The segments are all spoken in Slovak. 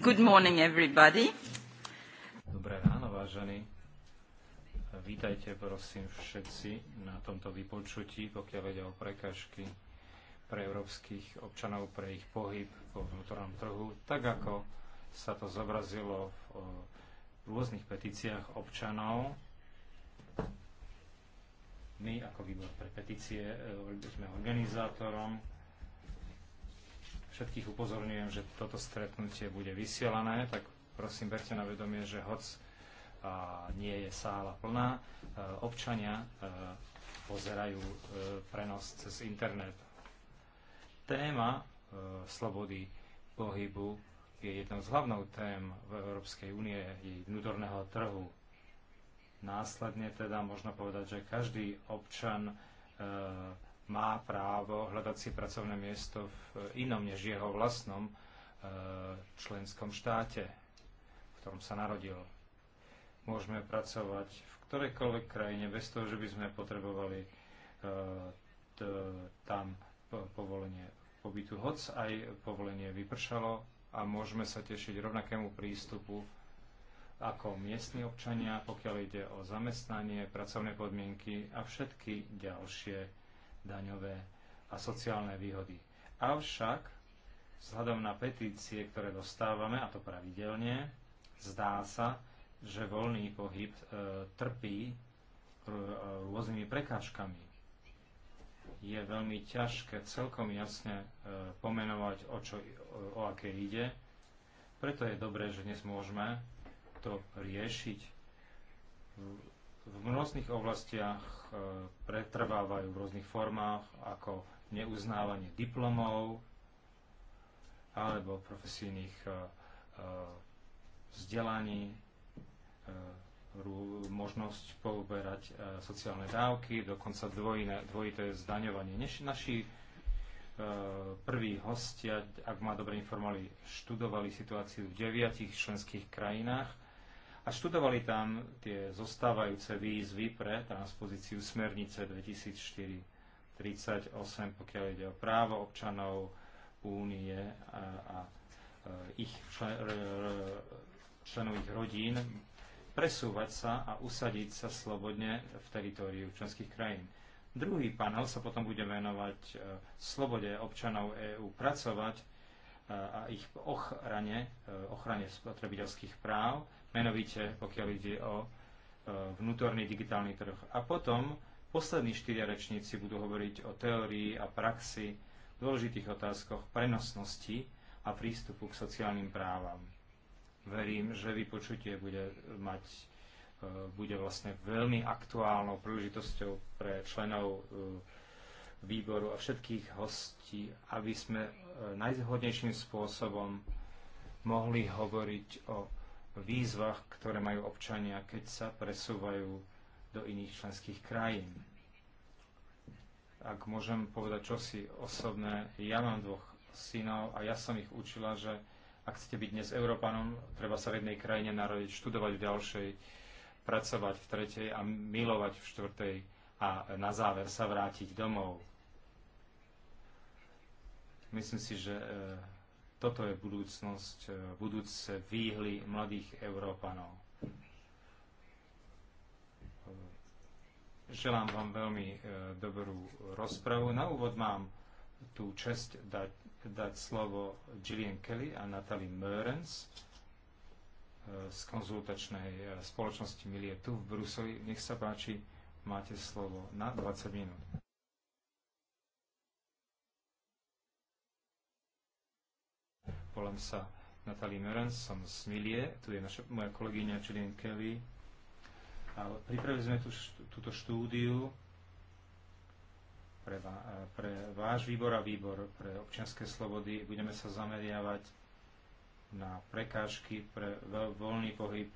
Good morning, everybody. Dobré ráno, vážení. Vítajte, prosím, všetci na tomto vypočutí, pokiaľ vedia o prekažky pre európskych občanov, pre ich pohyb po vnútornom trhu, tak ako sa to zobrazilo v rôznych petíciách občanov. My ako výbor pre petície e, sme organizátorom Všetkých upozorňujem, že toto stretnutie bude vysielané, tak prosím, berte na vedomie, že hoc a nie je sála plná, e, občania e, pozerajú e, prenos cez internet. Téma slobody pohybu je jednou z hlavnou tém v Európskej únie, jej vnútorného trhu. Následne teda možno povedať, že každý občan e, má právo hľadať si pracovné miesto v inom než jeho vlastnom e, členskom štáte, v ktorom sa narodil. Môžeme pracovať v ktorejkoľvek krajine bez toho, že by sme potrebovali e, tam povolenie pobytu. Hoc aj povolenie vypršalo a môžeme sa tešiť rovnakému prístupu ako miestni občania, pokiaľ ide o zamestnanie, pracovné podmienky a všetky ďalšie daňové a sociálne výhody. Avšak, vzhľadom na petície, ktoré dostávame, a to pravidelne, zdá sa, že voľný pohyb e, trpí e, rôznymi prekážkami. Je veľmi ťažké celkom jasne e, pomenovať, o, čo, o, o aké ide. Preto je dobré, že dnes môžeme to riešiť v mnohých oblastiach e, pretrvávajú v rôznych formách, ako neuznávanie diplomov alebo profesijných e, e, vzdelaní, možnosť pouberať sociálne dávky, dokonca dvojné, dvojité zdaňovanie. Než naši prví hostia, ak ma dobre informovali, študovali situáciu v deviatich členských krajinách a študovali tam tie zostávajúce výzvy pre transpozíciu smernice 2004-38, pokiaľ ide o právo občanov únie a, a e, ich člen, e, členov ich rodín presúvať sa a usadiť sa slobodne v teritóriu členských krajín. Druhý panel sa potom bude venovať e, slobode občanov EÚ pracovať a ich ochrane, ochrane spotrebiteľských práv menovite pokiaľ ide o e, vnútorný digitálny trh. A potom poslední štyria rečníci budú hovoriť o teórii a praxi, dôležitých otázkoch prenosnosti a prístupu k sociálnym právam. Verím, že vypočutie bude mať e, bude vlastne veľmi aktuálnou príležitosťou pre členov e, výboru a všetkých hostí, aby sme najzhodnejším spôsobom mohli hovoriť o výzvach, ktoré majú občania, keď sa presúvajú do iných členských krajín. Ak môžem povedať čosi osobné, ja mám dvoch synov a ja som ich učila, že ak chcete byť dnes Európanom, treba sa v jednej krajine narodiť, študovať v ďalšej, pracovať v tretej a milovať v štvrtej a na záver sa vrátiť domov. Myslím si, že e, toto je budúcnosť, e, budúce výhly mladých Európanov. Želám vám veľmi e, dobrú rozpravu. Na úvod mám tú čest dať, dať slovo Gillian Kelly a Natalie Mörens e, z konzultačnej spoločnosti Milie tu v Bruseli. Nech sa páči, máte slovo na 20 minút. Volám sa Natalie Merens, som z Milie, tu je naša, moja kolegyňa Jillian Kelly. A pripravili sme tú, túto štúdiu pre, e, pre váš výbor a výbor pre občianske slobody. Budeme sa zameriavať na prekážky pre voľný pohyb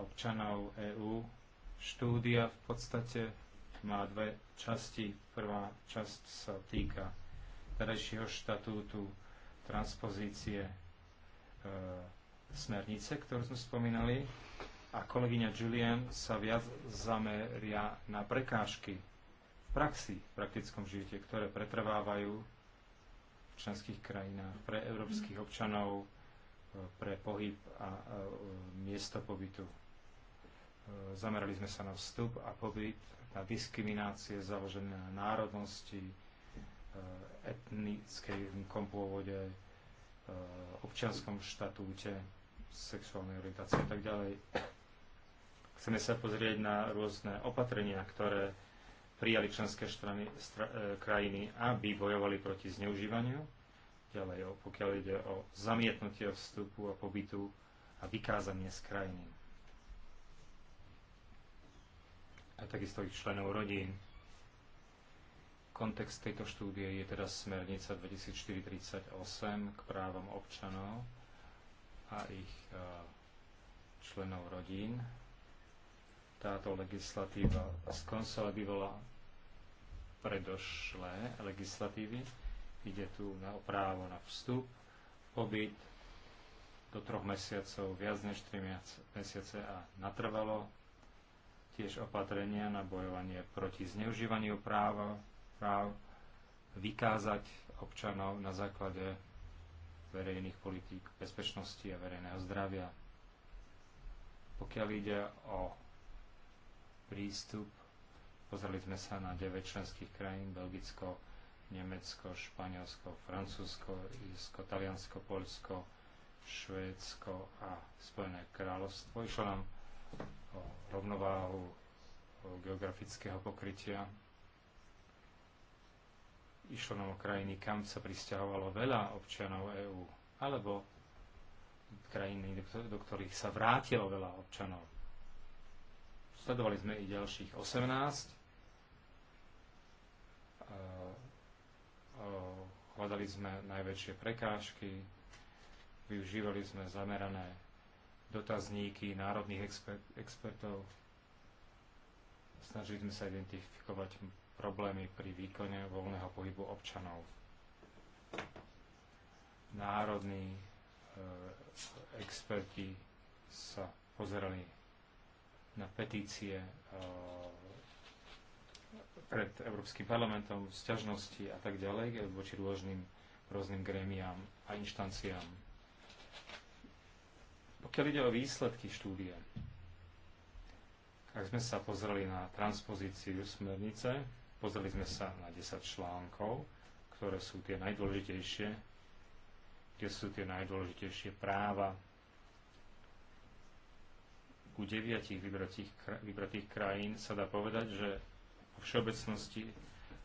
občanov EÚ. Štúdia v podstate má dve časti. Prvá časť sa týka terajšieho štatútu transpozície e, smernice, ktorú sme spomínali, a kolegyňa Julian sa viac zameria na prekážky v praxi, v praktickom živote, ktoré pretrvávajú v členských krajinách pre európskych občanov, e, pre pohyb a, e, a miesto pobytu. E, zamerali sme sa na vstup a pobyt, na diskriminácie založené na národnosti, Eh, etnickom pôvode, eh, občianskom štatúte, sexuálnej orientácie a tak ďalej. Chceme sa pozrieť na rôzne opatrenia, ktoré prijali členské strany, stra, eh, krajiny, aby bojovali proti zneužívaniu. Ďalej, pokiaľ ide o zamietnutie vstupu a pobytu a vykázanie z krajiny. A takisto ich členov rodín. Kontext tejto štúdie je teda smernica 2438 k právom občanov a ich e, členov rodín. Táto legislatíva skonsolidovala predošlé legislatívy. Ide tu na právo na vstup, pobyt do troch mesiacov, viac než 3 mesiace a natrvalo. Tiež opatrenia na bojovanie proti zneužívaniu práva práv vykázať občanov na základe verejných politík bezpečnosti a verejného zdravia. Pokiaľ ide o prístup, pozreli sme sa na 9 členských krajín, Belgicko, Nemecko, Španielsko, Francúzsko, Irsko, Taliansko, Polsko, Švédsko a Spojené kráľovstvo. Išlo nám o rovnováhu geografického pokrytia Išlo nám o krajiny, kam sa pristahovalo veľa občanov EÚ, alebo krajiny, do ktorých sa vrátilo veľa občanov. Sledovali sme i ďalších 18. Eh, hľadali sme najväčšie prekážky, využívali sme zamerané dotazníky národných exper- expertov, snažili sme sa identifikovať problémy pri výkone voľného pohybu občanov. Národní e, experti sa pozerali na petície e, pred Európskym parlamentom, sťažnosti a tak ďalej e, voči rôznym, rôznym grémiám a inštanciám. Pokiaľ ide o výsledky štúdie, ak sme sa pozreli na transpozíciu smernice, Pozreli sme sa na 10 článkov, ktoré sú tie najdôležitejšie, kde sú tie najdôležitejšie práva. U deviatich vybratých, vybratých krajín sa dá povedať, že vo všeobecnosti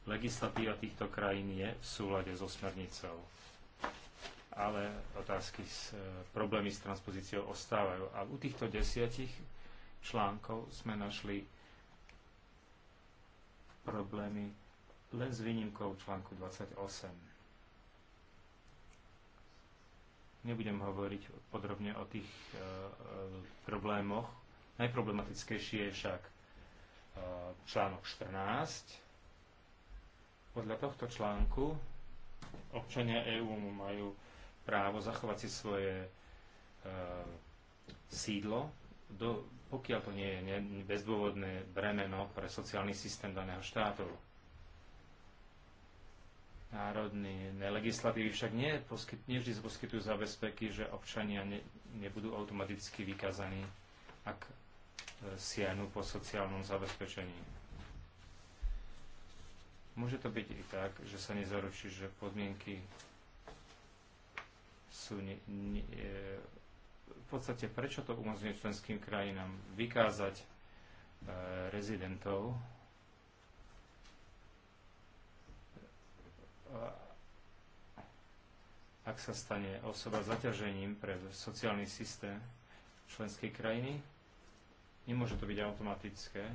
legislatíva týchto krajín je v súlade so smernicou. Ale otázky, s, e, problémy s transpozíciou ostávajú. A u týchto desiatich článkov sme našli problémy len s výnimkou článku 28. Nebudem hovoriť podrobne o tých e, e, problémoch. Najproblematickejší je však e, článok 14. Podľa tohto článku občania EÚ majú právo zachovať si svoje e, sídlo do pokiaľ to nie je bezdôvodné bremeno pre sociálny systém daného štátu. Národné legislatívy však nie, poskyt, nie vždy poskytujú zabezpeky, že občania ne, nebudú automaticky vykazaní, ak e, siahnu po sociálnom zabezpečení. Môže to byť i tak, že sa nezaručí, že podmienky sú ne, ne, e, v podstate prečo to umožňuje členským krajinám vykázať e, rezidentov ak sa stane osoba zaťažením pre sociálny systém členskej krajiny. Nemôže to byť automatické.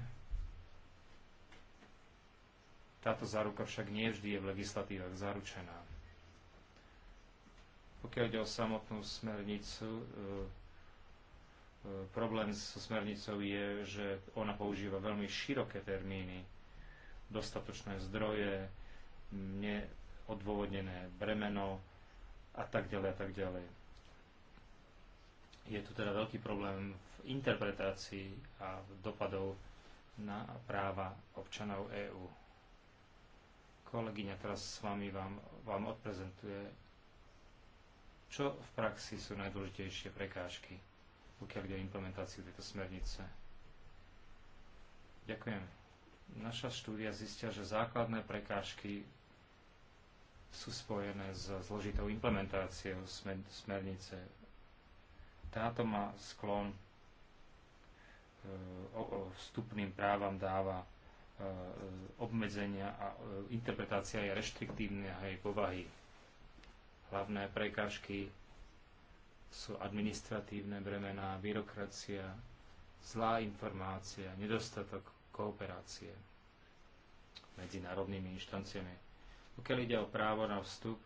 Táto záruka však nie vždy je v legislatívach zaručená. Pokiaľ ide o samotnú smernicu, e, Problém so smernicou je, že ona používa veľmi široké termíny, dostatočné zdroje, neodôvodnené bremeno a tak ďalej a tak ďalej. Je tu teda veľký problém v interpretácii a dopadov na práva občanov EÚ. Kolegyňa teraz s vami vám, vám odprezentuje, čo v praxi sú najdôležitejšie prekážky pokiaľ ide o implementáciu tejto smernice. Ďakujem. Naša štúdia zistia, že základné prekážky sú spojené s zložitou implementáciou smer smernice. Táto má sklon e, o, vstupným právam dáva e, obmedzenia a e, interpretácia je reštriktívna jej povahy. Hlavné prekážky sú administratívne bremená, byrokracia, zlá informácia, nedostatok kooperácie medzi národnými inštanciami. Pokiaľ ide o právo na vstup,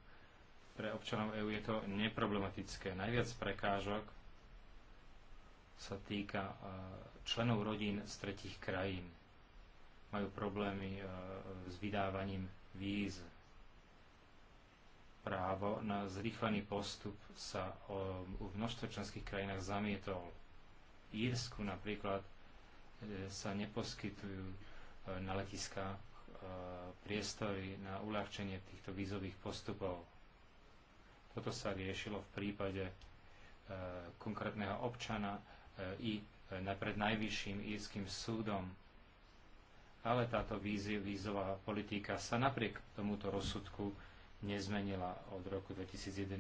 pre občanov EÚ je to neproblematické. Najviac prekážok sa týka e, členov rodín z tretich krajín. Majú problémy e, s vydávaním víz, právo na zrýchlený postup sa um, v množstve členských krajinách zamietol. v Írsku napríklad e, sa neposkytujú e, na letiskách e, priestory na uľahčenie týchto vízových postupov. Toto sa riešilo v prípade konkrétneho občana i pred najvyšším írským súdom. Ale táto vízová politika sa napriek tomuto rozsudku nezmenila od roku 2011.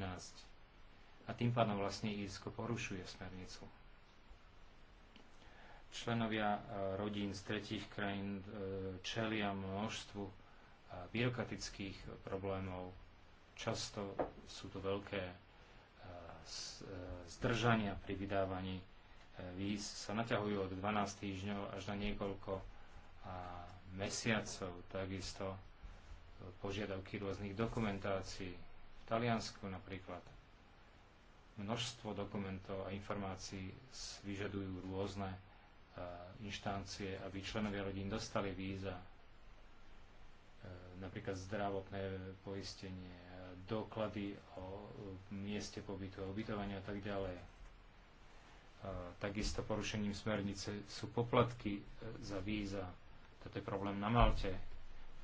A tým pádom vlastne Írsko porušuje smernicu. Členovia e, rodín z tretích krajín e, čelia množstvu e, byrokratických problémov. Často sú to veľké zdržania pri vydávaní víz sa naťahujú od 12 týždňov až na niekoľko mesiacov. Takisto požiadavky rôznych dokumentácií. V Taliansku napríklad množstvo dokumentov a informácií vyžadujú rôzne e, inštancie, aby členovia rodín dostali víza, e, napríklad zdravotné poistenie, e, doklady o mieste pobytu, ubytovania a tak ďalej. Takisto porušením smernice sú poplatky za víza. Toto je problém na Malte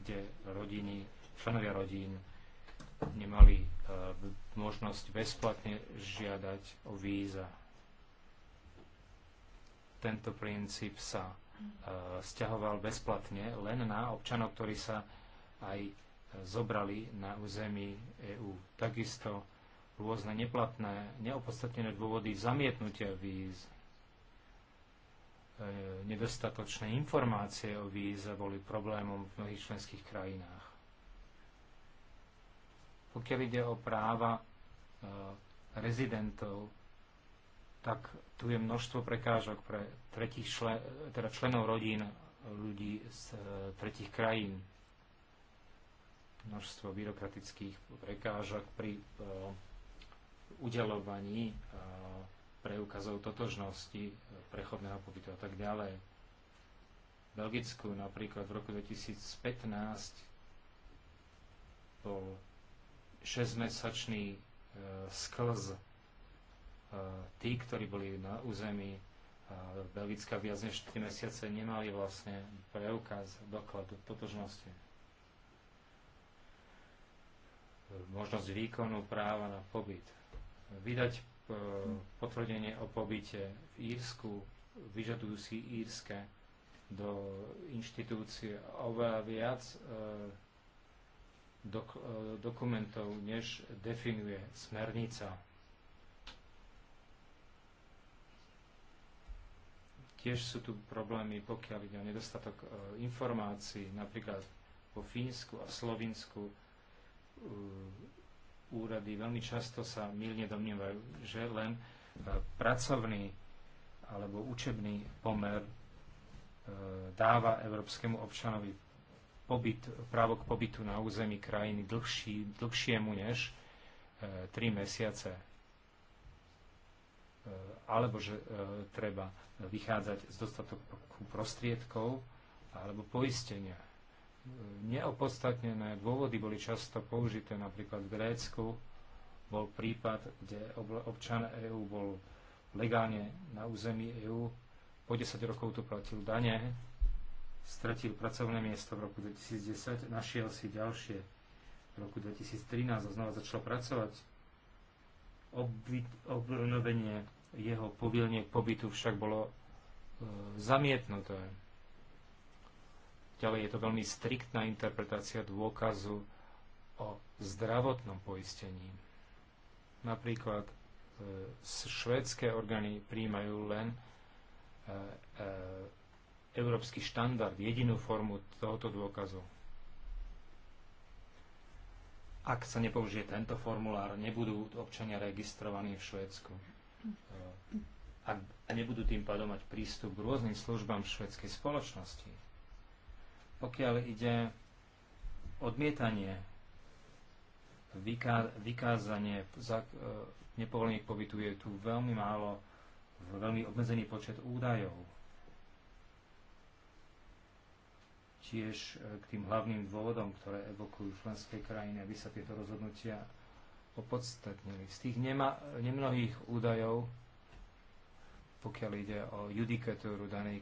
kde rodiny, členovia rodín nemali e, možnosť bezplatne žiadať o víza. Tento princíp sa e, stiahoval bezplatne len na občanov, ktorí sa aj e, zobrali na území EÚ. Takisto rôzne neplatné, neopodstatnené dôvody zamietnutia víz E, nedostatočné informácie o víze boli problémom v mnohých členských krajinách. Pokiaľ ide o práva e, rezidentov, tak tu je množstvo prekážok pre tretich člen, teda členov rodín ľudí z e, tretich krajín. Množstvo byrokratických prekážok pri udelovaní preukazov totožnosti, prechodného pobytu a tak ďalej. V Belgicku napríklad v roku 2015 bol 6-mesačný e, sklz. E, tí, ktorí boli na území e, Belgická viac než 3 mesiace, nemali vlastne preukaz doklad totožnosti. Možnosť výkonu práva na pobyt. Vydať Eh, potvrdenie o pobyte v Írsku, vyžadujú si írske do inštitúcie oveľa viac eh, dok- eh, dokumentov, než definuje smernica. Tiež sú tu problémy, pokiaľ ide o nedostatok informácií, napríklad po Fínsku a Slovinsku úrady veľmi často sa mylne domnievajú, že len e, pracovný alebo učebný pomer e, dáva európskemu občanovi pobyt, právo k pobytu na území krajiny dlhší, dlhšiemu než 3 e, mesiace. Alebo že treba vychádzať z dostatku prostriedkov alebo poistenia neopodstatnené dôvody boli často použité. Napríklad v Grécku bol prípad, kde občan EÚ bol legálne na území EÚ, po 10 rokov tu platil dane, stratil pracovné miesto v roku 2010, našiel si ďalšie v roku 2013 a znova začal pracovať. Obnovenie jeho povilne pobytu však bolo e, zamietnuté. Ďalej je to veľmi striktná interpretácia dôkazu o zdravotnom poistení. Napríklad e, švédske orgány príjmajú len e, e, európsky štandard, jedinú formu tohoto dôkazu. Ak sa nepoužije tento formulár, nebudú občania registrovaní v Švédsku. E, a nebudú tým pádom mať prístup k rôznym službám švedskej spoločnosti. Pokiaľ ide odmietanie, vykázanie za, e, nepovolených pobytu, je tu veľmi málo, veľmi obmedzený počet údajov. Tiež e, k tým hlavným dôvodom, ktoré evokujú členské krajiny, aby sa tieto rozhodnutia opodstatnili. Z tých nema, nemnohých údajov, pokiaľ ide o judikatúru danej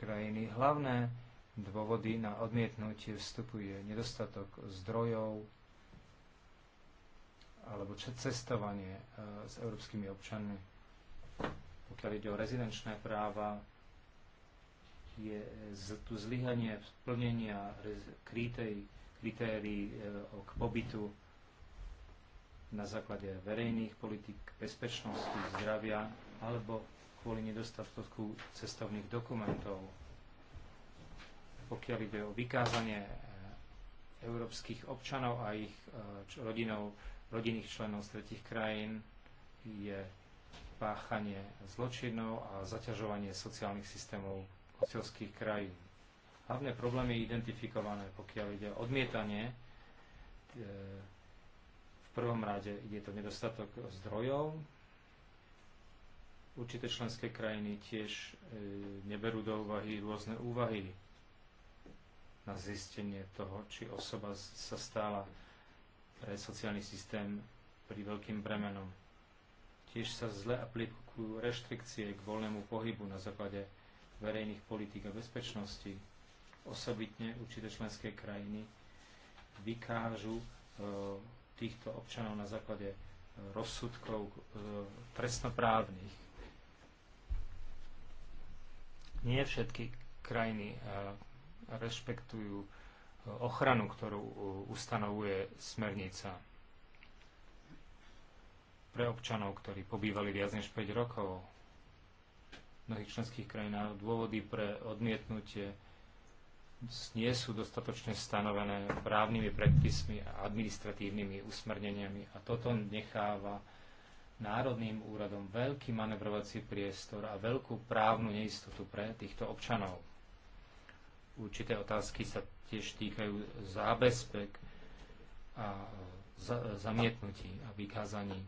krajiny, hlavné Dôvody na odmietnutie vstupuje nedostatok zdrojov alebo cestovanie e, s európskymi občanmi. Pokiaľ ide o rezidenčné práva, je e, tu zlyhanie krítej, kritérií e, k pobytu na základe verejných politik bezpečnosti, zdravia alebo kvôli nedostatku cestovných dokumentov pokiaľ ide o vykázanie e, európskych občanov a ich e, rodinov, rodinných členov z tretich krajín je páchanie zločinov a zaťažovanie sociálnych systémov hostovských krajín. Hlavné problémy identifikované, pokiaľ ide o odmietanie, e, v prvom rade je to nedostatok zdrojov. Určité členské krajiny tiež neberú do úvahy rôzne úvahy na zistenie toho, či osoba sa stála pre sociálny systém pri veľkým bremenom. Tiež sa zle aplikujú reštrikcie k voľnému pohybu na základe verejných politík a bezpečnosti. Osobitne určité členské krajiny vykážu e, týchto občanov na základe e, rozsudkov e, trestnoprávnych. Nie všetky krajiny rešpektujú e, ochranu, ktorú e, ustanovuje smernica pre občanov, ktorí pobývali viac než 5 rokov v mnohých členských krajinách. Dôvody pre odmietnutie nie sú dostatočne stanovené právnymi predpismi a administratívnymi usmerneniami a toto necháva národným úradom veľký manevrovací priestor a veľkú právnu neistotu pre týchto občanov určité otázky sa tiež týkajú zábezpek a za, zamietnutí a vykázaní.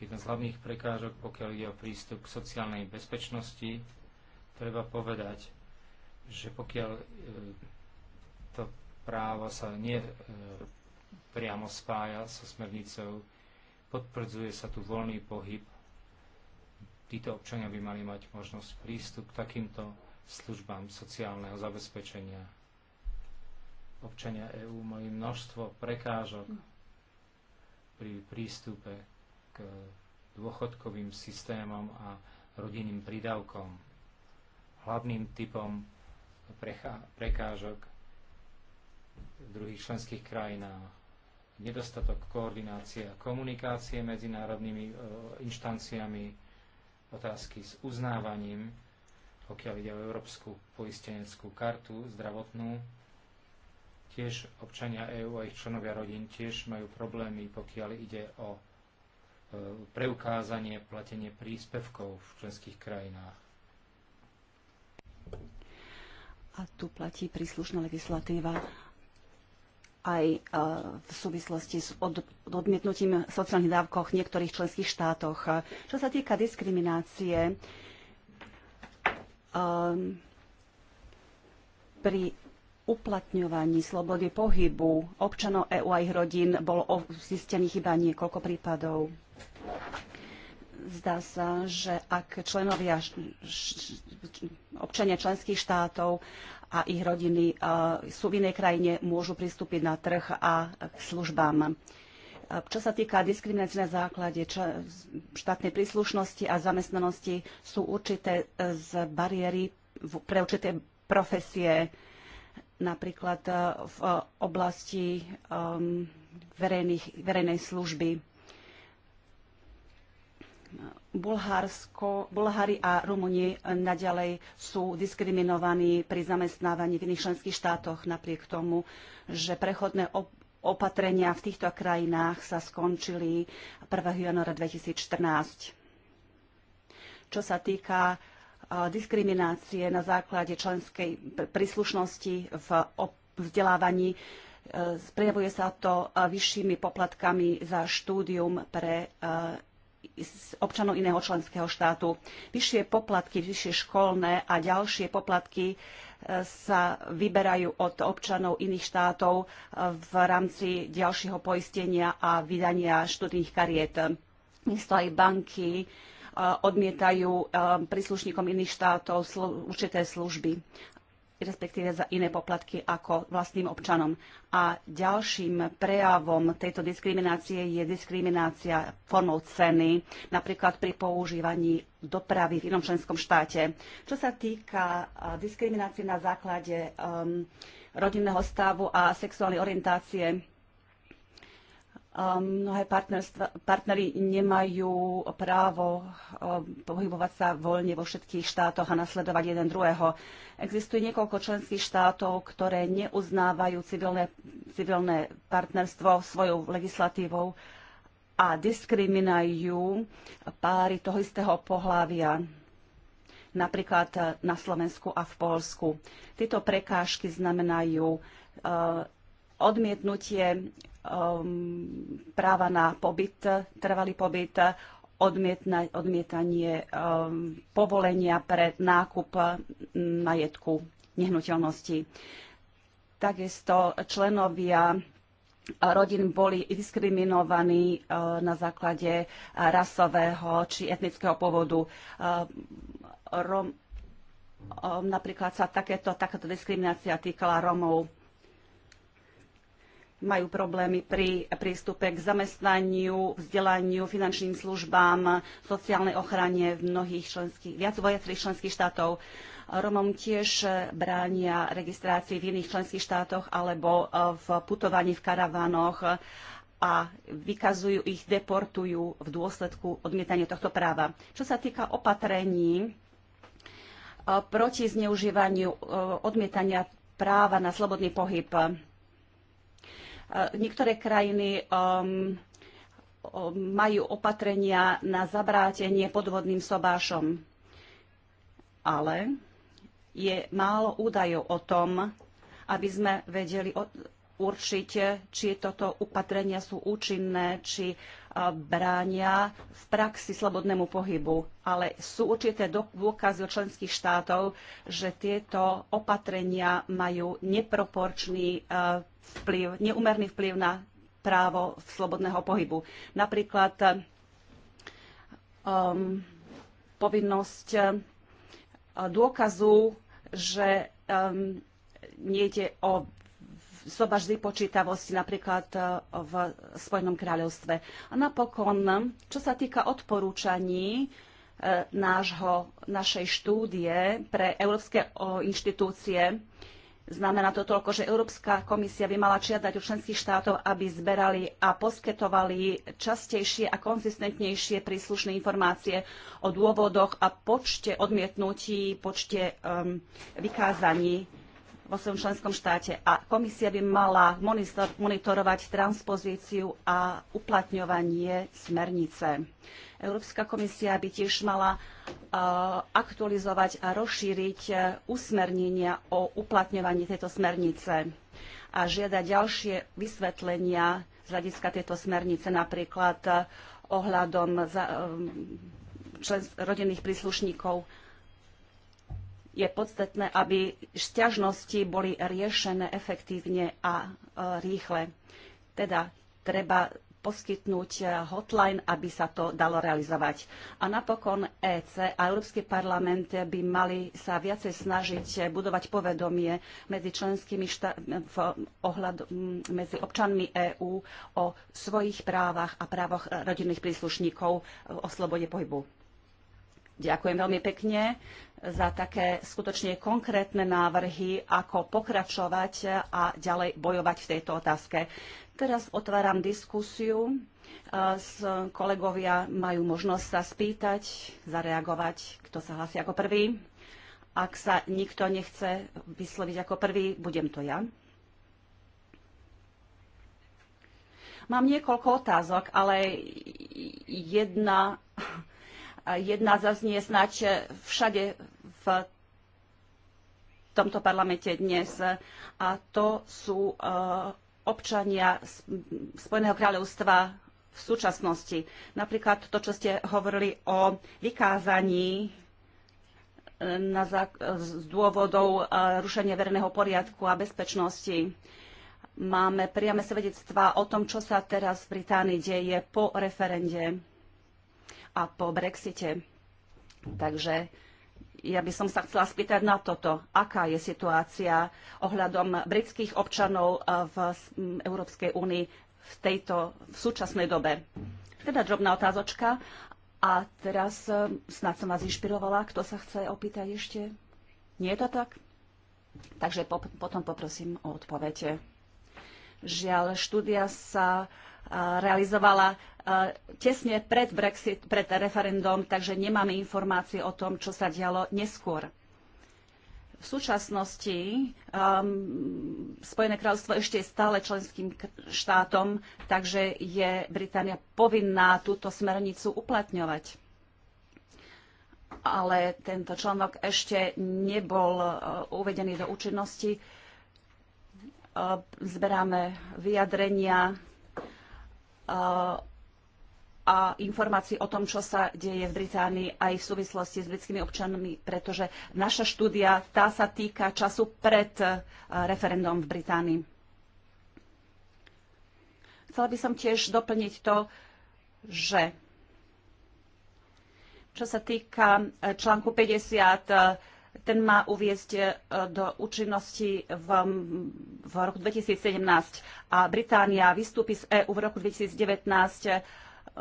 Jedna z hlavných prekážok, pokiaľ ide o prístup k sociálnej bezpečnosti, treba povedať, že pokiaľ e, to právo sa nie e, priamo spája so smernicou, potvrdzuje sa tu voľný pohyb. Títo občania by mali mať možnosť prístup k takýmto službám sociálneho zabezpečenia. Občania EÚ majú množstvo prekážok hm. pri prístupe k dôchodkovým systémom a rodinným prídavkom. Hlavným typom prekážok v druhých členských krajinách nedostatok koordinácie a komunikácie medzi národnými e, inštanciami, otázky s uznávaním pokiaľ ide o Európsku poisteneckú kartu zdravotnú. Tiež občania EÚ a ich členovia rodín tiež majú problémy, pokiaľ ide o e, preukázanie platenie príspevkov v členských krajinách. A tu platí príslušná legislatíva aj e, v súvislosti s odmietnutím sociálnych dávkoch v niektorých členských štátoch. Čo sa týka diskriminácie, Ehm, pri uplatňovaní slobody pohybu občanov EÚ a ich rodín bolo zistených iba niekoľko prípadov. Zdá sa, že ak členovia občania členských štátov a ich rodiny eh, sú v inej krajine, môžu pristúpiť na trh a k službám. Čo sa týka diskriminácie na základe štátnej príslušnosti a zamestnanosti, sú určité e, z bariéry pre určité profesie, napríklad e, v oblasti um, verejných, verejnej služby. Bulharsko, Bulhári a Rumuni naďalej sú diskriminovaní pri zamestnávaní v iných členských štátoch, napriek tomu, že prechodné ob opatrenia v týchto krajinách sa skončili 1. januára 2014. Čo sa týka e, diskriminácie na základe členskej príslušnosti v vzdelávaní, Sprejavuje e, sa to e, vyššími poplatkami za štúdium pre občanov iného členského štátu. Vyššie poplatky, vyššie školné a ďalšie poplatky sa vyberajú od občanov iných štátov eh, v rámci ďalšieho poistenia a vydania študijných kariet. Takisto aj banky eh, odmietajú eh, príslušníkom iných štátov určité služby respektíve za iné poplatky ako vlastným občanom. A ďalším prejavom tejto diskriminácie je diskriminácia formou ceny, napríklad pri používaní dopravy v inom členskom štáte. Čo sa týka diskriminácie na základe um, rodinného stavu a sexuálnej orientácie, mnohé partnery nemajú právo um, pohybovať sa voľne vo všetkých štátoch a nasledovať jeden druhého. Existuje niekoľko členských štátov, ktoré neuznávajú civilné, civilné partnerstvo svojou legislatívou a diskriminajú páry toho istého pohľavia napríklad na Slovensku a v Polsku. Tieto prekážky znamenajú uh, odmietnutie Um, práva na pobyt, trvalý pobyt, odmietanie um, povolenia pre nákup majetku nehnuteľnosti. Takisto členovia rodín boli diskriminovaní uh, na základe rasového či etnického pôvodu. Uh, Rom, um, napríklad sa takéto, takáto diskriminácia týkala Romov majú problémy pri prístupe k zamestnaniu, vzdelaniu, finančným službám, sociálnej ochrane v mnohých členských, viac vojacerých členských štátov. Romom tiež bránia registrácii v iných členských štátoch alebo e, v putovaní v karavanoch a vykazujú ich, deportujú v dôsledku odmietania tohto práva. Čo sa týka opatrení e, proti zneužívaniu e, odmietania práva na slobodný pohyb, Niektoré krajiny um, um, majú opatrenia na zabrátenie podvodným sobášom. Ale je málo údajov o tom, aby sme vedeli určiť, či toto opatrenia sú účinné, či uh, bránia v praxi slobodnému pohybu. Ale sú určité dôkazy od členských štátov, že tieto opatrenia majú neproporčný uh, vplyv, neumerný vplyv na právo slobodného pohybu. Napríklad um, povinnosť um, dôkazu, že um, nejde o zobaždy počítavosti napríklad uh, v Spojenom kráľovstve. A napokon, čo sa týka odporúčaní uh, nášho, našej štúdie pre európske inštitúcie, Znamená to toľko, že Európska komisia by mala čiadať u členských štátov, aby zberali a poskytovali častejšie a konzistentnejšie príslušné informácie o dôvodoch a počte odmietnutí, počte um, vykázaní vo svojom členskom štáte a komisia by mala monitorovať transpozíciu a uplatňovanie smernice. Európska komisia by tiež mala uh, aktualizovať a rozšíriť uh, usmernenia o uplatňovaní tejto smernice a žiada ďalšie vysvetlenia z hľadiska tejto smernice, napríklad uh, ohľadom za, um, člen, rodinných príslušníkov je podstatné, aby sťažnosti boli riešené efektívne a e, rýchle. Teda treba poskytnúť e, hotline, aby sa to dalo realizovať. A napokon EC a Európsky parlament by mali sa viacej snažiť e, budovať povedomie medzi členskými štát, v ohľad, medzi občanmi EÚ o svojich právach a právoch rodinných príslušníkov o slobode pohybu. Ďakujem veľmi pekne za také skutočne konkrétne návrhy, ako pokračovať a ďalej bojovať v tejto otázke. Teraz otváram diskusiu. E, s kolegovia majú možnosť sa spýtať, zareagovať, kto sa hlasí ako prvý. Ak sa nikto nechce vysloviť ako prvý, budem to ja. Mám niekoľko otázok, ale jedna Jedna zaznie snáď všade v tomto parlamente dnes a to sú eh, občania Spojeného kráľovstva v súčasnosti. Napríklad to, čo ste hovorili o vykázaní eh, na z dôvodov eh, rušenia verejného poriadku a bezpečnosti. Máme priame svedectvá o tom, čo sa teraz v Británii deje po referende a po Brexite. Takže ja by som sa chcela spýtať na toto, aká je situácia ohľadom britských občanov eh, v Európskej únii v tejto v súčasnej dobe. Teda drobná otázočka. A teraz eh, snad som vás inšpirovala, kto sa chce opýtať ešte. Nie je to tak? Takže po, potom poprosím o odpovede. Žiaľ, štúdia sa eh, realizovala E, tesne pred, Brexit, pred referendum, takže nemáme informácie o tom, čo sa dialo neskôr. V súčasnosti um, Spojené kráľovstvo ešte je stále členským štátom, takže je Británia povinná túto smernicu uplatňovať. Ale tento článok ešte nebol uh, uvedený do účinnosti. Uh, zberáme vyjadrenia uh, a informácií o tom, čo sa deje v Británii aj v súvislosti s britskými občanmi, pretože naša štúdia tá sa týka času pred eh, referendum v Británii. Chcela by som tiež doplniť to, že čo sa týka eh, článku 50, eh, ten má uviezť do účinnosti v, v roku 2017 a Británia vystúpi z EÚ v roku 2019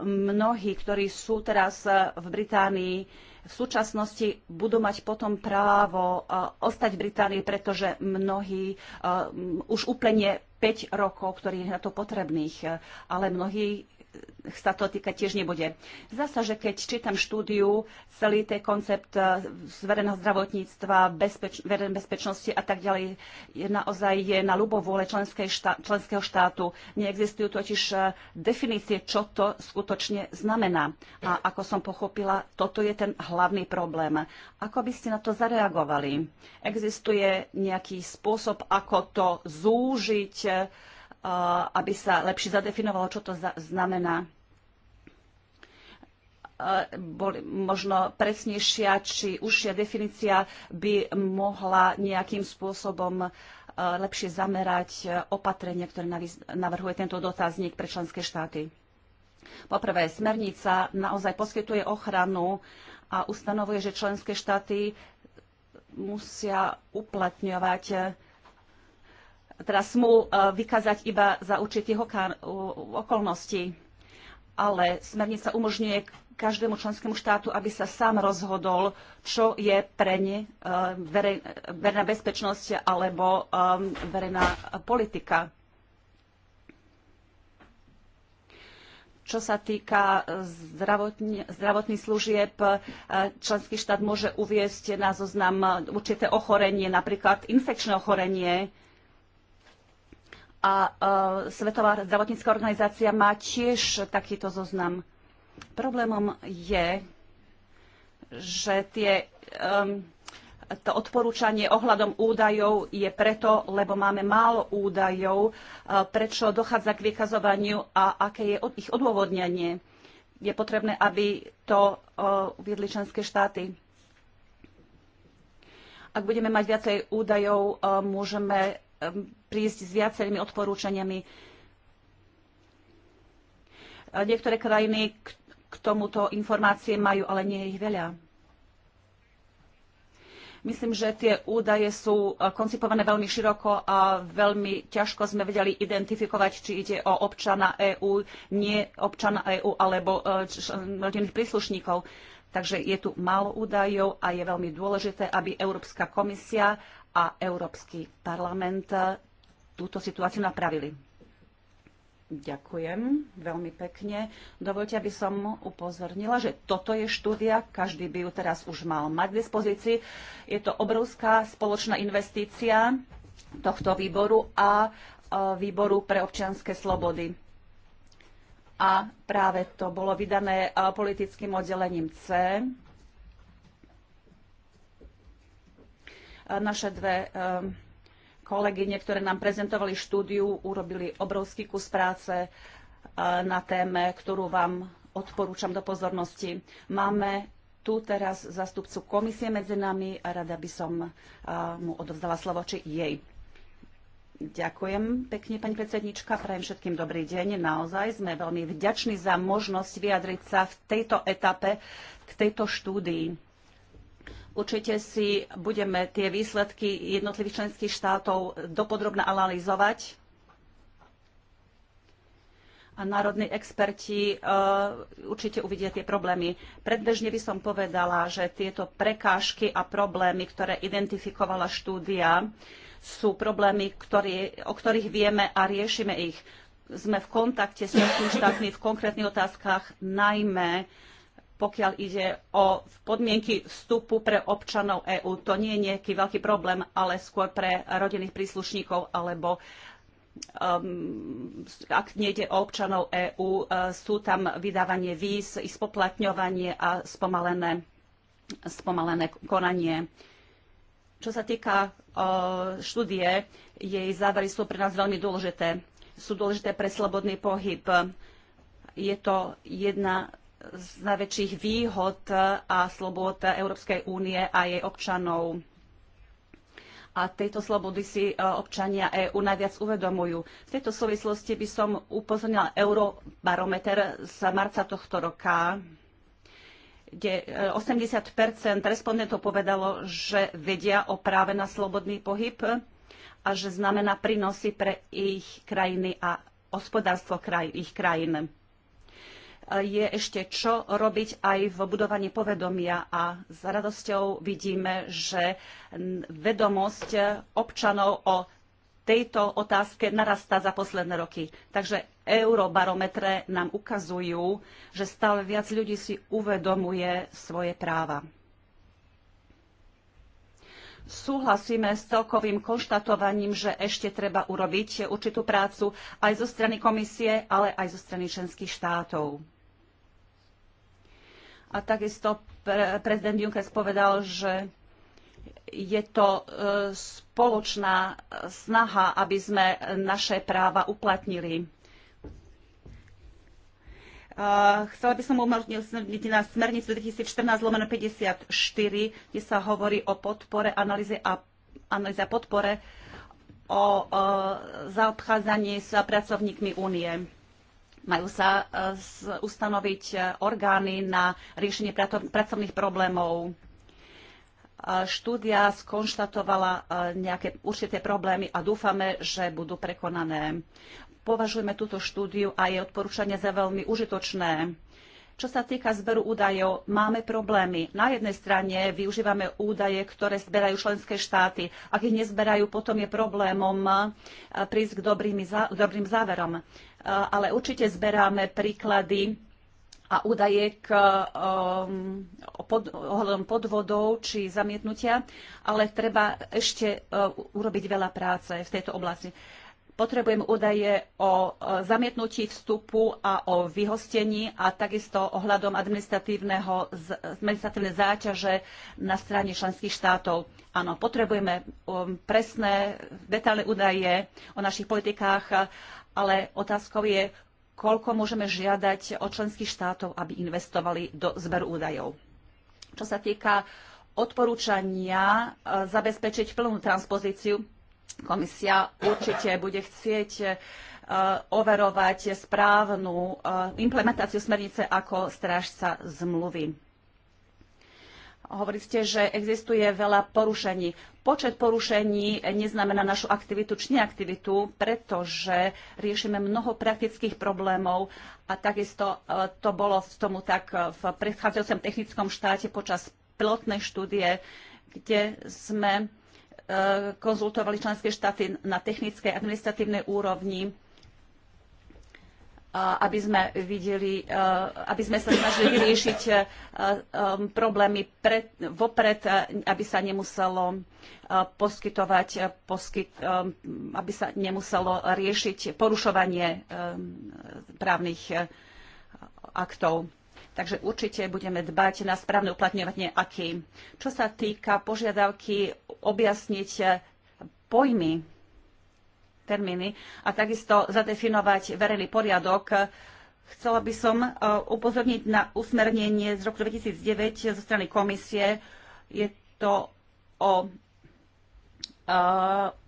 mnohí, ktorí sú teraz e, v Británii, v súčasnosti budú mať potom právo e, ostať v Británii, pretože mnohí e, už úplne 5 rokov, ktorých je na to potrebných, ale mnohí sa to týkať tiež nebude. Zasa, že keď čítam štúdiu, celý ten koncept eh, zverejného zdravotníctva, bezpeč- verejnej bezpečnosti a tak ďalej, je naozaj je na ľubovôle štá- členského štátu. Neexistujú totiž eh, definície, čo to skutočne znamená. A ako som pochopila, toto je ten hlavný problém. Ako by ste na to zareagovali? Existuje nejaký spôsob, ako to zúžiť? Eh, Eh, aby sa lepšie zadefinovalo, čo to znamená. Eh, boli možno presnejšia či užšia definícia by mohla nejakým spôsobom eh, lepšie zamerať opatrenia, ktoré navrhuje tento dotazník pre členské štáty. Poprvé, smernica naozaj poskytuje ochranu a ustanovuje, že členské štáty musia uplatňovať teda smú e, vykázať iba za určitých okolností. Ale smernica umožňuje každému členskému štátu, aby sa sám rozhodol, čo je pre ne verejná bezpečnosť alebo e, verejná politika. Čo sa týka zdravotných služieb, e, členský štát môže uviesť na zoznam určité ochorenie, napríklad infekčné ochorenie, a e, Svetová zdravotnícká organizácia má tiež takýto zoznam. Problémom je, že tie, um, to odporúčanie ohľadom údajov je preto, lebo máme málo údajov, uh, prečo dochádza k vykazovaniu a aké je od, ich odôvodnenie. Je potrebné, aby to uh, uviedli členské štáty. Ak budeme mať viacej údajov, uh, môžeme Um, prísť s viacerými odporúčaniami. Niektoré krajiny k tomuto informácie majú, ale nie je ich veľa. Myslím, že tie údaje sú uh, koncipované veľmi široko a veľmi ťažko sme vedeli identifikovať, či ide o občana EÚ, nie občana EÚ alebo uh, rodinných príslušníkov. Takže je tu málo údajov a je veľmi dôležité, aby Európska komisia a Európsky parlament túto situáciu napravili. Ďakujem veľmi pekne. Dovolte, aby som upozornila, že toto je štúdia, každý by ju teraz už mal mať k dispozícii. Je to obrovská spoločná investícia tohto výboru a e, výboru pre občianske slobody. A práve to bolo vydané e, politickým oddelením C Naše dve eh, kolegyne, ktoré nám prezentovali štúdiu, urobili obrovský kus práce eh, na téme, ktorú vám odporúčam do pozornosti. Máme tu teraz zastupcu komisie medzi nami a rada by som eh, mu odovzdala slovo, či jej. Ďakujem pekne, pani predsednička. Prajem všetkým dobrý deň. Naozaj sme veľmi vďační za možnosť vyjadriť sa v tejto etape k tejto štúdii Určite si budeme tie výsledky jednotlivých členských štátov dopodrobne analyzovať. A národní experti uh, určite uvidia tie problémy. Predbežne by som povedala, že tieto prekážky a problémy, ktoré identifikovala štúdia, sú problémy, ktorý, o ktorých vieme a riešime ich. Sme v kontakte s členskými štátmi v konkrétnych otázkach, najmä uh, pokiaľ ide o podmienky vstupu pre občanov EÚ. To nie je nejaký veľký problém, ale skôr pre rodinných príslušníkov alebo um, ak nejde o občanov EÚ, uh, sú tam vydávanie víz, ich spoplatňovanie a spomalené, spomalené konanie. Čo sa týka uh, štúdie, jej závery sú pre nás veľmi dôležité. Sú dôležité pre slobodný pohyb. Je to jedna z najväčších výhod a slobod Európskej únie a jej občanov. A tejto slobody si e, občania EÚ najviac uvedomujú. V tejto súvislosti by som upozornila Eurobarometer z marca tohto roka, kde 80 e, respondentov povedalo, že vedia o práve na slobodný pohyb a že znamená prínosy pre ich krajiny a hospodárstvo kraj, ich krajín je ešte čo robiť aj v budovaní povedomia a s radosťou vidíme, že vedomosť občanov o tejto otázke narastá za posledné roky. Takže eurobarometre nám ukazujú, že stále viac ľudí si uvedomuje svoje práva. Súhlasíme s celkovým konštatovaním, že ešte treba urobiť určitú prácu aj zo strany komisie, ale aj zo strany členských štátov. A takisto pre, prezident Juncker povedal, že je to e, spoločná snaha, aby sme naše práva uplatnili. E, chcela by som umrniť na smernicu 2014 54, kde sa hovorí o podpore analýze a analýza podpore o zaobchádzanie s pracovníkmi únie majú sa e, ustanoviť e, orgány na riešenie pracovných problémov. E, štúdia skonštatovala nejaké určité problémy a dúfame, že budú prekonané. Považujeme túto štúdiu a jej odporúčania za veľmi užitočné čo sa týka zberu údajov, máme problémy. Na jednej strane využívame údaje, ktoré zberajú členské štáty. Ak ich nezberajú, potom je problémom e, prísť k dobrým, záverom. E, ale určite zberáme príklady a údaje k e, ohľadom podvodov či zamietnutia, ale treba ešte urobiť veľa práce v tejto oblasti. Potrebujem údaje o zamietnutí vstupu a o vyhostení a takisto ohľadom administratívne záťaže na strane členských štátov. Áno, potrebujeme um, presné, detálne údaje o našich politikách, ale otázkou je, koľko môžeme žiadať od členských štátov, aby investovali do zberu údajov. Čo sa týka odporúčania uh, zabezpečiť plnú transpozíciu, Komisia určite bude chcieť e, overovať správnu e, implementáciu smernice ako strážca zmluvy. Hovorili ste, že existuje veľa porušení. Počet porušení neznamená našu aktivitu či neaktivitu, pretože riešime mnoho praktických problémov a takisto e, to bolo v tomu tak v predchádzajúcom technickom štáte počas pilotnej štúdie, kde sme E, konzultovali členské štáty na technickej administratívnej úrovni, e, aby sme videli, e, aby sme sa snažili riešiť problémy pred, vopred, aby sa nemuselo poskytovať, poskyt, aby sa nemuselo riešiť porušovanie právnych aktov. Takže určite budeme dbať na správne uplatňovanie aký. Čo sa týka požiadavky objasniť eh, pojmy, termíny a takisto zadefinovať verejný poriadok, eh, chcela by som eh, upozorniť na usmernenie z roku 2009 zo strany komisie. Je to o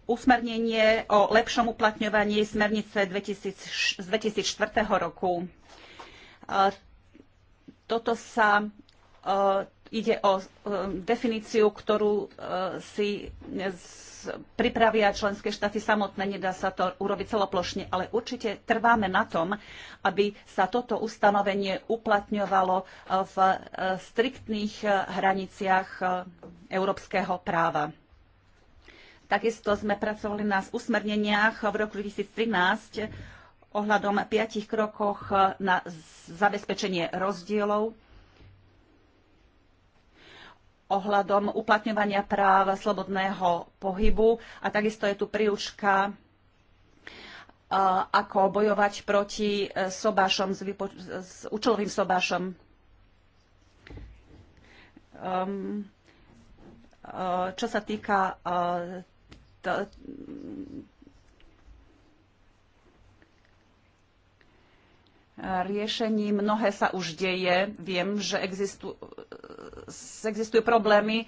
usmernenie o lepšom uplatňovaní smernice 2000, z 2004 roku. Toto sa e, ide o e, definíciu, ktorú e, si pripravia členské štáty samotné. Nedá sa to urobiť celoplošne, ale určite trváme na tom, aby sa toto ustanovenie uplatňovalo v striktných hraniciach európskeho práva. Takisto sme pracovali na usmerneniach v roku 2013 ohľadom piatich krokoch na zabezpečenie rozdielov, ohľadom uplatňovania práv slobodného pohybu a takisto je tu príručka ako bojovať proti e, sobášom, s, účelovým sobášom. Ehm, e, čo sa týka e, riešení. Mnohé sa už deje. Viem, že existu, existujú problémy eh,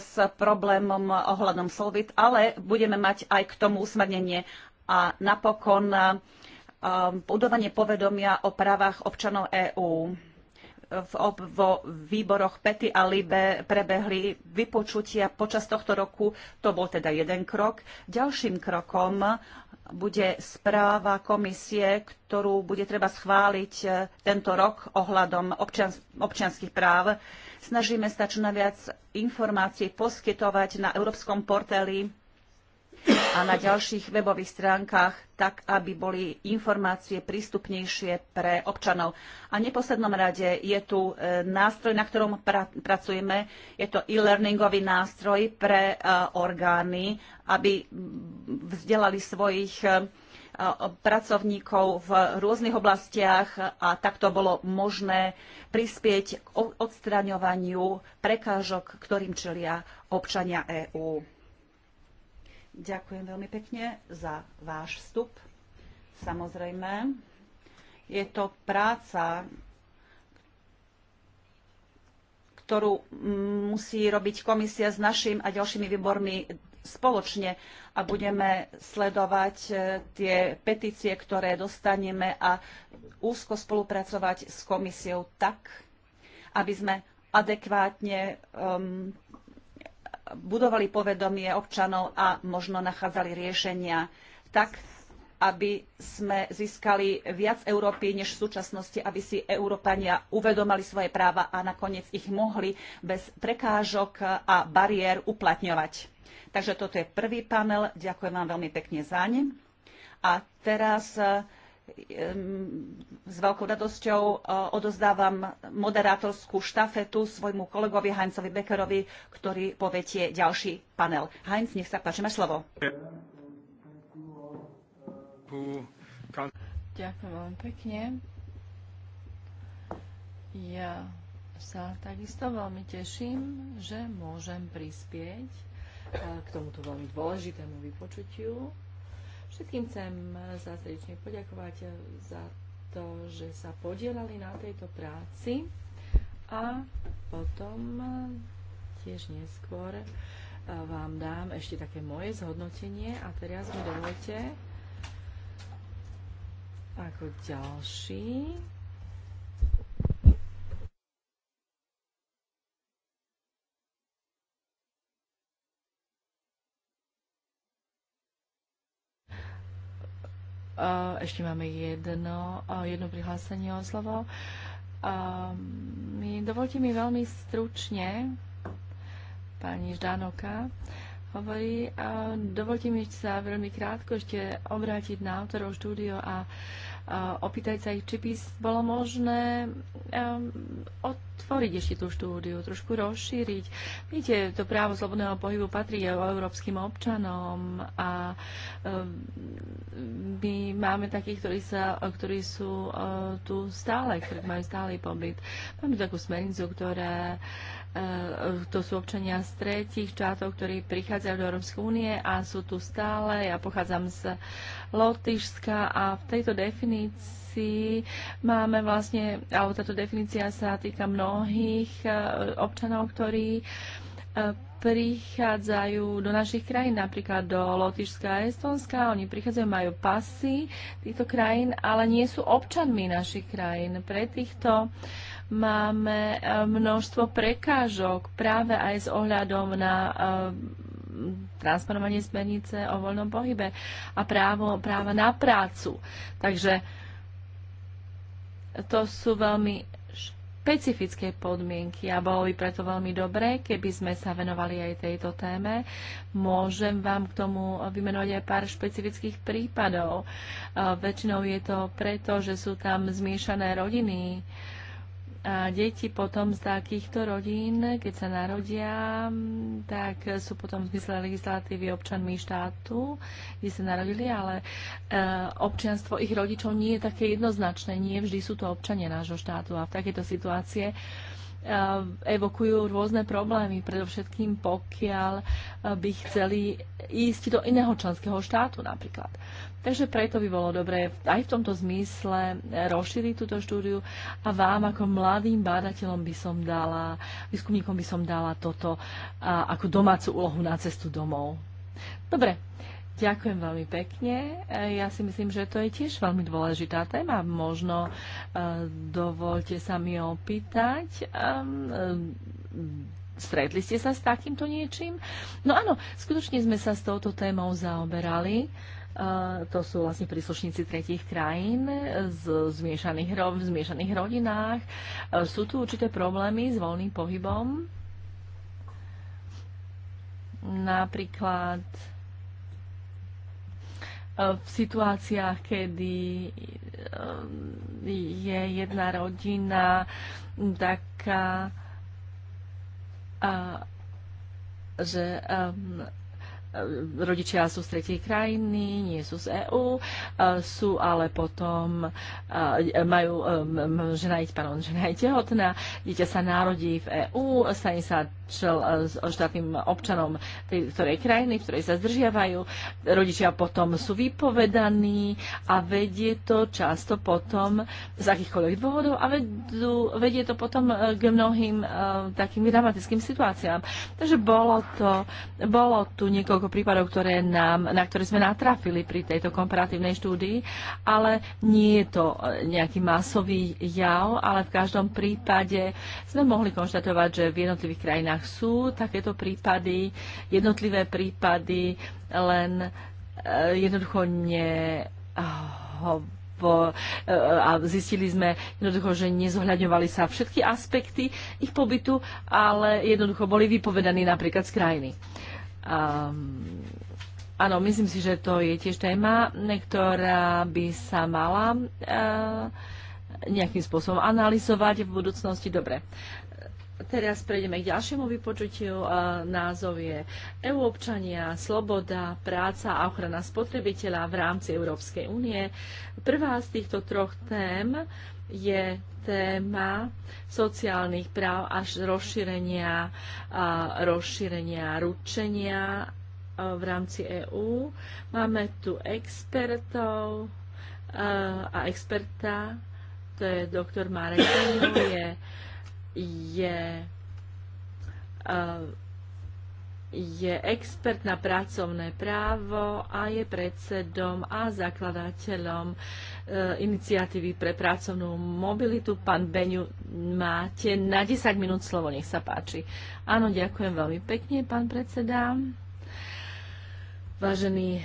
s problémom ohľadom Solvit, ale budeme mať aj k tomu usmernenie. A napokon eh, budovanie povedomia o právach občanov EÚ v, vo výboroch PETI a LIBE prebehli vypočutia počas tohto roku. To bol teda jeden krok. Ďalším krokom bude správa komisie, ktorú bude treba schváliť e, tento rok ohľadom občians- občianských práv. Snažíme sa čo najviac informácií poskytovať na európskom porteli a na ďalších webových stránkach, tak aby boli informácie prístupnejšie pre občanov. A v neposlednom rade je tu e, nástroj, na ktorom pra- pracujeme. Je to e-learningový nástroj pre e, orgány, aby vzdelali svojich e, pracovníkov v rôznych oblastiach a takto bolo možné prispieť k odstraňovaniu prekážok, ktorým čelia občania EÚ. Ďakujem veľmi pekne za váš vstup. Samozrejme, je to práca, ktorú musí robiť komisia s našim a ďalšími výbormi spoločne a budeme sledovať e, tie petície, ktoré dostaneme a úzko spolupracovať s komisiou tak, aby sme adekvátne um, budovali povedomie občanov a možno nachádzali riešenia tak, aby sme získali viac Európy než v súčasnosti, aby si Európania uvedomali svoje práva a nakoniec ich mohli bez prekážok a bariér uplatňovať. Takže toto je prvý panel. Ďakujem vám veľmi pekne za ne. A teraz s veľkou radosťou e, odozdávam moderátorskú štafetu svojmu kolegovi Heinzovi Beckerovi, ktorý povetie ďalší panel. Heinz, nech sa páči, máš slovo. Ďakujem veľmi pekne. Ja sa takisto veľmi teším, že môžem prispieť e, k tomuto veľmi dôležitému vypočutiu Všetkým chcem sa srdečne poďakovať za to, že sa podielali na tejto práci a potom tiež neskôr vám dám ešte také moje zhodnotenie a teraz mi dovolte ako ďalší Ešte máme jedno, jedno prihlásenie o slovo. dovolte mi veľmi stručne, pani Ždánoka hovorí, dovolte mi sa veľmi krátko ešte obrátiť na autorov štúdio a opýtať sa ich, či by bolo možné otvoriť ešte tú štúdiu, trošku rozšíriť. Viete, to právo slobodného pohybu patrí európskym občanom a my máme takých, ktorí, sa, ktorí sú eh, tu stále, ktorí majú stály pobyt. Máme takú smernicu, ktorá E, to sú občania z tretich štátov, ktorí prichádzajú do Európskej únie a sú tu stále. Ja pochádzam z Lotyšska a v tejto definícii máme vlastne, alebo táto definícia sa týka mnohých e, občanov, ktorí e, prichádzajú do našich krajín, napríklad do Lotyšska a Estonska. Oni prichádzajú, majú pasy týchto krajín, ale nie sú občanmi našich krajín. Pre týchto uh, máme eh, množstvo prekážok práve aj s ohľadom na eh, transformovanie smernice o voľnom pohybe a právo, práva na prácu. Takže to sú veľmi špecifické podmienky a bolo by preto veľmi dobré, keby sme sa venovali aj tejto téme. Môžem vám k tomu vymenovať aj pár špecifických prípadov. Eh, väčšinou je to preto, že sú tam zmiešané rodiny, a deti potom z takýchto rodín, keď sa narodia, mm, tak sú potom v zmysle legislatívy občanmi štátu, kde sa narodili, ale e, občianstvo ich rodičov nie je také jednoznačné. Nie vždy sú to občania nášho štátu a v takéto situácie e, evokujú rôzne problémy, predovšetkým pokiaľ e, by chceli ísť do iného členského štátu napríklad. Takže preto by bolo dobré aj v tomto zmysle rozšíriť túto štúdiu a vám ako mladým bádateľom by som dala, výskumníkom by som dala toto a, ako domácu úlohu na cestu domov. Dobre, Ďakujem veľmi pekne. E, ja si myslím, že to je tiež veľmi dôležitá téma. Možno e, dovolte sa mi opýtať. E, stretli ste sa s takýmto niečím? No áno, skutočne sme sa s touto témou zaoberali to sú vlastne príslušníci tretich krajín z zmiešaných, v zmiešaných rodinách. Sú tu určité problémy s voľným pohybom. Napríklad e, v situáciách, kedy e, je jedna rodina taká, že e, rodičia sú z tretej krajiny, nie sú z EÚ, sú ale potom, e, majú, e, žena, pardon, žena je tehotná, dieťa sa narodí v EÚ, stane sa štátnym eh, občanom tej ktorej krajiny, v ktorej sa zdržiavajú. Rodičia potom sú vypovedaní a vedie to často potom z akýchkoľvek dôvodov a vedú, vedie to potom eh, k mnohým uh, takým dramatickým situáciám. Takže bolo, to, bolo tu niekoľko prípadov, ktoré nám, na ktoré sme natrafili pri tejto komparatívnej štúdii, ale nie je to nejaký masový jav, ale v každom prípade sme mohli konštatovať, že v jednotlivých krajinách krajinách. Sú takéto prípady, jednotlivé prípady, len e, jednoducho ne po, e, a zistili sme jednoducho, že nezohľadňovali sa všetky aspekty ich pobytu, ale jednoducho boli vypovedaní napríklad z krajiny. Um, áno, myslím si, že to je tiež téma, ktorá by sa mala uh, nejakým spôsobom analyzovať v budúcnosti. Dobre. Teraz prejdeme k ďalšiemu vypočutiu. Názov je EU občania, sloboda, práca a ochrana spotrebiteľa v rámci Európskej únie. Prvá z týchto troch tém je téma sociálnych práv až rozšírenia, rozšírenia ručenia v rámci EÚ. Máme tu expertov a experta, to je doktor Marek, je je, e, je expert na pracovné právo a je predsedom a zakladateľom e, iniciatívy pre pracovnú mobilitu. Pán Beňu, máte na 10 minút slovo, nech sa páči. Áno, ďakujem veľmi pekne, pán predseda. Vážení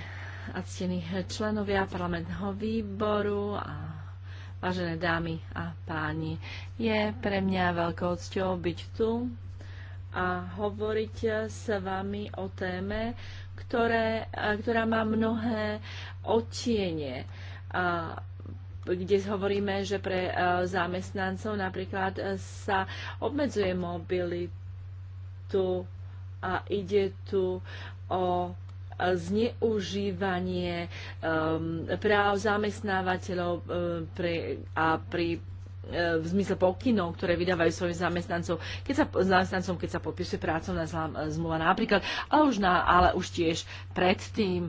a ctení členovia parlamentného výboru a vážené dámy a páni. Je pre mňa veľkou cťou byť tu a hovoriť s vami o téme, ktoré, ktorá má mnohé odtiene kde hovoríme, že pre e, zamestnancov napríklad sa obmedzuje mobilitu a ide tu o zneužívanie um, práv zamestnávateľov um, a pri um, v zmysle pokynov, ktoré vydávajú svojim zamestnancom, keď sa, zamestnancom, keď sa podpisuje pracovná zmluva napríklad, ale už, na, ale už tiež predtým,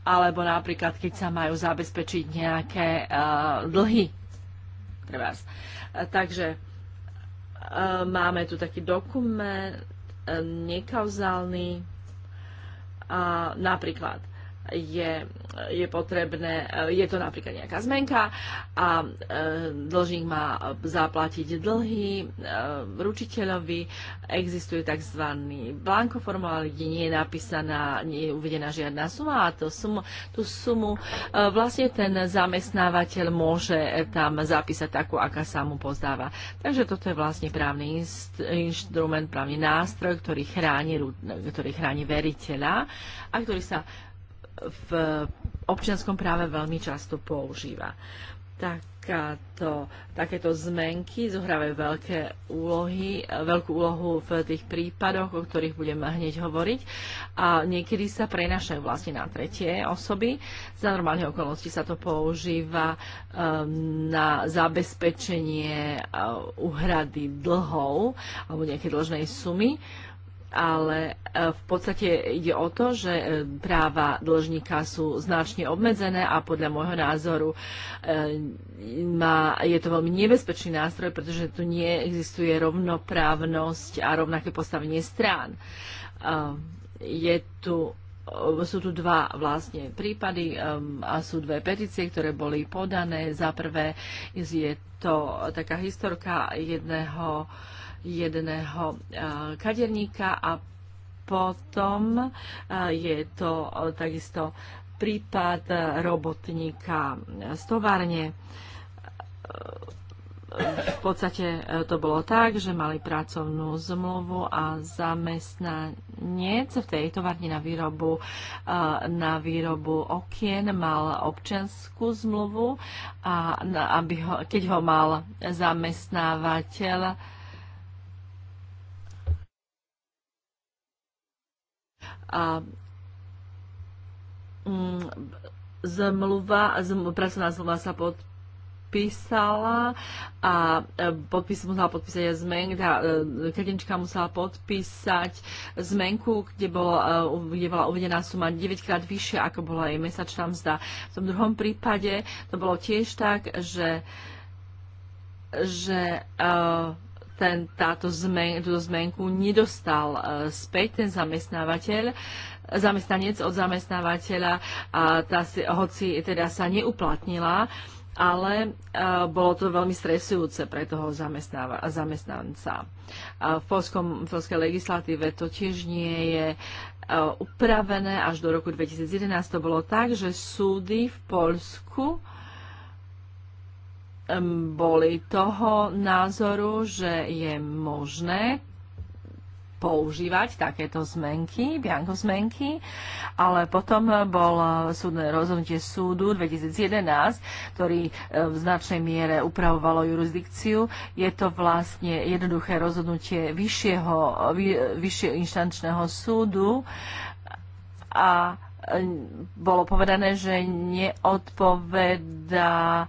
alebo napríklad, keď sa majú zabezpečiť nejaké dlhy pre vás. Takže máme tu taký dokument, e, nekauzálny napríklad je, je potrebné, e, je to napríklad nejaká zmenka a e, dlžník má zaplatiť dlhy e, ručiteľovi. Existuje tzv. blankoformulár, kde nie je napísaná, nie je uvedená žiadna suma a to sum, tú sumu e, vlastne ten zamestnávateľ môže tam zapísať takú, aká sa mu pozdáva. Takže toto je vlastne právny inst, inštrument, právny nástroj, ktorý chráni, ktorý chráni veriteľa a ktorý sa v občianskom práve veľmi často používa. Takáto, takéto zmenky zohrávajú veľké úlohy, veľkú úlohu v tých prípadoch, o ktorých budeme hneď hovoriť. A niekedy sa prenašajú vlastne na tretie osoby. Za normálnych okolností sa to používa um, na zabezpečenie uh, uhrady dlhov alebo nejaké dlžnej sumy. Uh, ale e, v podstate ide o to, že e, práva dlžníka sú značne obmedzené a podľa môjho názoru e, má, je to veľmi nebezpečný nástroj, pretože tu neexistuje rovnoprávnosť a rovnaké postavenie strán. Je tu sú tu dva vlastne prípady um, a sú dve petície, ktoré boli podané. Za prvé je to taká historka jedného uh, jedného eh, kaderníka a potom eh, je to eh, takisto prípad robotníka z továrne. V podstate to bolo tak, že mali pracovnú zmluvu a zamestnanec v tej továrni na výrobu, na výrobu okien mal občianskú zmluvu a aby ho, keď ho mal zamestnávateľ, A mm, zmluva, zmluva pracovná zmluva sa pod, podpísala a e, podpis musela podpísať aj zmenk, tá teda, kredenčka e, musela podpísať zmenku, kde bola, e, kde bola uvedená suma 9 krát vyššia, ako bola jej mesačná mzda. V tom druhom prípade to bolo tiež tak, že že uh, ten, táto zmen, túto zmenku nedostal e, späť ten zamestnávateľ, zamestnanec od zamestnávateľa, a tá, hoci teda sa neuplatnila, ale uh, bolo to veľmi stresujúce pre toho zamestnanca. Uh, v, polskom, v polskej legislatíve to tiež nie je e, upravené. Až do roku 2011 to bolo tak, že súdy v Polsku boli toho názoru, že je možné používať takéto zmenky, bianko zmenky, ale potom bol súdne rozhodnutie súdu 2011, ktorý v značnej miere upravovalo jurisdikciu. Je to vlastne jednoduché rozhodnutie vyššieho, vy, vyššieho inštančného súdu a bolo povedané, že neodpovedá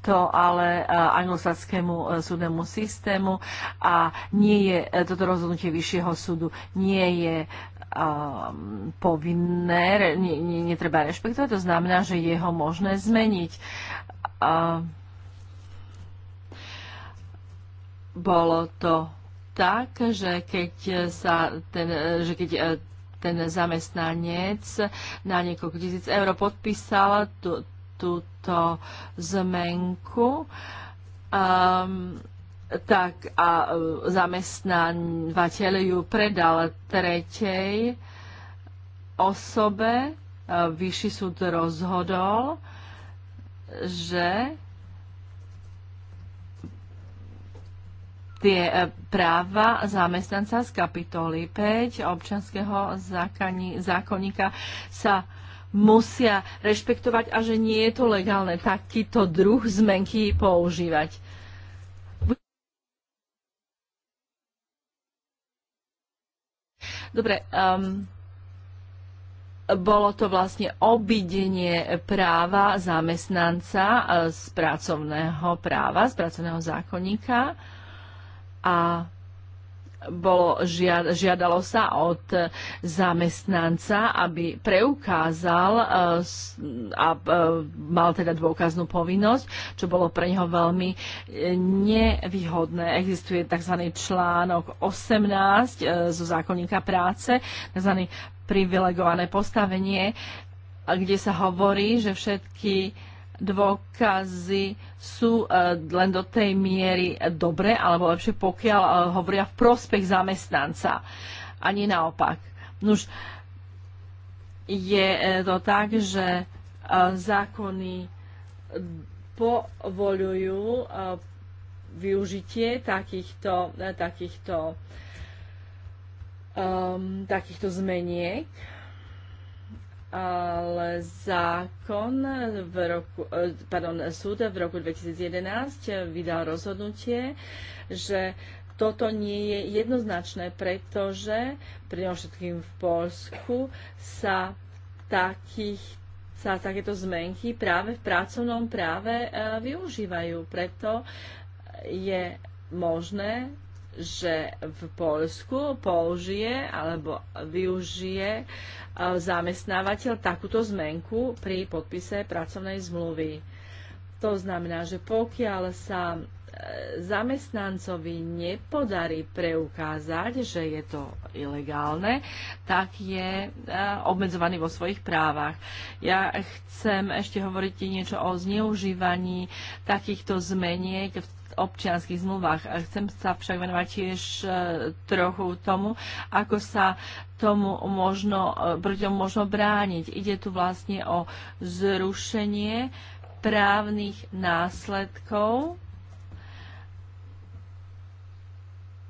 to ale e, anglosaskému e, súdnemu systému a nie je e, toto rozhodnutie vyššieho súdu nie je povinné, netreba rešpektovať, to znamená, že je ho možné zmeniť. bolo to tak, že keď, sa ten, že keď ten zamestnanec na niekoľko tisíc eur podpísal tú, túto zmenku. Um, tak a e, zamestnávateľ ju predal tretej osobe. E, Vyšší súd rozhodol, že tie e, práva zamestnanca z kapitoly 5 občanského zákonníka sa musia rešpektovať a že nie je to legálne takýto druh zmenky používať. Dobre, um, bolo to vlastne obidenie práva zamestnanca uh, z pracovného práva, z pracovného zákonníka a bolo, žiadalo sa od zamestnanca, aby preukázal e, a e, mal teda dôkaznú povinnosť, čo bolo pre neho veľmi e, nevýhodné. Existuje tzv. článok 18 zo zákonníka práce, tzv. privilegované postavenie, kde sa hovorí, že všetky dôkazy sú e, len do tej miery dobré, alebo lepšie pokiaľ e, hovoria v prospech zamestnanca a nie naopak. Nuž, je e, to tak, že zákony povolujú využitie takýchto, takýchto, um, takýchto zmeniek ale zákon v roku, e, pardon, súd v roku 2011 vydal rozhodnutie, že toto nie je jednoznačné, pretože pri všetkým v Polsku sa takých sa takéto zmenky práve v pracovnom práve e, využívajú. Preto je možné že v Polsku použije alebo využije e, zamestnávateľ takúto zmenku pri podpise pracovnej zmluvy. To znamená, že pokiaľ sa e, zamestnancovi nepodarí preukázať, že je to ilegálne, tak je e, obmedzovaný vo svojich právach. Ja chcem ešte hovoriť niečo o zneužívaní takýchto zmeniek v občianských zmluvách. Chcem sa však venovať tiež e, trochu tomu, ako sa tomu možno, e, proti tomu možno brániť. Ide tu vlastne o zrušenie právnych následkov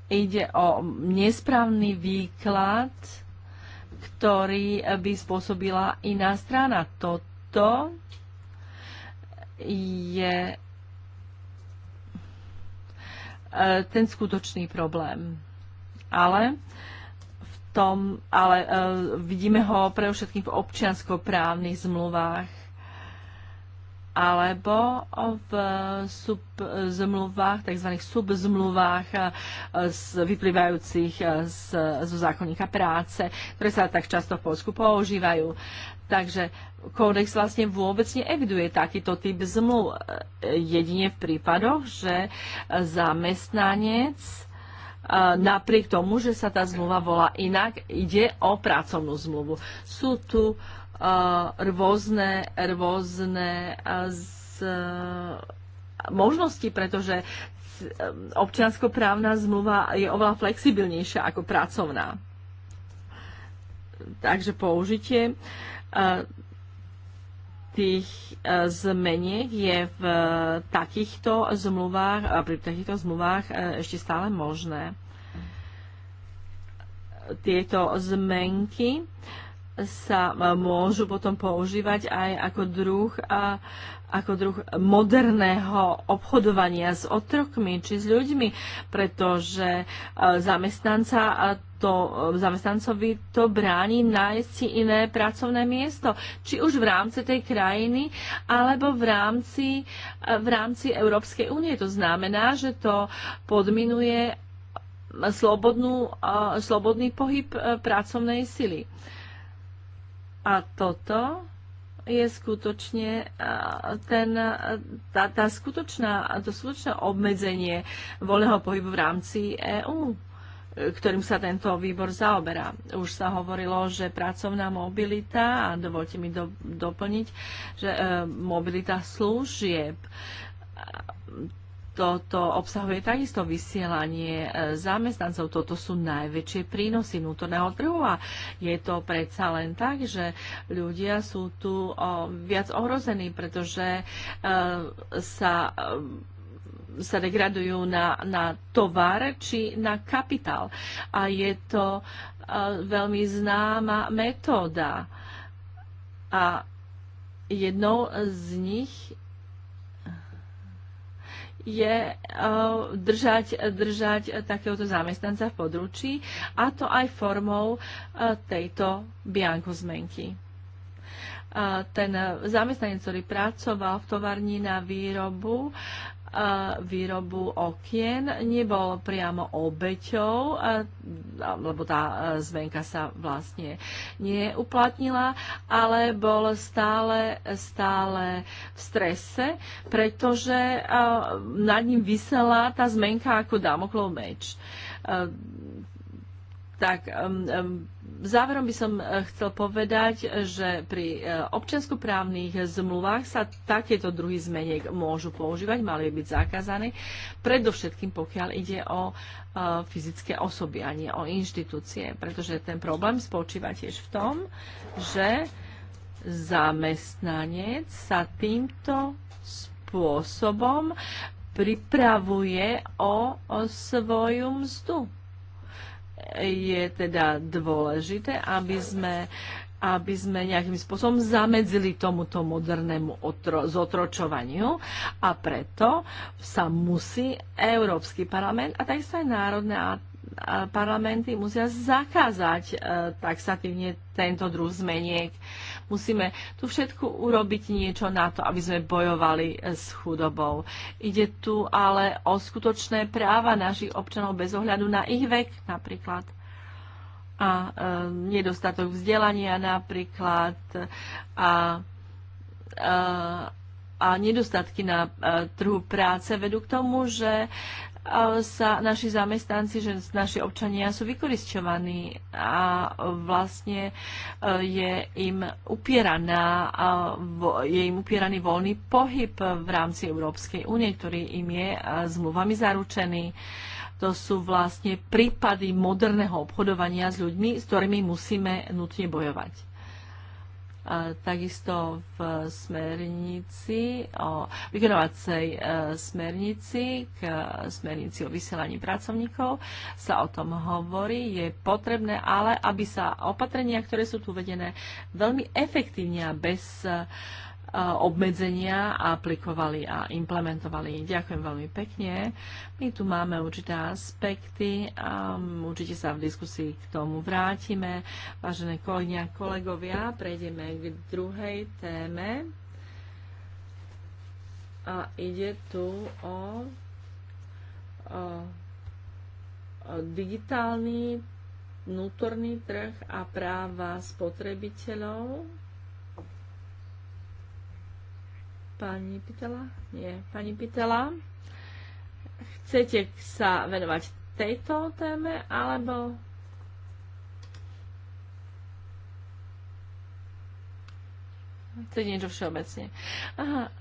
ide o nesprávny výklad, ktorý by spôsobila iná strana. Toto je E, ten skutočný problém. Ale v tom, ale e, vidíme ho pre všetkým v občianskoprávnych zmluvách alebo v zmluvách, tzv. subzmluvách e, vyplývajúcich z, zo zákonníka práce, ktoré sa tak často v Polsku používajú. Takže kódex vlastne vôbec neeviduje takýto typ zmluv. Jedine v prípadoch, že zamestnanec napriek tomu, že sa tá zmluva volá inak, ide o pracovnú zmluvu. Sú tu rôzne, rôzne z možnosti, pretože občianskoprávna zmluva je oveľa flexibilnejšia ako pracovná. Takže použitie uh, tých e, zmeniek je v e, takýchto zmluvách, pri takýchto zmluvách e, ešte stále možné. Tieto zmenky sa môžu potom používať aj ako druh, ako druh moderného obchodovania s otrokmi či s ľuďmi, pretože zamestnanca to e, zamestnancovi to bráni nájsť si iné pracovné miesto, či už v rámci tej krajiny, alebo v rámci, e, v rámci Európskej únie. To znamená, že to podminuje slobodnú, e, slobodný pohyb pracovnej sily. A toto je skutočne ten, tá, tá skutočná, to skutočné obmedzenie voľného pohybu v rámci EÚ ktorým sa tento výbor zaoberá. Už sa hovorilo, že pracovná mobilita, a dovolte mi do, doplniť, že e, mobilita služieb, toto obsahuje takisto vysielanie e, zamestnancov. Toto sú najväčšie prínosy vnútorného trhu a je to predsa len tak, že ľudia sú tu viac ohrození, pretože e, sa sa degradujú na, na tovar či na kapitál. A je to veľmi známa metóda. A jednou z nich je e, držať, držať takéhoto zamestnanca v područí a to aj formou e, tejto bianko zmenky. E, ten zamestnanec, ktorý pracoval v továrni na výrobu, výrobu okien nebol priamo obeťou, lebo tá zvenka sa vlastne neuplatnila, ale bol stále, stále v strese, pretože nad ním vysela tá zmenka ako Damoklov meč tak um, um, Záverom by som e, chcel povedať, že pri e, občianskoprávnych zmluvách sa takéto druhy zmeniek môžu používať, mali by byť zakázané, predovšetkým pokiaľ ide o e, fyzické osoby a nie o inštitúcie, pretože ten problém spočíva tiež v tom, že zamestnanec sa týmto spôsobom pripravuje o, o svoju mzdu je teda dôležité, aby sme aby sme nejakým spôsobom zamedzili tomuto modernému otro, zotročovaniu a preto sa musí Európsky parlament a takisto aj národné a, a parlamenty musia zakázať e, taksatívne tento druh zmeniek. E, Musíme tu všetko urobiť niečo na to, aby sme bojovali eh, s chudobou. Ide tu ale o skutočné práva našich občanov bez ohľadu na ich vek napríklad a e, nedostatok vzdelania napríklad a, a, eh, a nedostatky na e, trhu práce vedú k tomu, že sa naši zamestnanci, že naši občania sú vykoristovaní a vlastne e, je im, upieraná, je im upieraný voľný pohyb v rámci Európskej únie, ktorý im je e, zmluvami zaručený. To sú vlastne prípady moderného obchodovania s ľuďmi, s ktorými musíme nutne bojovať. Takisto v smernici o vykonovacej e, smernici k smernici o vysielaní pracovníkov sa o tom hovorí. Je potrebné ale, aby sa opatrenia, ktoré sú tu vedené, veľmi efektívne a bez obmedzenia aplikovali a implementovali. Ďakujem veľmi pekne. My tu máme určité aspekty a určite sa v diskusii k tomu vrátime. Vážené kolegyne a kolegovia, prejdeme k druhej téme. A ide tu o, o, o digitálny vnútorný trh a práva spotrebiteľov Pani Pitela? Nie. Pani Pitela, chcete sa venovať tejto téme, alebo je niečo všeobecne? Aha,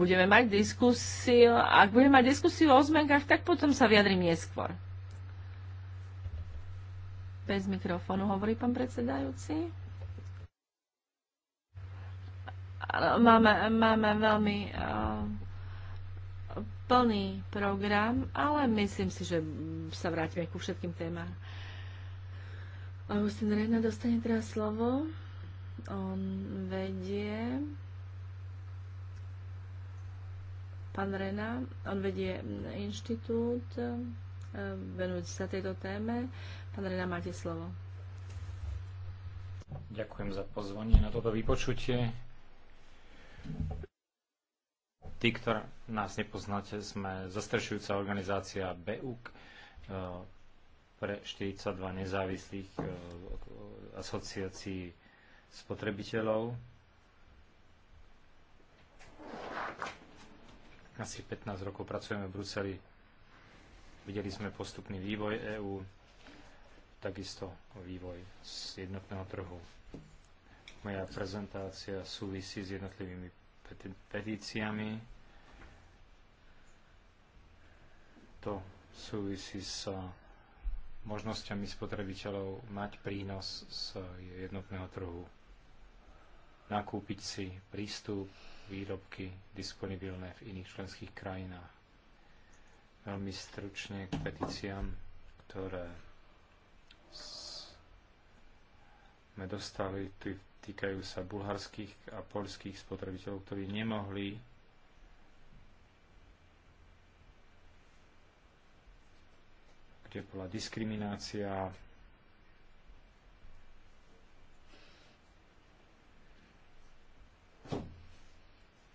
budeme mať diskusiu. Ak budeme mať diskusiu o zmenkách, tak potom sa vyjadrím neskôr. Bez mikrofónu hovorí pán predsedajúci máme, máme veľmi eh, plný program, ale myslím si, že sa vrátime ku všetkým témam. Augustin Rehna dostane teraz slovo. On vedie pán Rena, on vedie inštitút, eh, venujúci sa tejto téme. Pán Rena, máte slovo. Ďakujem za pozvanie na toto vypočutie. Tí, ktorí nás nepoznáte, sme zastrešujúca organizácia BEUK e, pre 42 nezávislých e, asociácií spotrebiteľov. Asi 15 rokov pracujeme v Bruseli. Videli sme postupný vývoj EÚ, takisto vývoj z jednotného trhu moja prezentácia súvisí s jednotlivými petíciami. To súvisí s možnosťami spotrebiteľov mať prínos z jednotného trhu, nakúpiť si prístup, výrobky disponibilné v iných členských krajinách. Veľmi stručne k petíciám, ktoré sme dostali tu týkajú sa bulharských a poľských spotrebiteľov, ktorí nemohli kde bola diskriminácia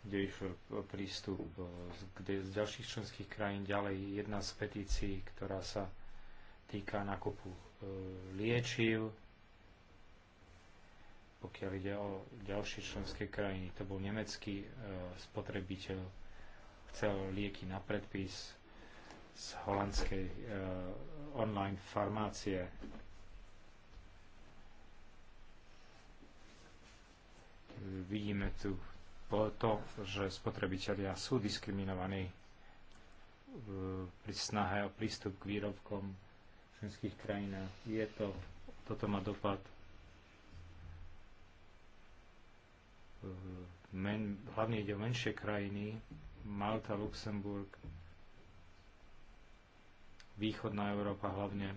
kde išlo eh, prístup eh, kde z ďalších členských krajín ďalej jedna z petícií, ktorá sa týka nákupu eh, liečiv, pokiaľ ide o ďalšie členské krajiny. To bol nemecký e, spotrebiteľ, chcel lieky na predpis z holandskej e, online farmácie. Vidíme tu to, že spotrebitelia sú diskriminovaní e, pri snahe o prístup k výrobkom v členských krajinách. Je to, toto má dopad Eh, men, hlavne ide o menšie krajiny, Malta, Luxemburg, východná Európa hlavne,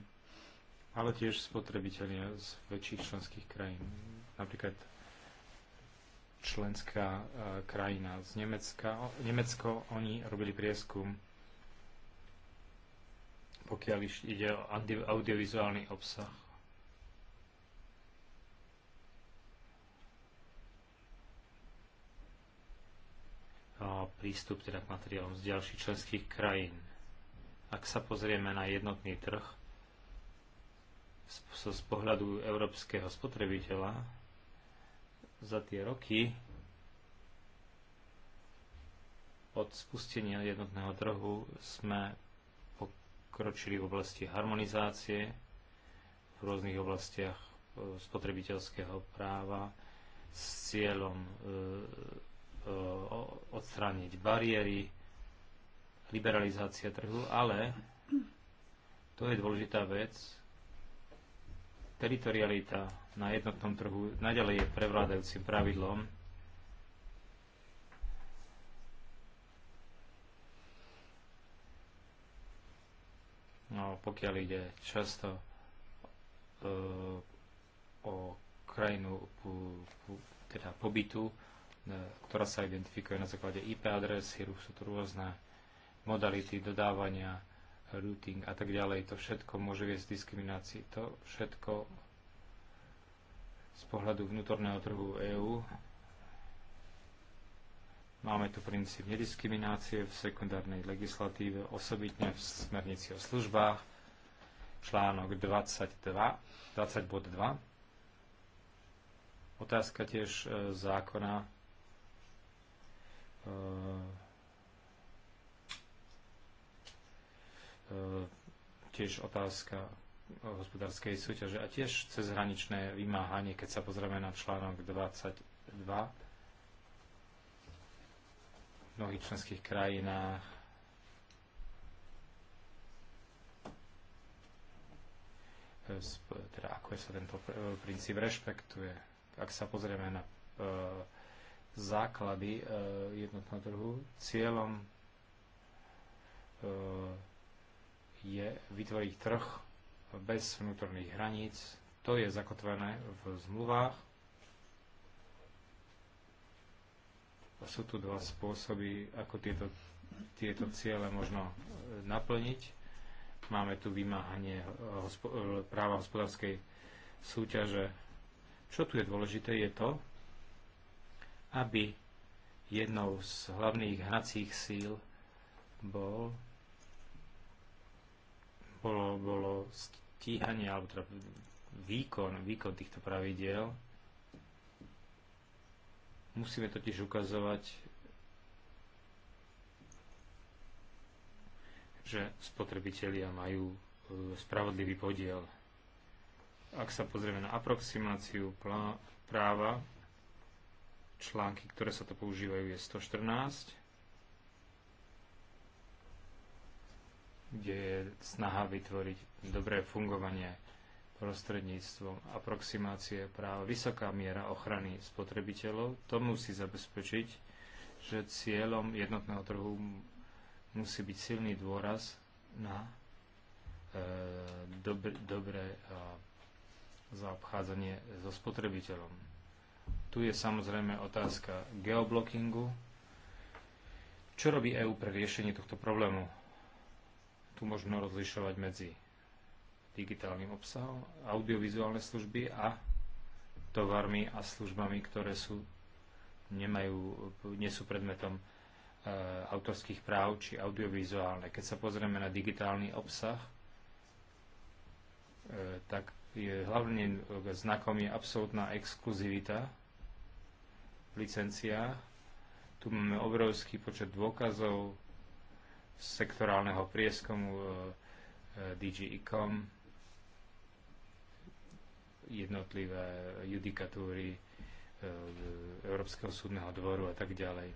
ale tiež spotrebitelia z väčších členských krajín. Napríklad členská eh, krajina z Nemecka. Nemecko, oni robili prieskum, pokiaľ ide o audiovizuálny obsah prístup teda k materiálom z ďalších členských krajín. Ak sa pozrieme na jednotný trh z, z pohľadu európskeho spotrebiteľa za tie roky od spustenia jednotného trhu sme pokročili v oblasti harmonizácie v rôznych oblastiach e, spotrebiteľského práva s cieľom e, odstrániť bariéry, liberalizácia trhu, ale to je dôležitá vec. Teritorialita na jednotnom trhu naďalej je prevládajúcim pravidlom. No, pokiaľ ide často uh, o krajinu teda pobytu, E, ktorá sa identifikuje na základe IP adresy, sú tu rôzne modality dodávania, routing a tak ďalej. To všetko môže viesť diskriminácii. To všetko z pohľadu vnútorného trhu EÚ Máme tu princíp nediskriminácie v sekundárnej legislatíve, osobitne v smernici o službách, článok 22, 20.2. 2. Otázka tiež e, zákona Eh, eh, tiež otázka hospodárskej súťaže a tiež cezhraničné vymáhanie, keď sa pozrieme na článok 22 v mnohých členských krajinách eh, teda ako sa tento princíp rešpektuje. Ak sa pozrieme na základy e, jednotného trhu. Cieľom e, je vytvoriť trh bez vnútorných hraníc. To je zakotvené v zmluvách. Sú tu dva spôsoby, ako tieto, tieto ciele možno e, naplniť. Máme tu vymáhanie práva hospodárskej súťaže. Čo tu je dôležité, je to, aby jednou z hlavných hnacích síl bol, bolo, bolo stíhanie, alebo teda výkon, výkon týchto pravidiel. Musíme totiž ukazovať, že spotrebitelia majú e, spravodlivý podiel. Ak sa pozrieme na aproximáciu práva, články, ktoré sa to používajú, je 114, kde je snaha vytvoriť dobré fungovanie prostredníctvom aproximácie práva, vysoká miera ochrany spotrebiteľov. To musí zabezpečiť, že cieľom jednotného trhu musí byť silný dôraz na e, dob- dobré e, zaobchádzanie so spotrebiteľom tu je samozrejme otázka geoblockingu. Čo robí EÚ pre riešenie tohto problému? Tu možno rozlišovať medzi digitálnym obsahom, audiovizuálne služby a tovarmi a službami, ktoré sú, nemajú, nie sú predmetom e, autorských práv či audiovizuálne. Keď sa pozrieme na digitálny obsah, e, tak je, hlavným znakom je absolútna exkluzivita licenciách. Tu máme obrovský počet dôkazov z sektorálneho prieskomu e, e, DG e jednotlivé judikatúry Európskeho súdneho dvoru a tak ďalej.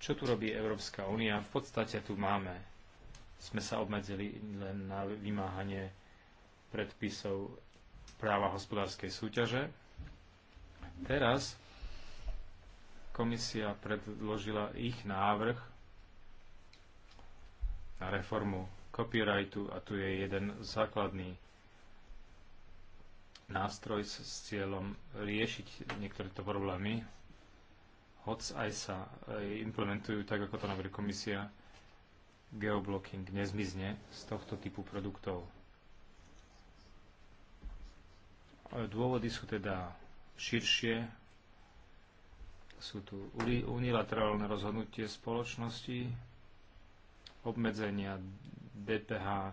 Čo tu robí Európska únia? V podstate tu máme. Sme sa obmedzili len na vymáhanie predpisov práva hospodárskej súťaže, Teraz komisia predložila ich návrh na reformu copyrightu a tu je jeden základný nástroj s cieľom riešiť niektoré to problémy, hoc aj sa e, implementujú tak, ako to navrhuje komisia, geoblocking nezmizne z tohto typu produktov. E, dôvody sú teda širšie. Sú tu unilaterálne rozhodnutie spoločnosti, obmedzenia DPH,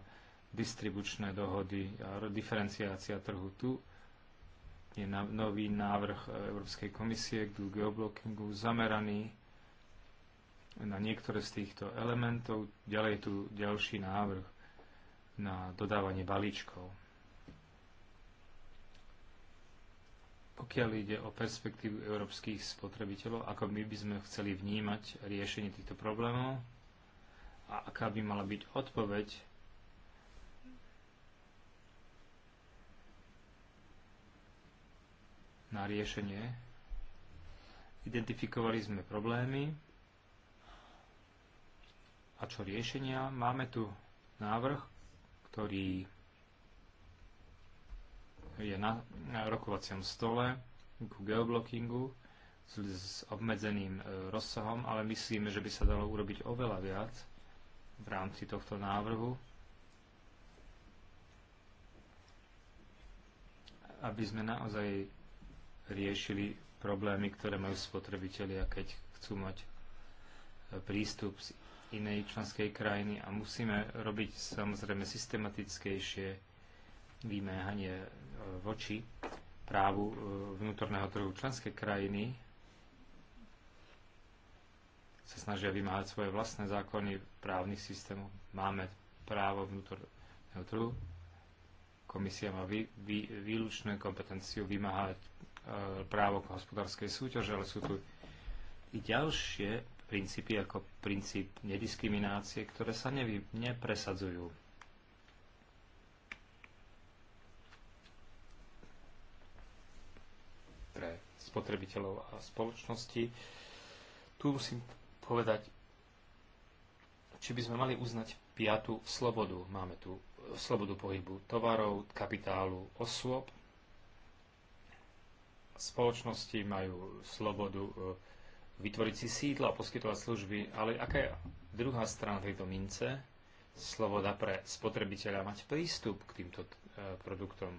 distribučné dohody a diferenciácia trhu. Tu je nový návrh Európskej komisie k geoblockingu zameraný na niektoré z týchto elementov. Ďalej je tu ďalší návrh na dodávanie balíčkov. Pokiaľ ide o perspektívu európskych spotrebiteľov, ako my by sme chceli vnímať riešenie týchto problémov a aká by mala byť odpoveď na riešenie. Identifikovali sme problémy a čo riešenia. Máme tu návrh, ktorý je na, rokovaciom stole ku geoblockingu s, s obmedzeným e, rozsahom, ale myslíme, že by sa dalo urobiť oveľa viac v rámci tohto návrhu, aby sme naozaj riešili problémy, ktoré majú spotrebitelia, keď chcú mať e, prístup z inej členskej krajiny a musíme robiť samozrejme systematickejšie vymáhanie e, voči právu e, vnútorného trhu členské krajiny sa snažia vymáhať svoje vlastné zákony právnych systémov. Máme právo vnútorného trhu. Komisia má vý, vý, výlučnú kompetenciu vymáhať e, právo k hospodárskej súťaže, ale sú tu i ďalšie princípy ako princíp nediskriminácie, ktoré sa nevy, nepresadzujú spotrebiteľov a spoločnosti. Tu musím povedať, či by sme mali uznať piatu slobodu. Máme tu slobodu pohybu tovarov, kapitálu, osôb. Spoločnosti majú slobodu e, vytvoriť si sídla a poskytovať služby, ale aká je druhá strana tejto mince? Sloboda pre spotrebiteľa mať prístup k týmto e, produktom.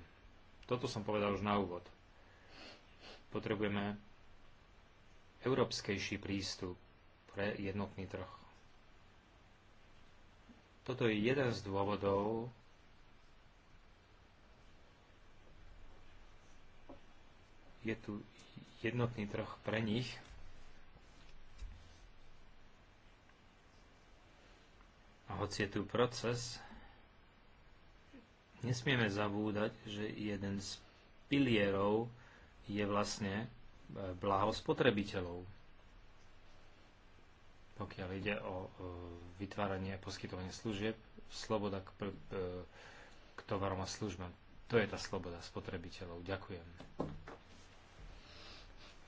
Toto som povedal už na úvod. Potrebujeme európskejší prístup pre jednotný trh. Toto je jeden z dôvodov, je tu jednotný trh pre nich. A hoci je tu proces, nesmieme zabúdať, že jeden z pilierov je vlastne e, blaho spotrebiteľov, pokiaľ ide o vytváranie a poskytovanie služieb, sloboda k, e, k tovarom a službám. To je tá sloboda spotrebiteľov. Ďakujem.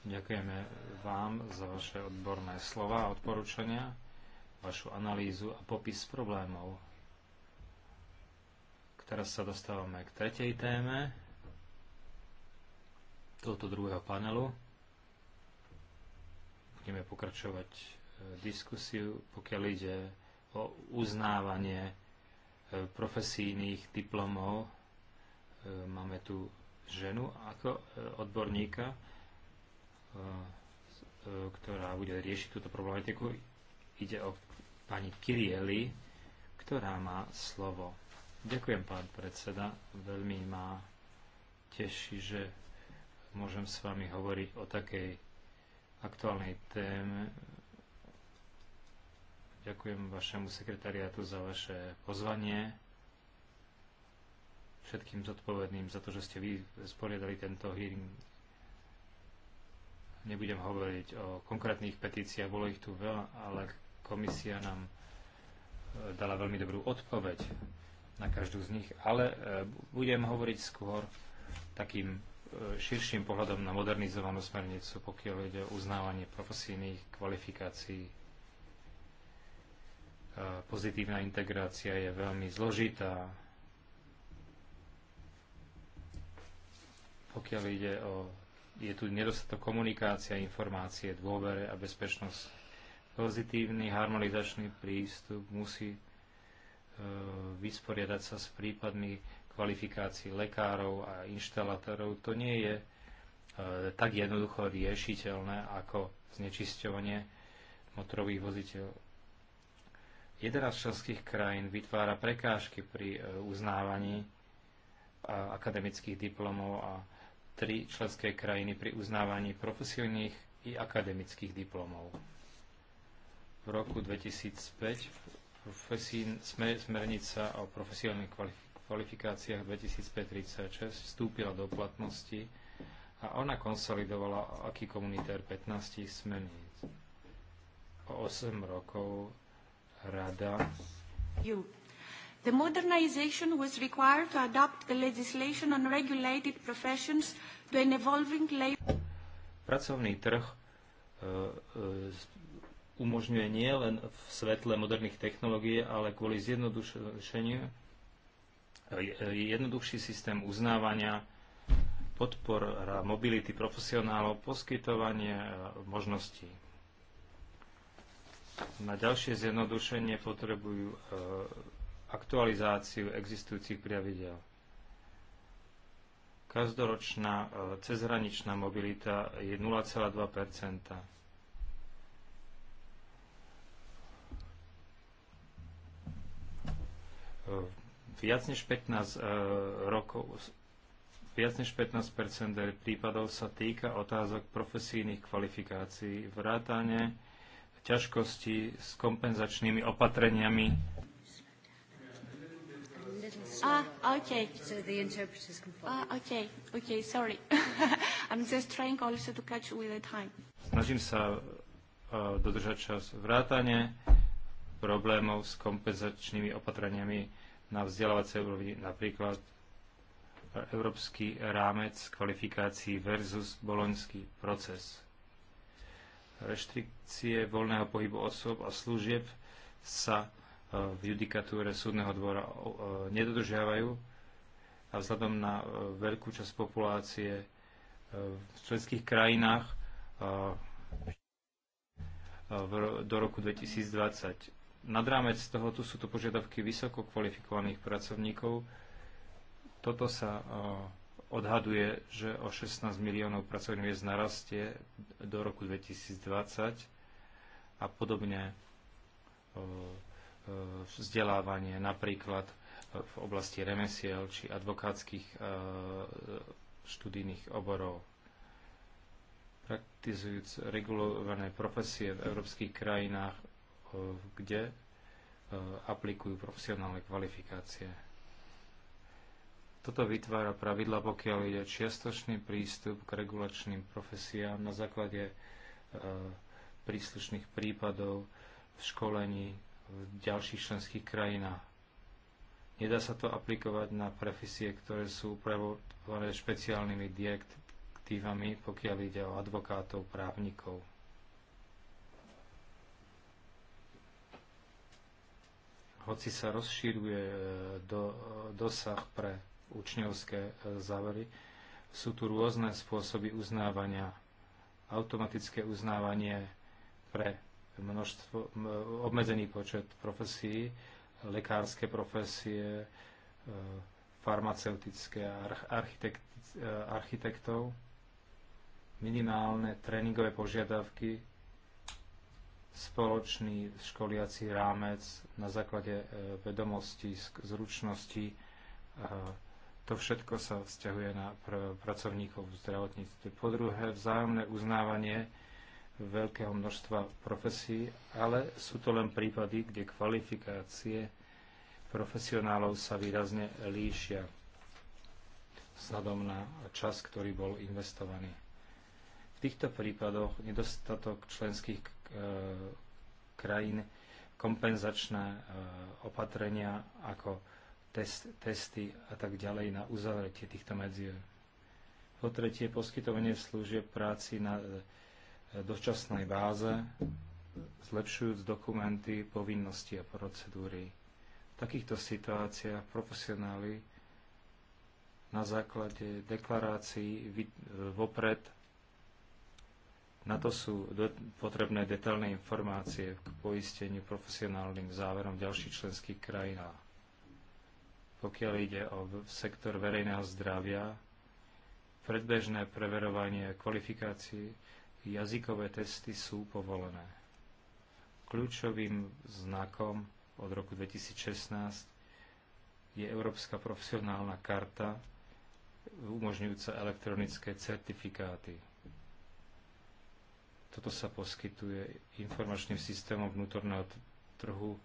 Ďakujeme vám za vaše odborné slova a odporúčania, vašu analýzu a popis problémov. Teraz sa dostávame k tretej téme tohoto druhého panelu. Budeme pokračovať e, diskusiu, pokiaľ ide o uznávanie e, profesijných diplomov. E, máme tu ženu ako odborníka, ktorá bude riešiť túto problematiku. Ide o pani Kirieli, ktorá má slovo. Ďakujem, pán predseda. Veľmi ma teší, že môžem s vami hovoriť o takej aktuálnej téme. Ďakujem vašemu sekretariátu za vaše pozvanie, všetkým zodpovedným za to, že ste vy sporiadali tento hearing. Nebudem hovoriť o konkrétnych petíciách, bolo ich tu veľa, ale komisia nám e, dala veľmi dobrú odpoveď na každú z nich, ale e, budem hovoriť skôr takým širším pohľadom na modernizovanú smernicu, pokiaľ ide o uznávanie profesijných kvalifikácií. Pozitívna integrácia je veľmi zložitá. Pokiaľ ide o... Je tu nedostatok komunikácia, informácie, dôvere a bezpečnosť. Pozitívny harmonizačný prístup musí e, vysporiadať sa s prípadmi kvalifikácií lekárov a inštalátorov, to nie je e, tak jednoducho riešiteľné ako znečisťovanie motorových voziteľ. 11 členských krajín vytvára prekážky pri e, uznávaní akademických diplomov a tri členské krajiny pri uznávaní profesionálnych i akademických diplomov. V roku 2005 smernica o profesionálnych kvalifikáciách kvalifikáciách 2536 vstúpila do platnosti a ona konsolidovala aký komunitár 15 smerníc. O 8 rokov rada you. The modernization was required to adapt the legislation on regulated professions to an evolving labor... Pracovný trh uh, uh, umožňuje nie len v svetle moderných technológií, ale kvôli zjednodušeniu uh, jednoduchší systém uznávania, podpora mobility profesionálov, poskytovanie možností. Na ďalšie zjednodušenie potrebujú e, aktualizáciu existujúcich pravidel. Každoročná e, cezhraničná mobilita je 0,2 Viac než 15 uh, e, rokov Viac než 15 prípadov sa týka otázok profesijných kvalifikácií, vrátane ťažkosti s kompenzačnými opatreniami. Ah, okay. So the interpreters can follow. Ah, okay, okay, sorry. I'm just trying also to catch with the time. Snažím sa uh, dodržať čas vrátane problémov s kompenzačnými opatreniami na vzdelávacej úrovni, napríklad európsky rámec kvalifikácií versus boloňský proces. Reštrikcie voľného pohybu osob a služieb sa e, v judikatúre súdneho dvora e, nedodržiavajú a vzhľadom na e, veľkú časť populácie v členských krajinách do roku 2020 nad rámec toho tu sú tu požiadavky vysoko kvalifikovaných pracovníkov. Toto sa e, odhaduje, že o 16 miliónov pracovných miest narastie do roku 2020 a podobne e, e, vzdelávanie napríklad v oblasti remesiel či advokátskych študijných oborov. Praktizujúc regulované profesie v európskych krajinách Eh, kde eh, aplikujú profesionálne kvalifikácie. Toto vytvára pravidla, pokiaľ ide čiastočný prístup k regulačným profesiám na základe eh, príslušných prípadov v školení v ďalších členských krajinách. Nedá sa to aplikovať na profesie, ktoré sú upravované špeciálnymi direktívami, pokiaľ ide o advokátov, právnikov. hoci sa rozšíruje e, do, dosah pre učňovské e, závery, sú tu rôzne spôsoby uznávania. Automatické uznávanie pre množstvo, obmedzený počet profesí, lekárske profesie, e, farmaceutické a architekt, architektov, minimálne tréningové požiadavky spoločný školiací rámec na základe e, vedomostí, zručností. E, to všetko sa vzťahuje na pr- pracovníkov v zdravotníctve. Po druhé, vzájomné uznávanie veľkého množstva profesí, ale sú to len prípady, kde kvalifikácie profesionálov sa výrazne líšia vzhľadom na čas, ktorý bol investovaný. V týchto prípadoch nedostatok členských E, krajín kompenzačné e, opatrenia ako test, testy a tak ďalej na uzavretie týchto medzier. Po tretie, poskytovanie služieb práci na e, dočasnej báze, zlepšujúc dokumenty, povinnosti a procedúry. V takýchto situáciách profesionáli na základe deklarácií vopred na to sú potrebné detailné informácie k poisteniu profesionálnym záverom ďalších členských krajín. Pokiaľ ide o sektor verejného zdravia, predbežné preverovanie kvalifikácií, jazykové testy sú povolené. Kľúčovým znakom od roku 2016 je Európska profesionálna karta umožňujúca elektronické certifikáty toto sa poskytuje informačným systémom vnútorného trhu,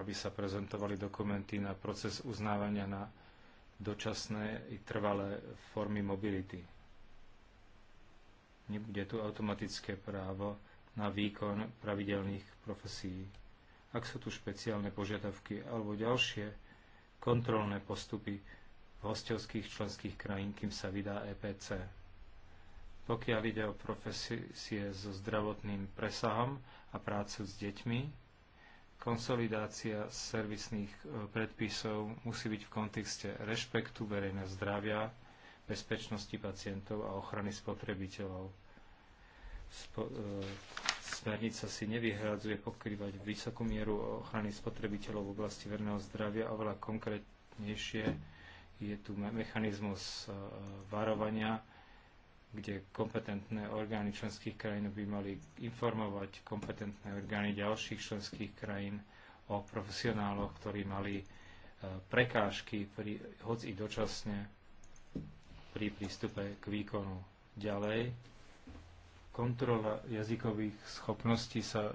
aby sa prezentovali dokumenty na proces uznávania na dočasné i trvalé formy mobility. Nebude tu automatické právo na výkon pravidelných profesí. Ak sú tu špeciálne požiadavky alebo ďalšie kontrolné postupy v členských krajín, kým sa vydá EPC. Pokiaľ ide o profesie so zdravotným presahom a prácu s deťmi, konsolidácia servisných e, predpisov musí byť v kontexte rešpektu verejného zdravia, bezpečnosti pacientov a ochrany spotrebiteľov. Spo- e, smernica si nevyhradzuje pokrývať vysokú mieru ochrany spotrebiteľov v oblasti verného zdravia, oveľa konkrétnejšie je tu mechanizmus e, varovania, kde kompetentné orgány členských krajín by mali informovať kompetentné orgány ďalších členských krajín o profesionáloch, ktorí mali e, prekážky, pri, hoď i dočasne, pri prístupe k výkonu. Ďalej, kontrola jazykových schopností sa e, e,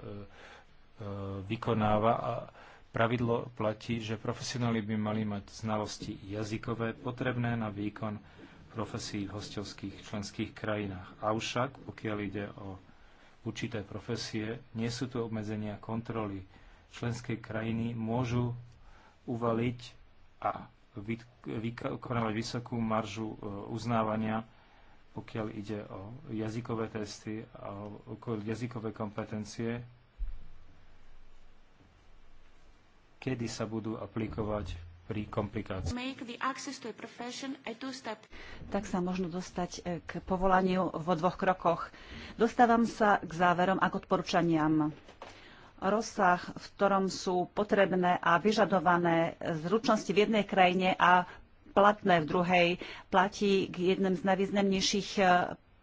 vykonáva a pravidlo platí, že profesionáli by mali mať znalosti jazykové potrebné na výkon profesí v hostovských členských krajinách. Avšak, pokiaľ ide o určité profesie, nie sú tu obmedzenia kontroly. Členské krajiny môžu uvaliť a vykonávať vysokú maržu e, uznávania, pokiaľ ide o jazykové testy a o jazykové kompetencie, kedy sa budú aplikovať pri komplikácii. Tak sa možno dostať e, k povolaniu vo dvoch krokoch. Dostávam sa k záverom a k odporúčaniam. Rozsah, v ktorom sú potrebné a vyžadované zručnosti v jednej krajine a platné v druhej, platí k jednom z najvýznamnejších e,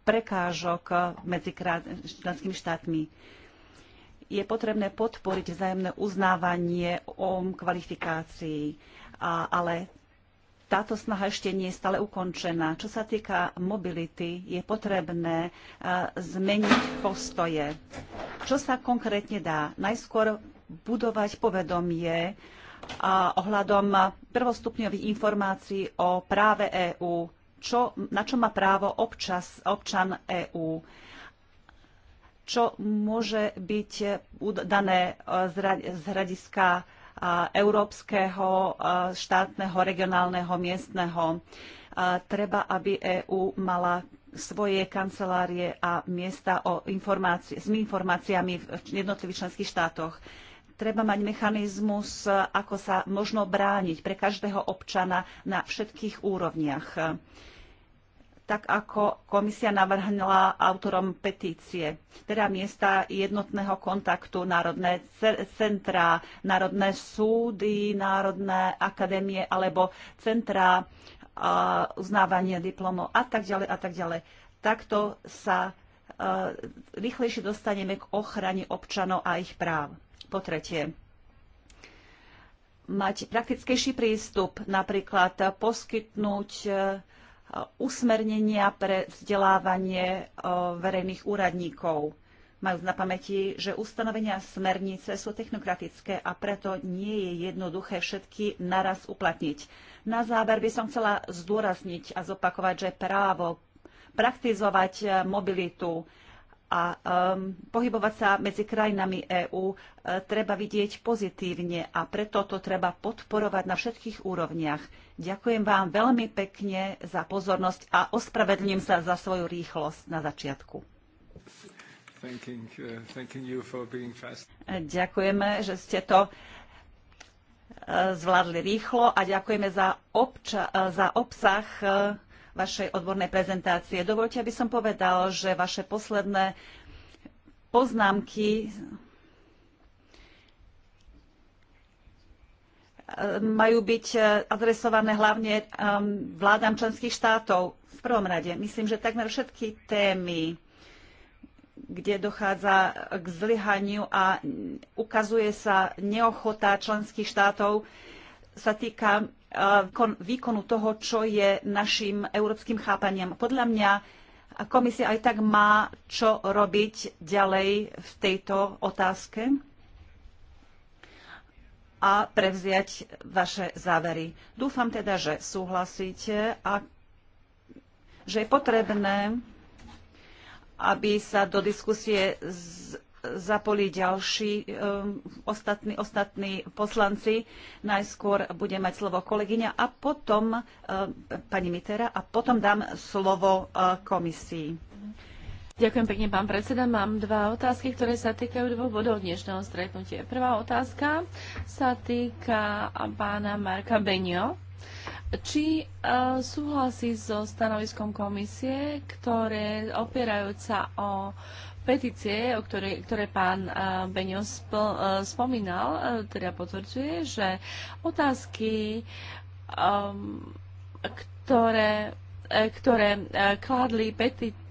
prekážok e, medzi členskými štátmi je potrebné podporiť vzájomné uznávanie o kvalifikácií a, ale táto snaha ešte nie je stále ukončená. Čo sa týka mobility, je potrebné zmeniť postoje. Čo sa konkrétne dá? Najskôr budovať povedomie ohľadom prvostupňových informácií o práve EÚ, čo, na čo má právo občas, občan EÚ, čo môže byť dané e, z hľadiska európskeho, štátneho, regionálneho, miestneho. Treba, aby EÚ mala svoje kancelárie a miesta o informácie, s informáciami v jednotlivých členských štátoch. Treba mať mechanizmus, ako sa možno brániť pre každého občana na všetkých úrovniach tak ako komisia navrhnila autorom petície, teda miesta jednotného kontaktu, národné centrá, národné súdy, národné akadémie alebo centrá uznávania diplomov a tak ďalej a tak ďalej. Takto sa rýchlejšie dostaneme k ochrane občanov a ich práv. Po tretie, mať praktickejší prístup, napríklad poskytnúť usmernenia pre vzdelávanie e, verejných úradníkov. Majú na pamäti, že ustanovenia smernice sú technokratické a preto nie je jednoduché všetky naraz uplatniť. Na záver by som chcela zdôrazniť a zopakovať, že právo praktizovať e, mobilitu a um, pohybovať sa medzi krajinami EÚ e, uh, treba vidieť pozitívne a preto to treba podporovať na všetkých úrovniach. Ďakujem vám veľmi pekne za pozornosť a ospravedlním sa za svoju rýchlosť na začiatku. Thanking, uh, thanking Ďakujeme, že ste to uh, zvládli rýchlo a ďakujeme za, obča- za obsah uh, vašej odbornej prezentácie. Dovolte, aby som povedal, že vaše posledné poznámky eh, majú byť eh, adresované hlavne ehm, vládam členských štátov. V prvom rade, myslím, že takmer všetky témy, kde dochádza k zlyhaniu a ukazuje sa neochota členských štátov sa týka e, výkonu toho, čo je našim európskym chápaniam. Podľa mňa komisia aj tak má čo robiť ďalej v tejto otázke a prevziať vaše závery. Dúfam teda, že súhlasíte a že je potrebné, aby sa do diskusie zapolí ďalší um, ostatní, ostatní poslanci. Najskôr bude mať slovo kolegyňa a potom um, pani Mitera a potom dám slovo uh, komisii. Ďakujem pekne, pán predseda. Mám dva otázky, ktoré sa týkajú dvoch bodov dnešného stretnutia. Prvá otázka sa týka pána Marka Benio. Či uh, súhlasí so stanoviskom komisie, ktoré opierajúca o uh, petície, o ktorej, ktoré pán eh, Beňo eh, spomínal, eh, teda potvrdzuje, že otázky, um, ktoré, ktoré kladli petície,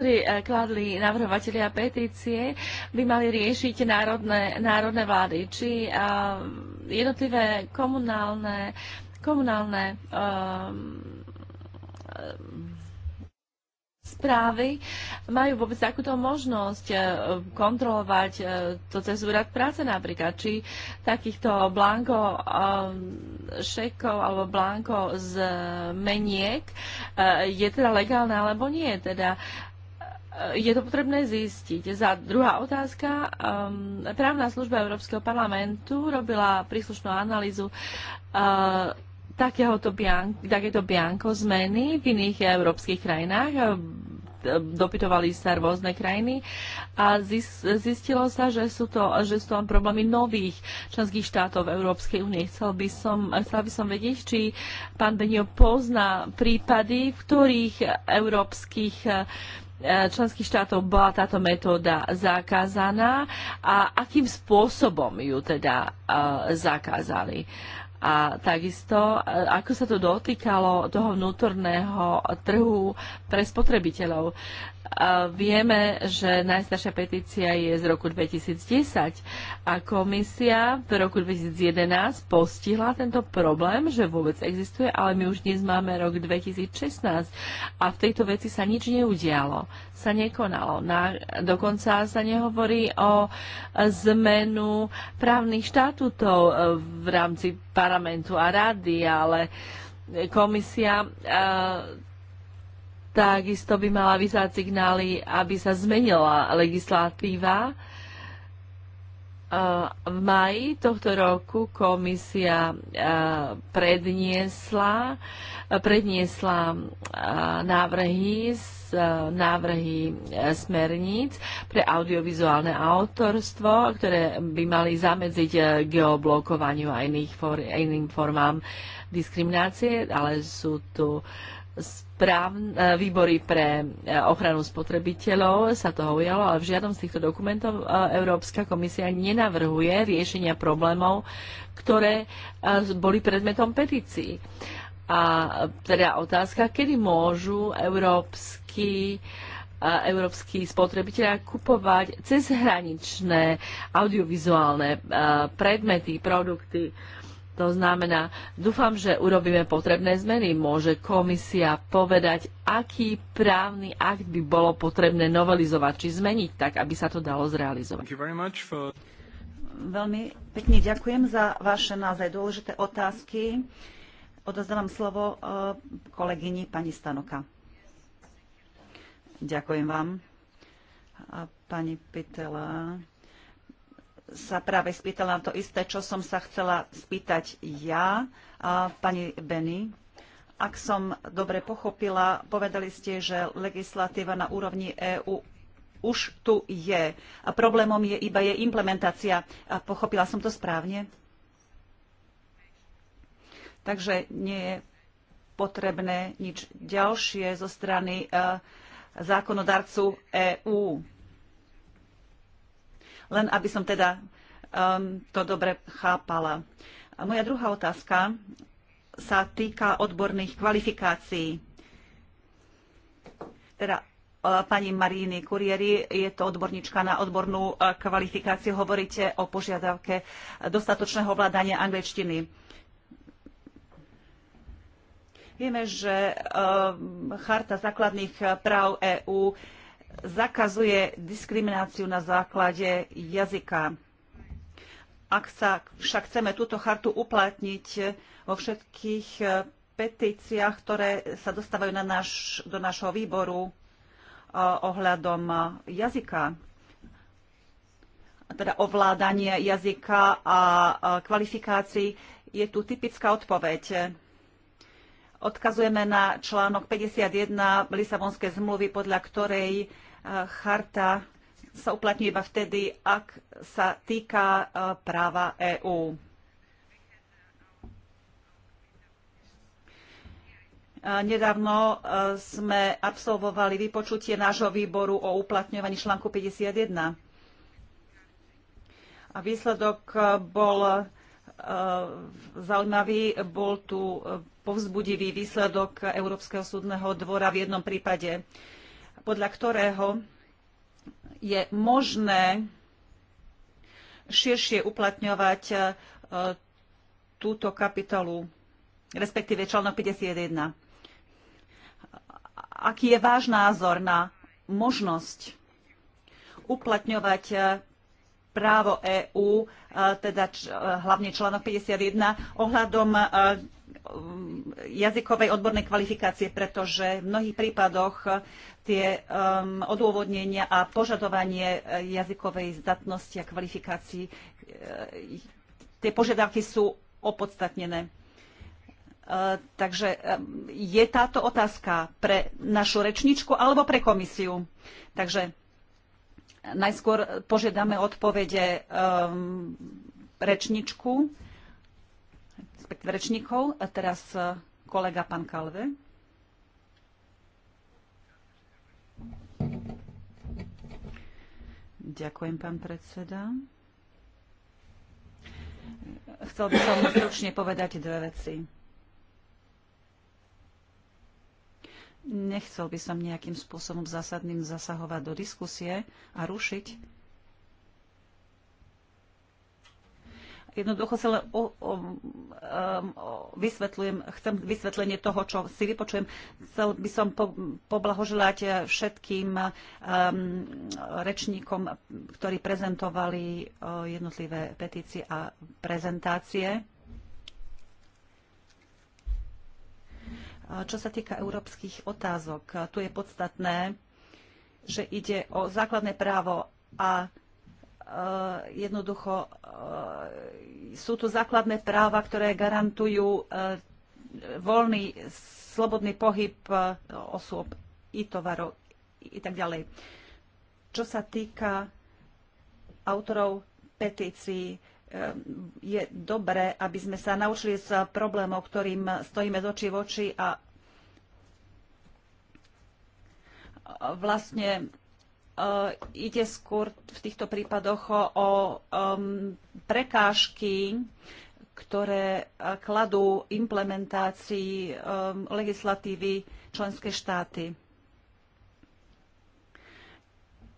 ktorí kladli navrhovateľia petície, by mali riešiť národné, národné vlády, či uh, jednotlivé komunálne, komunálne um, správy majú vôbec takúto možnosť e, kontrolovať e, to cez úrad práce napríklad, či takýchto blanko e, šekov alebo blanko z meniek je teda legálne alebo nie. Teda je to potrebné zistiť. Za druhá otázka, právna služba Európskeho parlamentu robila príslušnú analýzu takéhoto bianko, takéto bianko zmeny v iných európskych krajinách dopytovali sa rôzne krajiny a zistilo sa, že sú to, že sú tam problémy nových členských štátov Európskej únie. Chcel by som, chcel by som vedieť, či pán Benio pozná prípady, v ktorých európskych e, členských štátov bola táto metóda zakázaná a akým spôsobom ju teda e, zakázali. A takisto, e, ako sa to dotýkalo toho vnútorného trhu pre spotrebiteľov. Vieme, že najstaršia petícia je z roku 2010 a komisia v roku 2011 postihla tento problém, že vôbec existuje, ale my už dnes máme rok 2016 a v tejto veci sa nič neudialo, sa nekonalo. Na, dokonca sa nehovorí o zmenu právnych štatútov e, v rámci parlamentu a rady, ale komisia e, takisto by mala vyzvať signály, aby sa zmenila legislatíva. V maji tohto roku komisia predniesla, predniesla návrhy z návrhy e, smerníc pre audiovizuálne autorstvo, ktoré by mali zamedziť e, geoblokovaniu a iných for, iným formám diskriminácie, ale sú tu Práv, e, výbory pre e, ochranu spotrebiteľov sa toho ujalo, ale v žiadom z týchto dokumentov e, Európska komisia nenavrhuje riešenia problémov, ktoré boli predmetom petícií. A teda otázka, kedy môžu európsky európsky spotrebitelia kupovať cezhraničné audiovizuálne predmety, produkty, to znamená, dúfam, že urobíme potrebné zmeny. Môže komisia povedať, aký právny akt by bolo potrebné novelizovať či zmeniť, tak aby sa to dalo zrealizovať. Veľmi pekne ďakujem za vaše naozaj dôležité otázky. Odozdávam slovo e, kolegyni pani Stanoka. Ďakujem vám. A pani Pitela sa práve spýtala na to isté, čo som sa chcela spýtať ja, a pani Benny. Ak som dobre pochopila, povedali ste, že legislatíva na úrovni EÚ už tu je. A problémom je iba jej implementácia. A pochopila som to správne? Takže nie je potrebné nič ďalšie zo strany eh, zákonodarcu EÚ len aby som teda um, to dobre chápala. A moja druhá otázka sa týka odborných kvalifikácií. Teda uh, pani Maríny Kurieri, je to odborníčka na odbornú uh, kvalifikáciu. Hovoríte o požiadavke dostatočného ovládania angličtiny. Vieme, že uh, Charta základných práv EÚ zakazuje diskrimináciu na základe jazyka. Ak sa však chceme túto chartu uplatniť vo všetkých eh, petíciách, ktoré sa dostávajú na naš, do nášho výboru eh, ohľadom eh, jazyka, teda ovládanie jazyka a kvalifikácií, je tu typická odpoveď. Odkazujeme na článok 51 Lisabonskej zmluvy, podľa ktorej charta sa uplatňuje iba vtedy, ak sa týka e, práva EÚ. Nedávno e, sme absolvovali vypočutie nášho výboru o uplatňovaní článku 51. A výsledok e, bol zaujímavý, bol tu povzbudivý výsledok Európskeho súdneho dvora v jednom prípade podľa ktorého je možné širšie uplatňovať e, túto kapitolu, respektíve článok 51. Aký je váš názor na možnosť uplatňovať e, právo EÚ, e, teda hlavne článok 51, ohľadom Um, jazykovej odbornej kvalifikácie, pretože v mnohých prípadoch uh, tie um, odôvodnenia a požadovanie uh, jazykovej zdatnosti a kvalifikácií, uh, tie požiadavky sú opodstatnené. Uh, takže um, je táto otázka pre našu rečničku alebo pre komisiu. Takže najskôr požiadame odpovede um, rečničku rečníkov. A teraz e, kolega pán Kalve. Ďakujem, pán predseda. Chcel by som stručne povedať dve veci. Nechcel by som nejakým spôsobom zásadným zasahovať do diskusie a rušiť Jednoducho si len o, o, um, o, vysvetľujem, chcem vysvetlenie toho, čo si vypočujem. Chcel by som po, poblahoželať eh, všetkým eh, um, rečníkom, ktorí prezentovali uh, jednotlivé petície a prezentácie. Čo sa týka európskych otázok, tu je podstatné, že ide o základné právo a jednoducho E, sú tu základné práva, ktoré garantujú e, voľný, slobodný pohyb e, osôb i tovarov i tak ďalej. Čo sa týka autorov petícií, je dobré, aby sme sa naučili s problémov, ktorým stojíme z očí v oči a vlastne Eh, ide skôr v týchto prípadoch o um, prekážky, ktoré eh, kladú implementácii um, legislatívy členské štáty.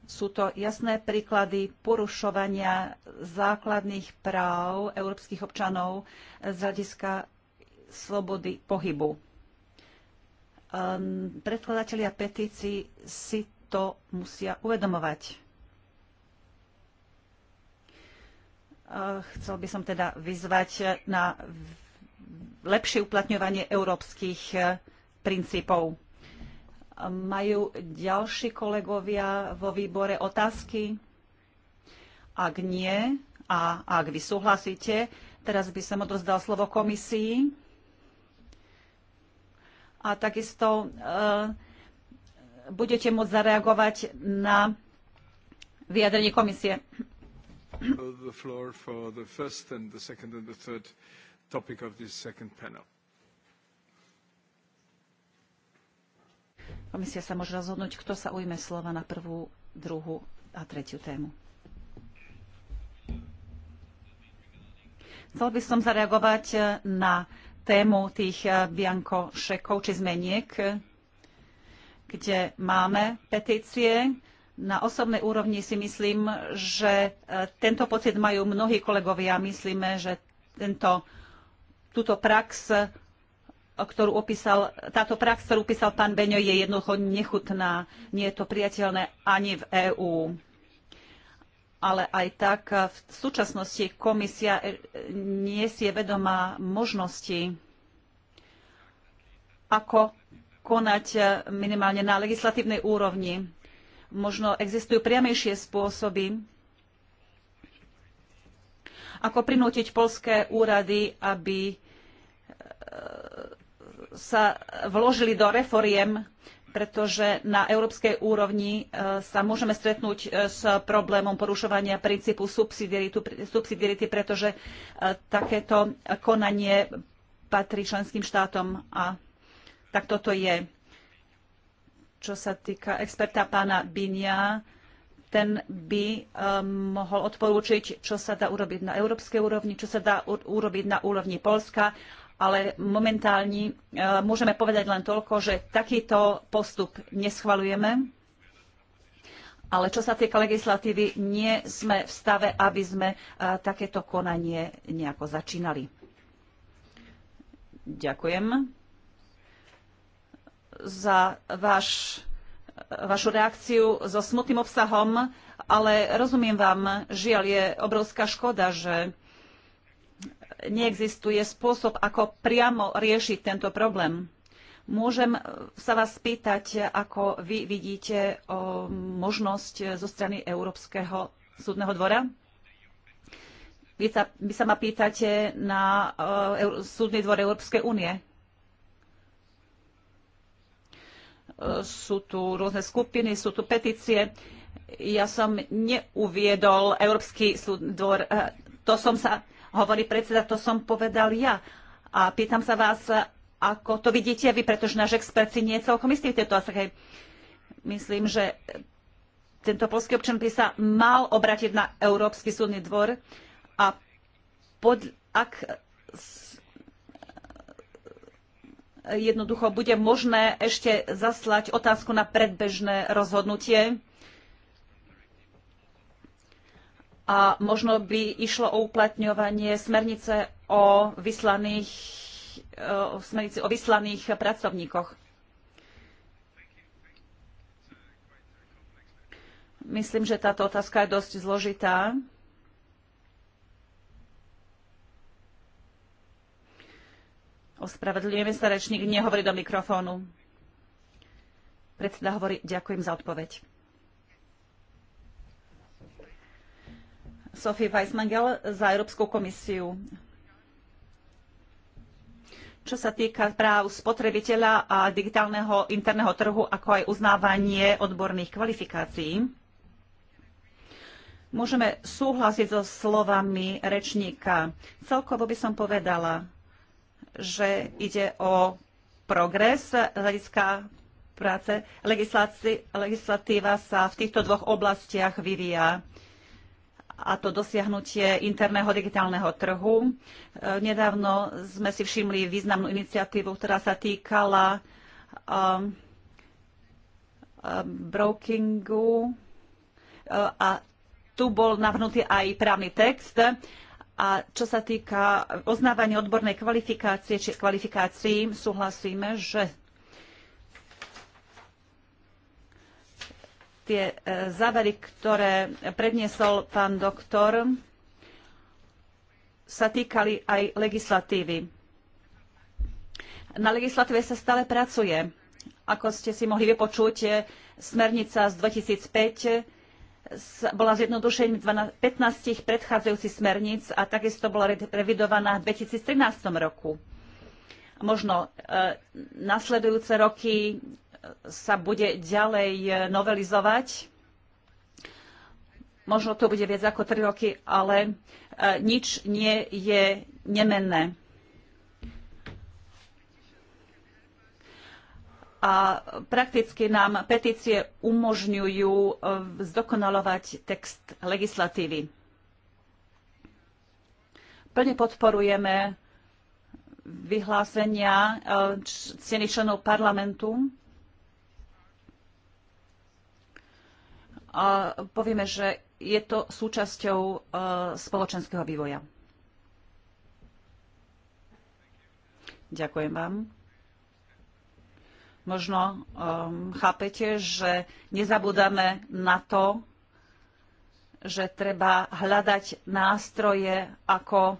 Sú to jasné príklady porušovania základných práv európskych občanov z hľadiska slobody pohybu. Um, predkladatelia petícií si to musia uvedomovať. E, chcel by som teda vyzvať na lepšie uplatňovanie európskych e, princípov. Majú ďalší kolegovia vo výbore otázky? Ak nie, a ak vy súhlasíte, teraz by som odozdal slovo komisii. A takisto e, budete môcť zareagovať na vyjadrenie komisie. Komisia sa môže rozhodnúť, kto sa ujme slova na prvú, druhú a tretiu tému. Chcel by som zareagovať eh, na tému tých eh, bianko šekov či zmeniek, kde máme petície. Na osobnej úrovni si myslím, že e, tento pocit majú mnohí kolegovia. Myslíme, že tento, túto prax, e, ktorú opísal, táto prax, ktorú opísal pán Beňo, je jednoducho nechutná. Nie je to priateľné ani v EÚ. Ale aj tak e, v súčasnosti komisia nie si je vedomá možnosti, ako konať eh, minimálne na legislatívnej úrovni. Možno existujú priamejšie spôsoby, ako prinútiť polské úrady, aby eh, sa vložili do reforiem, pretože na európskej úrovni eh, sa môžeme stretnúť s problémom porušovania princípu subsidiarity, pretože takéto konanie patrí členským štátom a tak toto je. Čo sa týka experta pána Binia, ten by um, mohol odporúčiť, čo sa dá urobiť na európskej úrovni, čo sa dá urobiť na úrovni Polska, ale momentálne uh, môžeme povedať len toľko, že takýto postup neschvalujeme. Ale čo sa týka legislatívy, nie sme v stave, aby sme uh, takéto konanie nejako začínali. Ďakujem za váš, vašu reakciu so smutným obsahom, ale rozumiem vám, žiaľ je obrovská škoda, že neexistuje spôsob, ako priamo riešiť tento problém. Môžem sa vás spýtať, ako vy vidíte o možnosť zo strany Európskeho súdneho dvora? Vy sa, vy sa ma pýtate na uh, Súdny dvor Európskej únie. sú tu rôzne skupiny, sú tu petície. Ja som neuviedol Európsky súd dvor, eh, to som sa, hovorí predseda, to som povedal ja. A pýtam sa vás, ako to vidíte vy, pretože náš expert si nie celkom istý v tejto asi. Myslím, že tento polský občan by sa mal obrátiť na Európsky súdny dvor a pod, ak jednoducho bude možné ešte zaslať otázku na predbežné rozhodnutie. A možno by išlo o uplatňovanie smernice o vyslaných, e, o smernice o vyslaných pracovníkoch. Myslím, že táto otázka je dosť zložitá. Ospravedlňujeme sa, rečník nehovorí do mikrofónu. Predseda hovorí, ďakujem za odpoveď. Sophie Weissmangel za Európsku komisiu. Čo sa týka práv spotrebiteľa a digitálneho interného trhu, ako aj uznávanie odborných kvalifikácií, môžeme súhlasiť so slovami rečníka. Celkovo by som povedala, že ide o progres z hľadiska práce. Legislatíva sa v týchto dvoch oblastiach vyvíja a to dosiahnutie interného digitálneho trhu. E, nedávno sme si všimli významnú iniciatívu, ktorá sa týkala um, um brokingu e, a tu bol navrhnutý aj právny text a čo sa týka oznávania odbornej kvalifikácie či kvalifikácií, súhlasíme, že tie e, závery, ktoré predniesol pán doktor, sa týkali aj legislatívy. Na legislatíve sa stále pracuje. Ako ste si mohli vypočuť, smernica z 2005 bola zjednodušením 15 predchádzajúcich smerníc a takisto bola revidovaná v 2013 roku. Možno e, nasledujúce roky e, sa bude ďalej e, novelizovať. Možno to bude viac ako 3 roky, ale nič nie je nemenné. a prakticky nám petície umožňujú e, zdokonalovať text legislatívy. Plne podporujeme vyhlásenia e, ceny členov parlamentu. A povieme, že je to súčasťou e, spoločenského vývoja. Ďakujem vám. Možno um, chápete, že nezabúdame na to, že treba hľadať nástroje, ako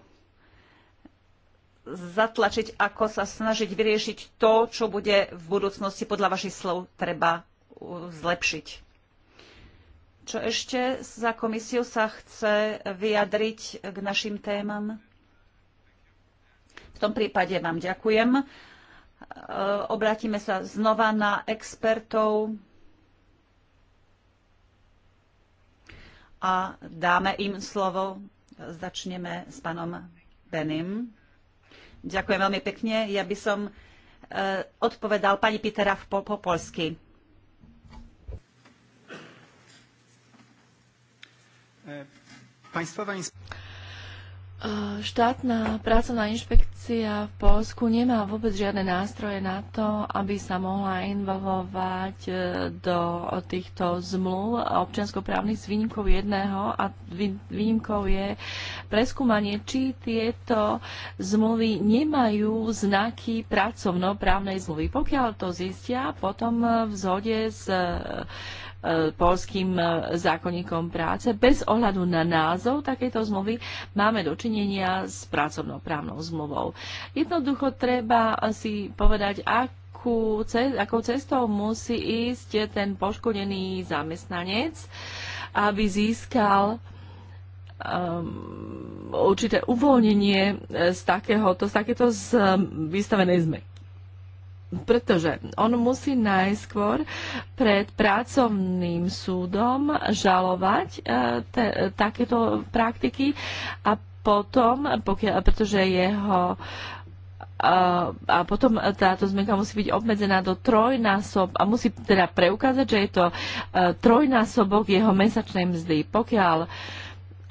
zatlačiť, ako sa snažiť vyriešiť to, čo bude v budúcnosti podľa vašich slov treba zlepšiť. Čo ešte za komisiu sa chce vyjadriť k našim témam? V tom prípade vám ďakujem. Eh, obrátime sa znova na expertov a dáme im slovo. Začneme s pánom Benim. Ďakujem veľmi pekne. Ja by som eh, odpovedal pani Pitera po, po polsky. Eh, państwowa Štátna pracovná inšpekcia v Polsku nemá vôbec žiadne nástroje na to, aby sa mohla involovať e, do týchto zmluv občianskoprávnych s výnimkou jedného a výnimkou je preskúmanie, či tieto zmluvy nemajú znaky pracovnoprávnej zmluvy. Pokiaľ to zistia, potom v zhode s E, polským e, zákonníkom práce. Bez ohľadu na názov takejto zmluvy máme dočinenia s pracovnoprávnou zmluvou. Jednoducho treba si povedať, ak akou cestou musí ísť ten poškodený zamestnanec, aby získal um, určité uvoľnenie z takéhoto, z takéto z, vystavenej zme, pretože on musí najskôr pred pracovným súdom žalovať e, te, takéto praktiky a potom, pokiaľ, pretože jeho a, e, a potom táto zmenka musí byť obmedzená do trojnásob a musí teda preukázať, že je to e, trojnásobok jeho mesačnej mzdy. Pokiaľ uh,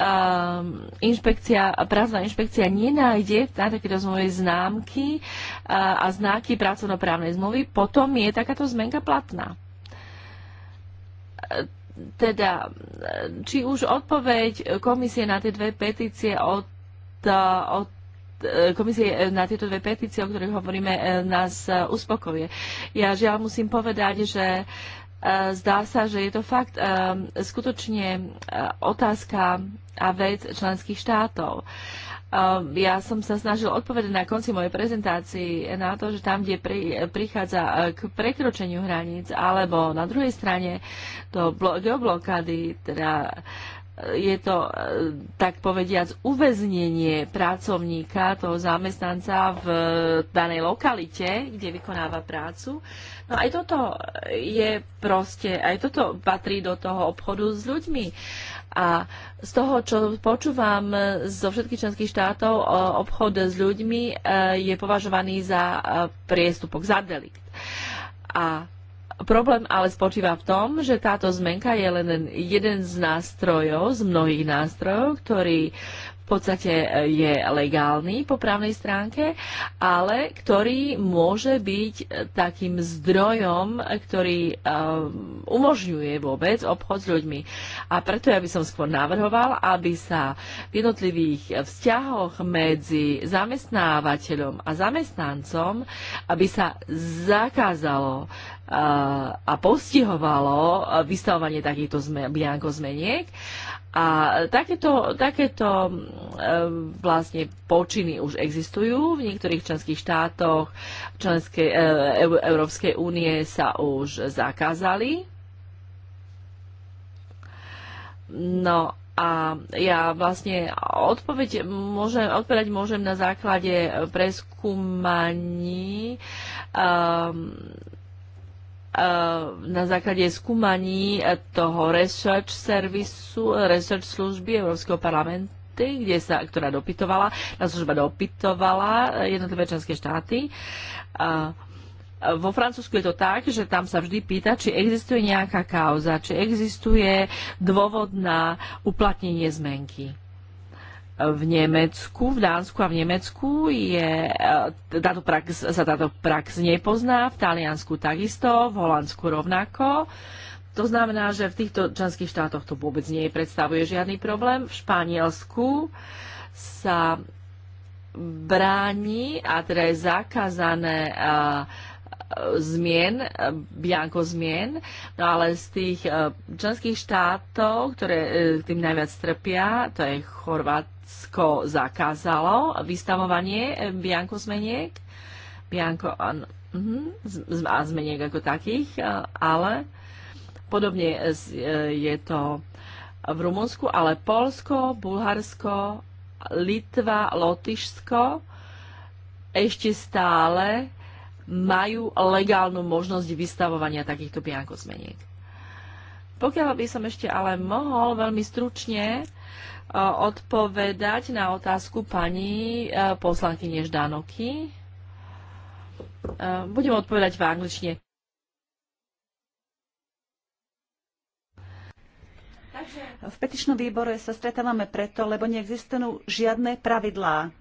Um, inšpekcia, pracovná inšpekcia nenájde na takéto zmluvy známky a znáky pracovnoprávnej zmluvy, potom je takáto zmenka platná teda, či už odpoveď komisie na tie dve petície od, od e, komisie e, na tieto dve petície, o ktorých hovoríme, e, nás uspokojuje. Ja žiaľ musím povedať, že Eh, zdá sa, že je to fakt eh, skutočne eh, otázka a vec členských štátov. Ja som sa snažil odpovedať na konci mojej prezentácii na to, že tam, kde pri, prichádza k prekročeniu hraníc, alebo na druhej strane do geoblokády, teda je to, tak povediac, uväznenie pracovníka, toho zamestnanca v danej lokalite, kde vykonáva prácu, No aj toto je proste, aj toto patrí do toho obchodu s ľuďmi. A z toho, čo počúvam zo všetkých členských štátov, obchod s ľuďmi e, je považovaný za e, priestupok, za delikt. A Problém ale spočíva v tom, že táto zmenka je len jeden z nástrojov, z mnohých nástrojov, ktorý podstate e, je legálny po právnej stránke, ale ktorý môže byť e, takým zdrojom, ktorý e, umožňuje vôbec obchod s ľuďmi. A preto ja by som skôr navrhoval, aby sa v jednotlivých vzťahoch medzi zamestnávateľom a zamestnancom, aby sa zakázalo a postihovalo vystavovanie takýchto zme, bianko zmeniek a takéto, takéto mm, e, vlastne počiny už existujú. V niektorých členských štátoch e, e Európskej únie sa už zakázali. No a ja vlastne odpoveď môžem, odpovedať môžem na základe preskúmaní ehm, Eh, na základe skúmaní toho research servisu, research služby Európskeho parlamentu kde sa, ktorá dopytovala, tá služba dopytovala eh, jednotlivé členské štáty. A eh, vo Francúzsku je to tak, že tam sa vždy pýta, či existuje nejaká kauza, či existuje dôvod na uplatnenie zmenky v Nemecku, v Dánsku a v Nemecku je, e, táto prax, sa táto prax nepozná, v Taliansku takisto, v Holandsku rovnako. To znamená, že v týchto členských štátoch to vôbec nie predstavuje žiadny problém. V Španielsku sa bráni a teda je zakázané e, e, zmien, bianko zmien, no ale z tých členských štátov, ktoré tým najviac trpia, to je Chorvát, Nemecko zakázalo vystavovanie eh, bianko zmeniek, bianko mhm, a zmeniek ako takých, eh, ale podobne eh, je to v Rumunsku, ale Polsko, Bulharsko, Litva, Lotyšsko ešte stále majú legálnu možnosť vystavovania takýchto bianko zmeniek. Pokiaľ by som ešte ale mohol veľmi stručne Eh, odpovedať na otázku pani eh, poslankyne Ždanoky. Eh, budem odpovedať v angličtine. V petičnom výbore sa stretávame preto, lebo neexistujú žiadne pravidlá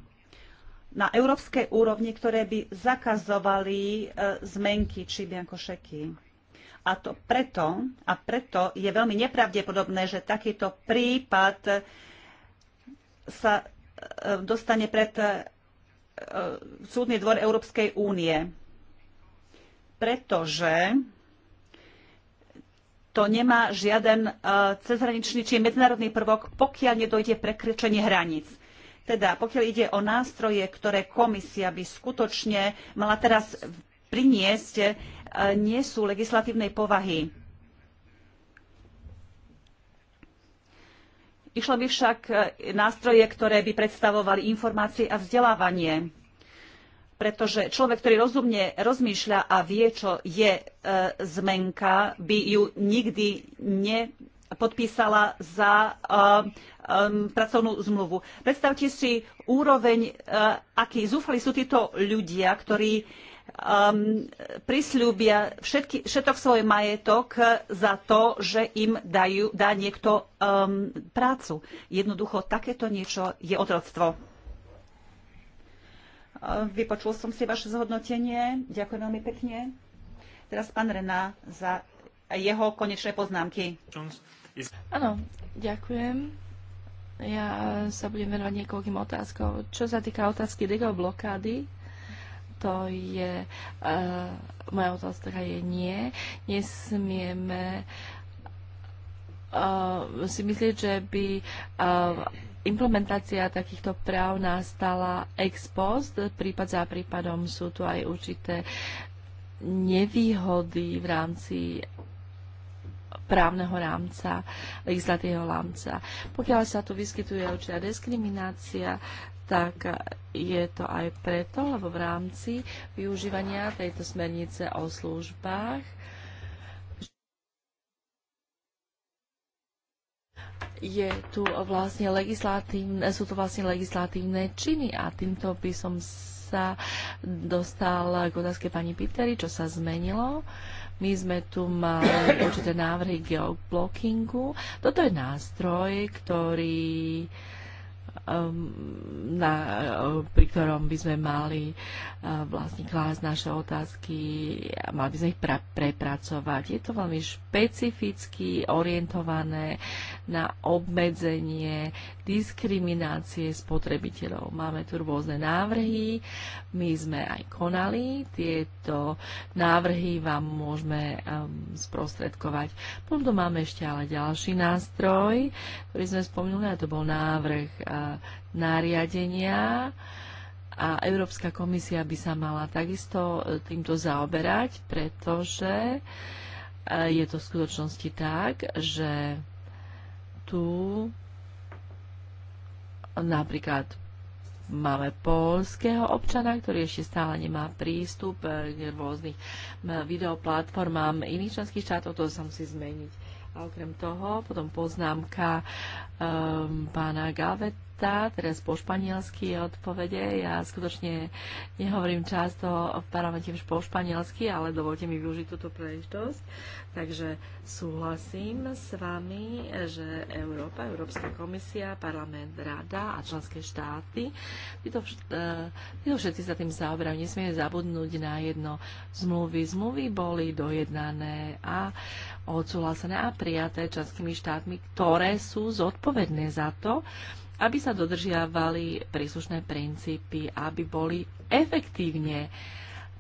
na európskej úrovni, ktoré by zakazovali zmenky či biankošeky. A to preto, a preto je veľmi nepravdepodobné, že takýto prípad sa e, dostane pred e, súdny dvor Európskej únie. Pretože to nemá žiaden e, cezhraničný či medzinárodný prvok, pokiaľ nedojde prekrečenie hraníc. Teda pokiaľ ide o nástroje, ktoré komisia by skutočne mala teraz priniesť, nie sú legislatívnej povahy. Išlo by však nástroje, ktoré by predstavovali informácie a vzdelávanie pretože človek, ktorý rozumne rozmýšľa a vie, čo je e, zmenka, by ju nikdy nepodpísala za e, e, pracovnú zmluvu. Predstavte si úroveň, e, aký zúfali sú títo ľudia, ktorí um, prislúbia všetky, všetok svoj majetok za to, že im dajú, dá niekto um, prácu. Jednoducho takéto niečo je otroctvo. Uh, vypočul som si vaše zhodnotenie. Ďakujem veľmi pekne. Teraz pán Rená za jeho konečné poznámky. Áno, ďakujem. Ja sa budem venovať niekoľkým otázkom. Čo sa týka otázky degoblokády, blokády, to je, eh, moja otázka je nie. Nesmieme eh, si myslieť, že by eh, implementácia takýchto práv nastala ex post, prípad za prípadom sú tu aj určité nevýhody v rámci právneho rámca, legislatívneho rámca. Pokiaľ sa tu vyskytuje určitá diskriminácia, tak je to aj preto, lebo v rámci využívania tejto smernice o službách je tu vlastne legislatívne, sú tu vlastne legislatívne činy a týmto by som sa dostal k otázke pani Piteri, čo sa zmenilo. My sme tu mali určité návrhy geoblockingu. Toto je nástroj, ktorý uh, Um, na, pri ktorom by sme mali uh, vlastne klásť naše otázky a mali by sme ich pra, prepracovať. Je to veľmi špecificky orientované na obmedzenie diskriminácie spotrebiteľov. Máme tu rôzne návrhy, my sme aj konali, tieto návrhy vám môžeme um, sprostredkovať. Potom tu máme ešte ale ďalší nástroj, ktorý sme spomínali, a to bol návrh uh, nariadenia a Európska komisia by sa mala takisto uh, týmto zaoberať, pretože uh, je to v skutočnosti tak, že tu napríklad máme polského občana, ktorý ešte stále nemá prístup k rôznych videoplatformám iných členských štátov, to sa musí zmeniť. A okrem toho potom poznámka um, pána Galvet, Roberta, teraz po španielsky odpovede. Ja skutočne nehovorím často v parlamente po španielsky, ale dovolte mi využiť túto príležitosť. Takže súhlasím s vami, že Európa, Európska komisia, parlament, rada a členské štáty, títo, e, títo všetci sa tým zaoberajú. Nesmieme zabudnúť na jedno. Zmluvy, zmluvy boli dojednané a odsúhlasené a prijaté členskými štátmi, ktoré sú zodpovedné za to, aby sa dodržiavali príslušné princípy, aby boli efektívne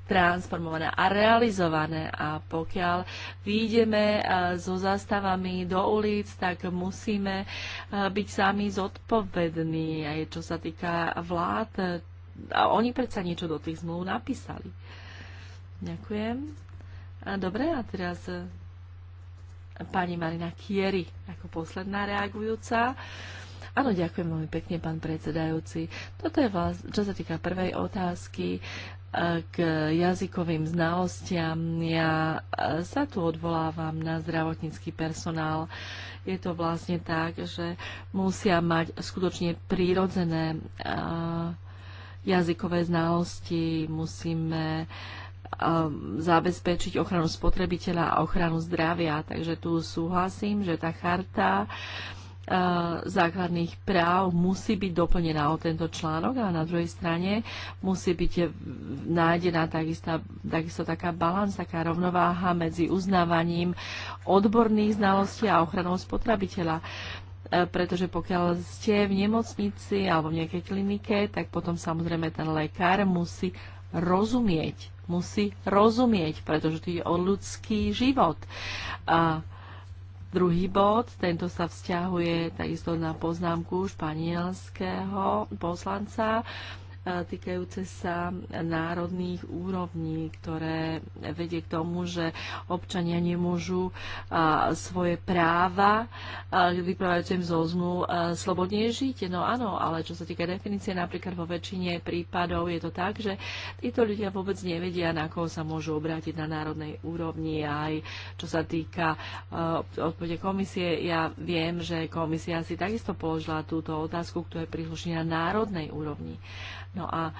transformované a realizované. A pokiaľ výjdeme e, so zastavami do ulic, tak musíme e, byť sami zodpovední, aj čo sa týka vlád. E, a oni predsa niečo do tých zmluv napísali. Ďakujem. Dobre, a teraz pani Marina Kiery, ako posledná reagujúca. Áno, ďakujem veľmi pekne, pán predsedajúci. Toto je vás, čo sa týka prvej otázky e, k jazykovým znalostiam. Ja e, sa tu odvolávam na zdravotnícky personál. Je to vlastne tak, že musia mať skutočne prírodzené e, jazykové znalosti, musíme zabezpečiť ochranu spotrebiteľa a ochranu zdravia. Takže tu súhlasím, že tá charta základných práv musí byť doplnená o tento článok a na druhej strane musí byť nájdená takisto, takisto taká balans, taká rovnováha medzi uznávaním odborných znalostí a ochranou spotrebiteľa e, pretože pokiaľ ste v nemocnici alebo v nejakej klinike, tak potom samozrejme ten lekár musí rozumieť, musí rozumieť, pretože to je o ľudský život. A Druhý bod, tento sa vzťahuje takisto na poznámku španielského poslanca. E, týkajúce sa národných úrovní, ktoré vedie k tomu, že občania nemôžu e, svoje práva e, vyplávajúcim zo zmluv slobodne žiť. No áno, ale čo sa týka definície, napríklad vo väčšine prípadov je to tak, že títo ľudia vôbec nevedia, na koho sa môžu obrátiť na národnej úrovni. Aj čo sa týka odpovede komisie, ja viem, že komisia si takisto položila túto otázku, ktorá je príslušná na národnej úrovni. No a e,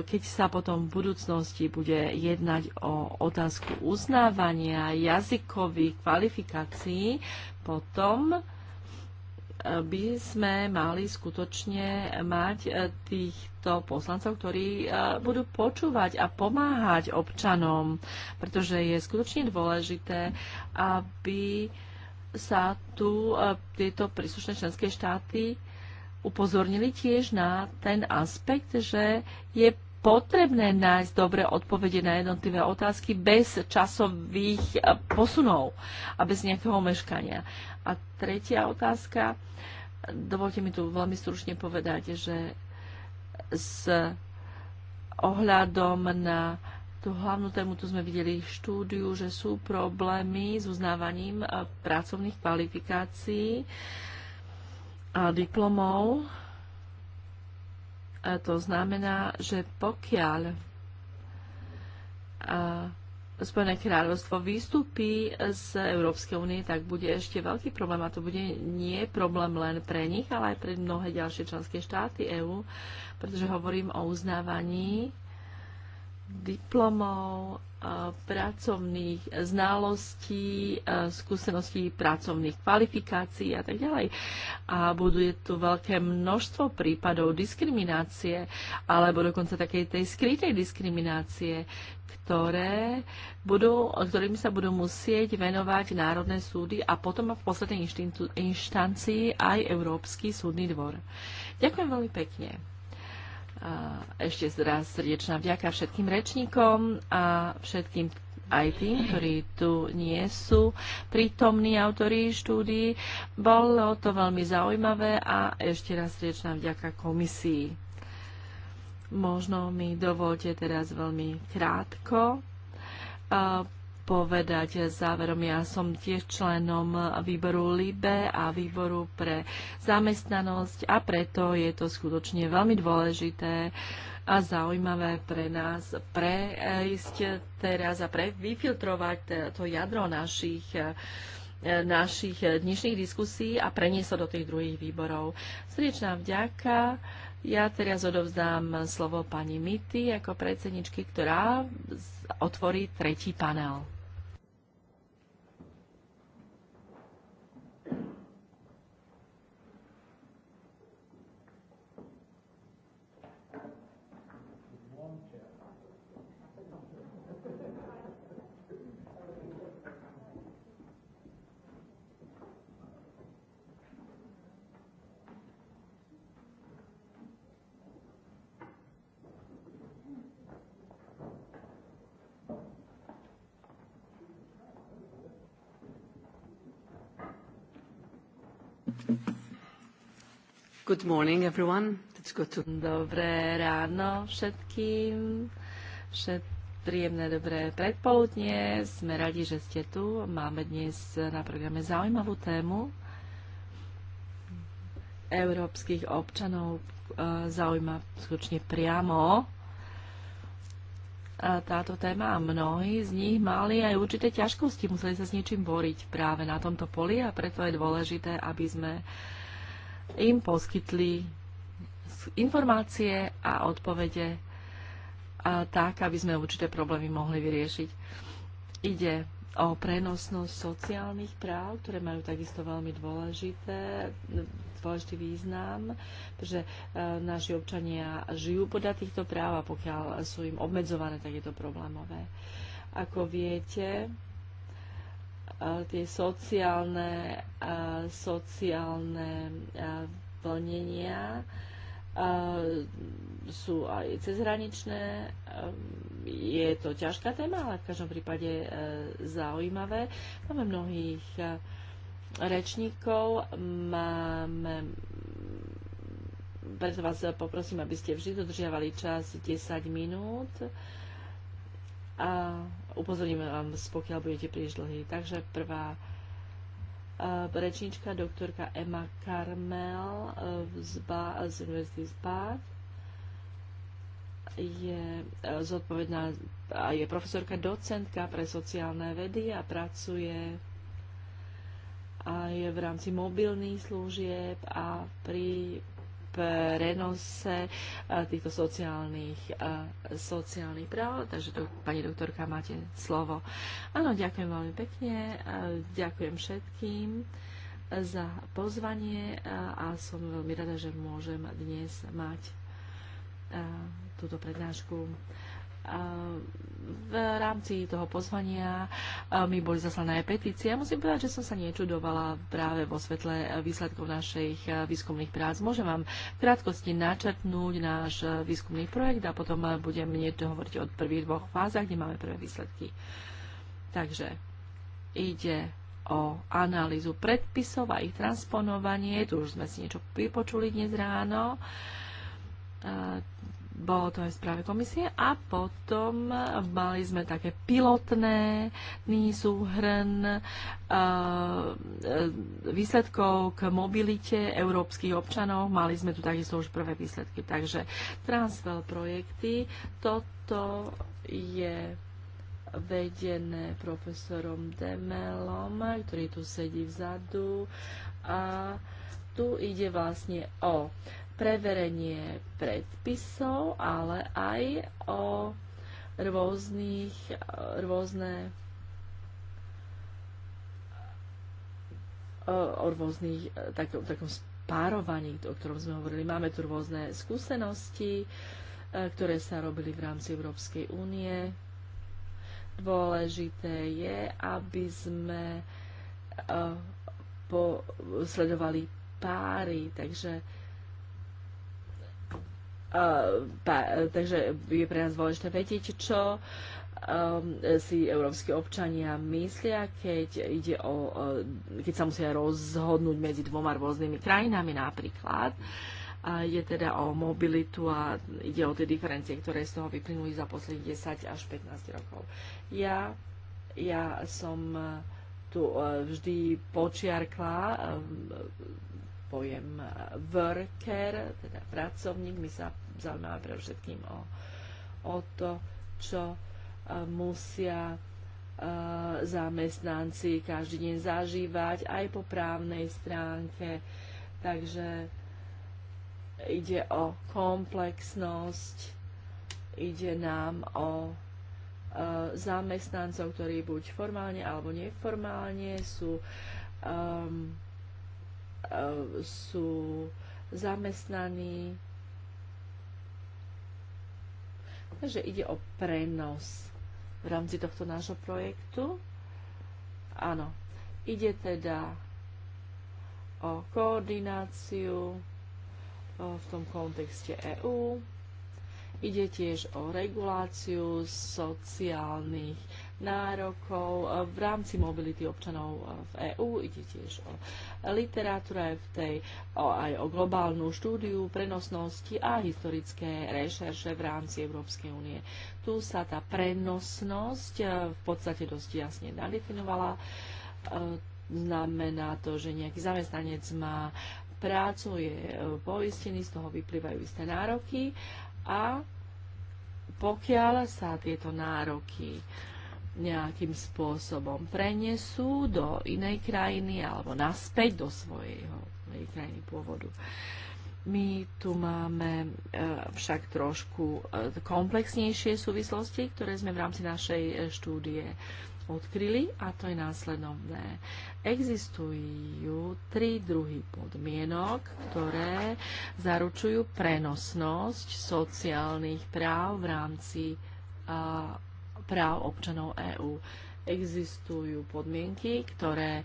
keď sa potom v budúcnosti bude jednať o otázku uznávania jazykových kvalifikácií, potom e, by sme mali skutočne mať e, týchto poslancov, ktorí budú počúvať a pomáhať občanom, pretože je skutočne dôležité, aby sa tu tieto príslušné členské štáty upozornili tiež na ten aspekt, že je potrebné nájsť dobré odpovede na jednotlivé otázky bez časových eh, posunov a bez nejakého meškania. A tretia otázka, dovolte mi tu veľmi stručne povedať, že s ohľadom na tú hlavnú tému, tu sme videli v štúdiu, že sú problémy s uznávaním eh, pracovných kvalifikácií diplomov. A to znamená, že pokiaľ Spojené kráľovstvo vystúpi z Európskej únie, tak bude ešte veľký problém. A to bude nie problém len pre nich, ale aj pre mnohé ďalšie členské štáty EÚ, pretože hovorím o uznávaní diplomov, e, pracovných znalostí, e, skúseností pracovných kvalifikácií a tak ďalej. A buduje tu veľké množstvo prípadov diskriminácie alebo dokonca takej tej skrytej diskriminácie, ktoré budú, ktorými sa budú musieť venovať národné súdy a potom v poslednej inštancii aj Európsky súdny dvor. Ďakujem veľmi pekne. A ešte raz srdečná vďaka všetkým rečníkom a všetkým aj tým, ktorí tu nie sú prítomní autori štúdií. Bolo to veľmi zaujímavé a ešte raz srdečná vďaka komisii. Možno mi dovolte teraz veľmi krátko povedať záverom. Ja som tiež členom výboru LIBE a výboru pre zamestnanosť a preto je to skutočne veľmi dôležité a zaujímavé pre nás prejsť teraz a pre vyfiltrovať to jadro našich našich dnešných diskusí a preniesť do tých druhých výborov. Srdečná vďaka. Ja teraz odovzdám slovo pani Mity ako predsedničky, ktorá otvorí tretí panel. Good morning, everyone. Dobré ráno všetkým. Všet... Príjemné dobré predpoludnie. Sme radi, že ste tu. Máme dnes na programe zaujímavú tému. Európskych občanov e, zaujíma skutočne priamo e, táto téma a mnohí z nich mali aj určité ťažkosti, museli sa s niečím boriť práve na tomto poli a preto je dôležité, aby sme uh, im poskytli informácie a odpovede a tak, aby sme určité problémy mohli vyriešiť. Ide o prenosnosť sociálnych práv, ktoré majú takisto veľmi dôležité, dôležitý význam, pretože e, naši občania žijú podľa týchto práv a pokiaľ sú im obmedzované, tak je to problémové. Ako viete, tie sociálne, sociálne plnenia sú aj cezhraničné. Ehm, je to ťažká téma, ale v každom prípade e, zaujímavé. Máme mnohých e, rečníkov, máme preto vás poprosím, aby ste vždy dodržiavali čas 10 minút. A upozorníme vás, pokiaľ budete príliš dlhý. Takže prvá e, rečnička, doktorka Emma Carmel e, z, ba- z Univerzity z Bath je e, zodpovedná a je profesorka docentka pre sociálne vedy a pracuje aj v rámci mobilných služieb a pri prenose týchto sociálnych, sociálnych práv. Takže tu, pani doktorka, máte slovo. Áno, ďakujem veľmi pekne. Ďakujem všetkým za pozvanie a som veľmi rada, že môžem dnes mať túto prednášku v rámci toho pozvania mi boli zaslané aj petície. musím povedať, že som sa nečudovala práve vo svetle výsledkov našich eh, výskumných prác. Môžem vám v krátkosti načrtnúť náš eh, výskumný projekt a potom eh, budem niečo hovoriť o prvých dvoch fázach, kde máme prvé výsledky. Takže ide o analýzu predpisov a ich transponovanie. Tu už sme si niečo vypočuli dnes ráno bolo to aj správe komisie a potom mali sme také pilotné súhrn e, e, výsledkov k mobilite európskych občanov. Mali sme tu takisto už prvé výsledky. Takže transfer projekty, toto je vedené profesorom Demelom, ktorý tu sedí vzadu. A tu ide vlastne o preverenie predpisov, ale aj o rôznych, rôzne o rôznych tak, takom spárovaní, o ktorom sme hovorili. Máme tu rôzne skúsenosti, e, ktoré sa robili v rámci Európskej únie. Dôležité je, aby sme e, po, sledovali páry, takže Ehm, pa, takže je pre nás dôležité vedieť, čo um, si európsky občania myslia, keď, ide o, keď sa musia rozhodnúť medzi dvoma rôznymi krajinami napríklad. A je teda o mobilitu a ide o tie diferencie, ktoré z toho vyplynuli za posledných 10 až 15 rokov. Ja, ja som tu eh, vždy počiarkla ehm, pojem worker, teda pracovník. My sa zaujímame pre všetkým o, o to, čo e, musia e, zamestnanci každý deň zažívať aj po právnej stránke. Takže ide o komplexnosť, ide nám o e, zamestnancov, ktorí buď formálne alebo neformálne sú E, sú zamestnaní. Takže ide o prenos v rámci tohto nášho projektu. Áno, ide teda o koordináciu e, v tom kontexte EÚ. Ide tiež o reguláciu sociálnych nárokov e, v rámci mobility občanov e, v EÚ. Ide tiež o literatúru v tej, o, aj o globálnu štúdiu prenosnosti a historické rešerše v rámci Európskej únie. Tu sa tá prenosnosť e, v podstate dosť jasne nadefinovala. Znamená to, že nejaký zamestnanec má prácu, je poistený, z toho vyplývajú isté nároky a pokiaľ sa tieto nároky uh, nejakým spôsobom prenesú do inej krajiny alebo naspäť do svojho krajiny pôvodu. My tu máme e, však trošku e, komplexnejšie súvislosti, ktoré sme v rámci našej e, štúdie odkryli a to je následovné. Existujú tri druhy podmienok, ktoré zaručujú prenosnosť sociálnych práv v rámci práv občanov EÚ. Existujú podmienky, ktoré e,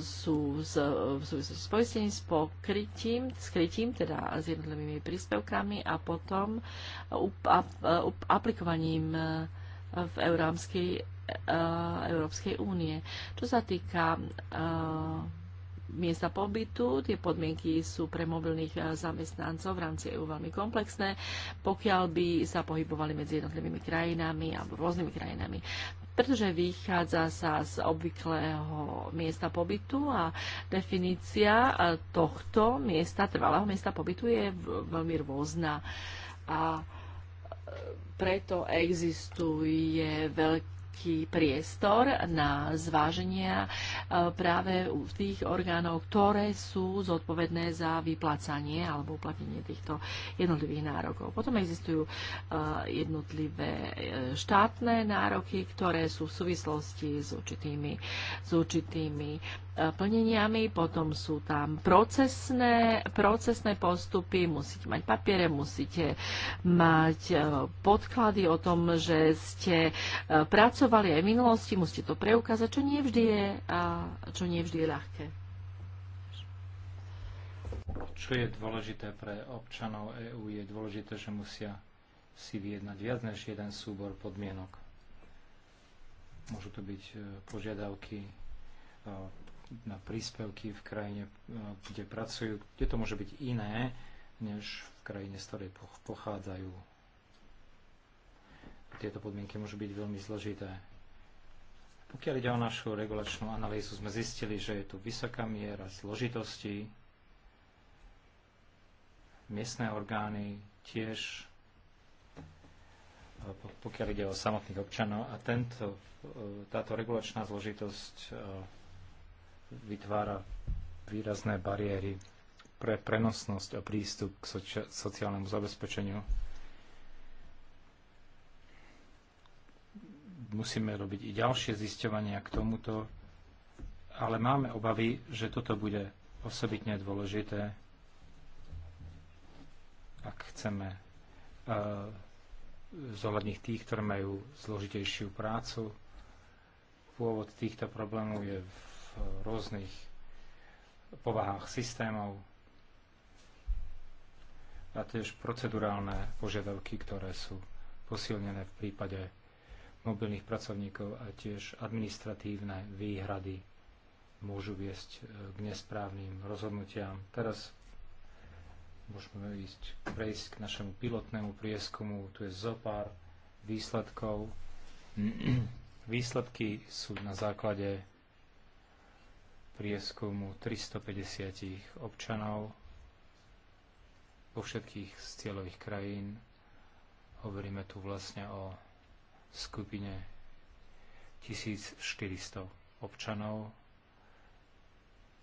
sú v súvislosti s poistením, s pokrytím, s krytím, teda s jednotlivými príspevkami a potom aplikovaním e, v Európskej, Európskej únie. Čo sa týka uh, miesta pobytu. Tie podmienky sú pre mobilných eh, zamestnancov v rámci EU veľmi komplexné, pokiaľ by sa pohybovali medzi jednotlivými krajinami alebo rôznymi krajinami pretože vychádza sa z obvyklého miesta pobytu a definícia eh, tohto miesta, trvalého miesta pobytu je veľmi rôzna. A eh, preto existuje veľký taký priestor na zváženia e, práve u tých orgánov, ktoré sú zodpovedné za vyplácanie alebo uplatnenie týchto jednotlivých nárokov. Potom existujú e, jednotlivé e, štátne nároky, ktoré sú v súvislosti s určitými, s určitými plneniami, potom sú tam procesné, procesné postupy, musíte mať papiere, musíte mať podklady o tom, že ste pracovali pracovali aj v minulosti, musíte to preukázať, čo nie vždy je, a čo nie vždy je ľahké. Čo je dôležité pre občanov EÚ, je dôležité, že musia si vyjednať viac než jeden súbor podmienok. Môžu to byť e, požiadavky e, na príspevky v krajine, e, kde pracujú, kde to môže byť iné, než v krajine, z ktorej pochádzajú tieto podmienky môžu byť veľmi zložité. Pokiaľ ide o našu regulačnú analýzu, sme zistili, že je tu vysoká miera zložitosti. Miestne orgány tiež, eh, pokiaľ ide o samotných občanov. A tento, eh, táto regulačná zložitosť eh, vytvára výrazné bariéry pre prenosnosť a prístup k sociálnemu zabezpečeniu musíme robiť i ďalšie zisťovania k tomuto, ale máme obavy, že toto bude osobitne dôležité, ak chceme uh, zohľadniť tých, ktorí majú zložitejšiu prácu. Pôvod týchto problémov je v rôznych povahách systémov a tiež procedurálne požiadavky, ktoré sú posilnené v prípade mobilných pracovníkov a tiež administratívne výhrady môžu viesť e, k nesprávnym rozhodnutiam. Teraz môžeme ísť, prejsť k našemu pilotnému prieskumu. Tu je zo pár výsledkov. Výsledky sú na základe prieskumu 350 občanov vo všetkých z cieľových krajín. Hovoríme tu vlastne o skupine 1400 občanov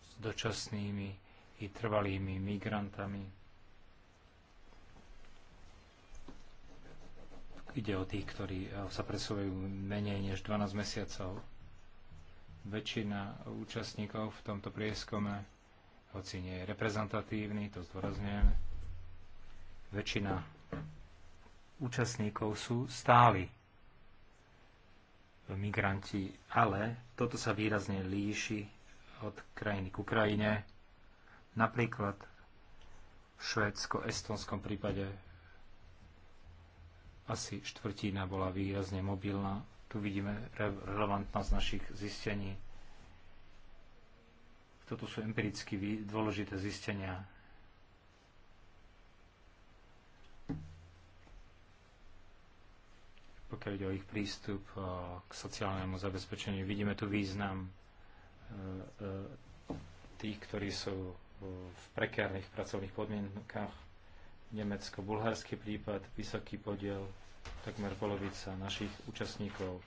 s dočasnými i trvalými migrantami. Ide o tých, ktorí e, sa presúvajú menej než 12 mesiacov. Väčšina účastníkov v tomto prieskume, hoci nie je reprezentatívny, to zdôrazňujem, väčšina účastníkov sú stáli migranti, ale toto sa výrazne líši od krajiny k Ukrajine. Napríklad v švédsko-estonskom prípade asi štvrtina bola výrazne mobilná. Tu vidíme relevantnosť našich zistení. Toto sú empiricky dôležité zistenia pokiaľ ide o ich prístup k sociálnemu zabezpečeniu. Vidíme tu význam e, e, tých, ktorí sú e, v prekárnych pracovných podmienkach. Nemecko-bulharský prípad, vysoký podiel, takmer polovica našich účastníkov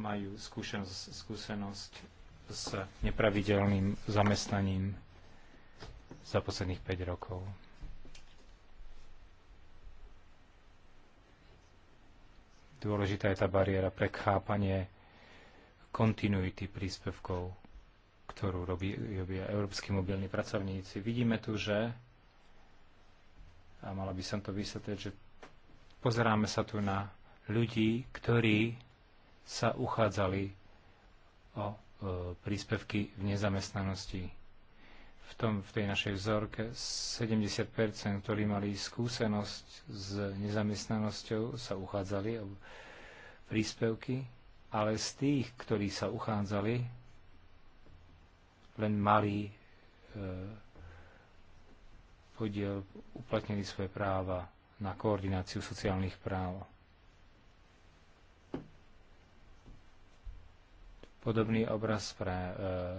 majú skúsenosť, skúsenosť s nepravidelným zamestnaním za posledných 5 rokov. Dôležitá je tá bariéra pre chápanie kontinuity príspevkov, ktorú robí, robia európsky mobilní pracovníci. Vidíme tu, že a mala by som to vysvetliť, že pozeráme sa tu na ľudí, ktorí sa uchádzali o e, príspevky v nezamestnanosti v, tom, v tej našej vzorke 70%, ktorí mali skúsenosť s nezamestnanosťou, sa uchádzali o príspevky, ale z tých, ktorí sa uchádzali, len malý e, podiel uplatnili svoje práva na koordináciu sociálnych práv. Podobný obraz pre e,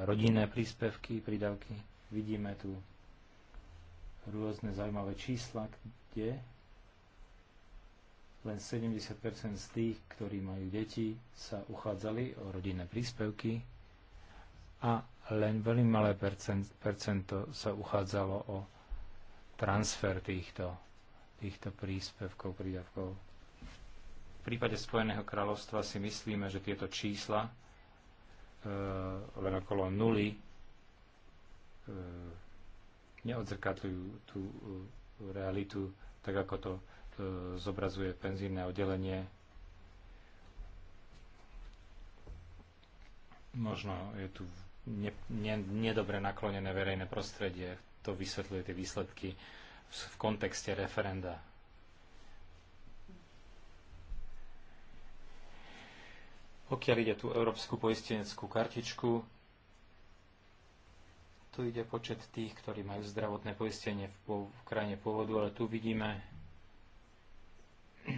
rodinné príspevky, prídavky. Vidíme tu rôzne zaujímavé čísla, kde len 70 z tých, ktorí majú deti, sa uchádzali o rodinné príspevky a len veľmi malé percento sa uchádzalo o transfer týchto, týchto príspevkov, prídavkov. V prípade Spojeného kráľovstva si myslíme, že tieto čísla e, len okolo nuly E, neodzrkadľujú tú e, realitu, tak ako to e, zobrazuje penzívne oddelenie. Možno je tu ne, ne, nedobre naklonené verejné prostredie, to vysvetľuje tie výsledky v, v kontexte referenda. Pokiaľ ide tú európsku poisteneckú kartičku, tu ide počet tých, ktorí majú zdravotné poistenie v, v krajine pôvodu, ale tu vidíme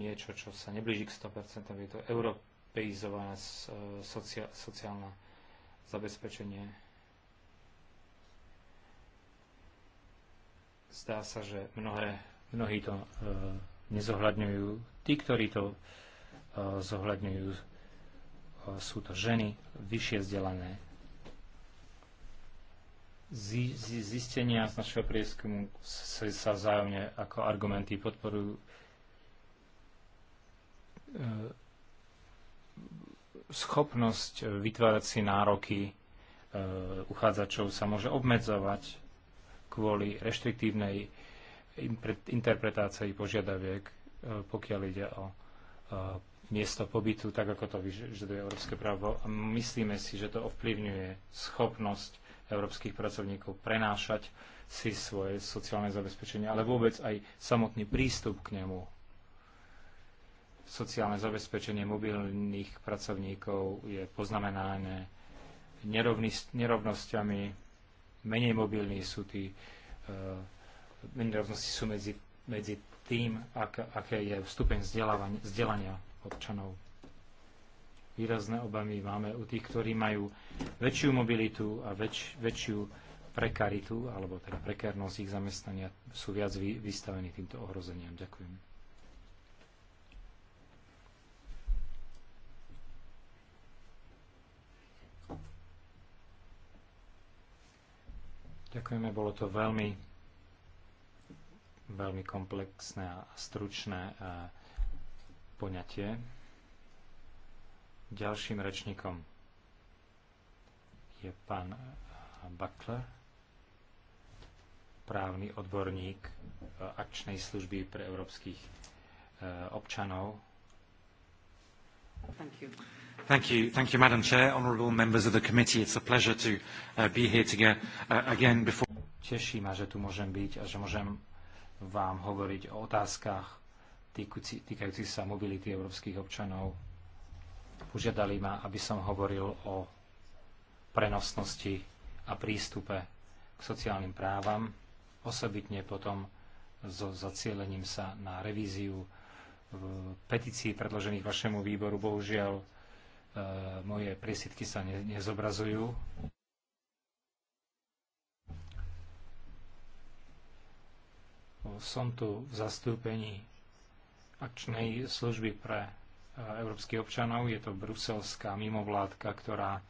niečo, čo sa neblíži k 100%, je to europeizované e, socia, sociálne zabezpečenie. Zdá sa, že mnohé, mnohí to e, nezohľadňujú. Tí, ktorí to e, zohľadňujú, e, sú to ženy vyššie vzdelané zistenia z našeho prieskumu sa vzájomne ako argumenty podporujú. E, schopnosť vytvárať si nároky e, uchádzačov sa môže obmedzovať kvôli reštriktívnej interpretácii požiadaviek, e, pokiaľ ide o miesto pobytu, tak ako to vyžaduje európske právo. A myslíme si, že to ovplyvňuje schopnosť európskych pracovníkov prenášať si svoje sociálne zabezpečenie, ale vôbec aj samotný prístup k nemu. Sociálne zabezpečenie mobilných pracovníkov je poznamenané nerovnosťami, menej mobilní sú tí, e, menej rovnosti sú medzi, medzi tým, ak, aké je stupeň vzdelania občanov výrazné obavy máme u tých, ktorí majú väčšiu mobilitu a väč, väčšiu prekaritu, alebo teda prekernosť ich zamestnania, sú viac vy, vystavení týmto ohrozeniam. Ďakujem. Ďakujeme, bolo to veľmi, veľmi komplexné a stručné poňatie. Ďalším rečníkom je pán Butler, právny odborník e, akčnej služby pre európskych e, občanov. Thank you. Thank you, thank you, Madam Chair, honorable members of the committee. It's a pleasure to uh, be here to get, uh, again before. Teší ma, že tu môžem byť a že môžem vám hovoriť o otázkach týkajúcich sa mobility európskych občanov Požiadali ma, aby som hovoril o prenosnosti a prístupe k sociálnym právam, osobitne potom so zacielením sa na revíziu petícií predložených vašemu výboru. Bohužiaľ, e, moje priesitky sa ne, nezobrazujú. Som tu v zastúpení akčnej služby pre E, európskych občanov. Je to bruselská mimovládka, ktorá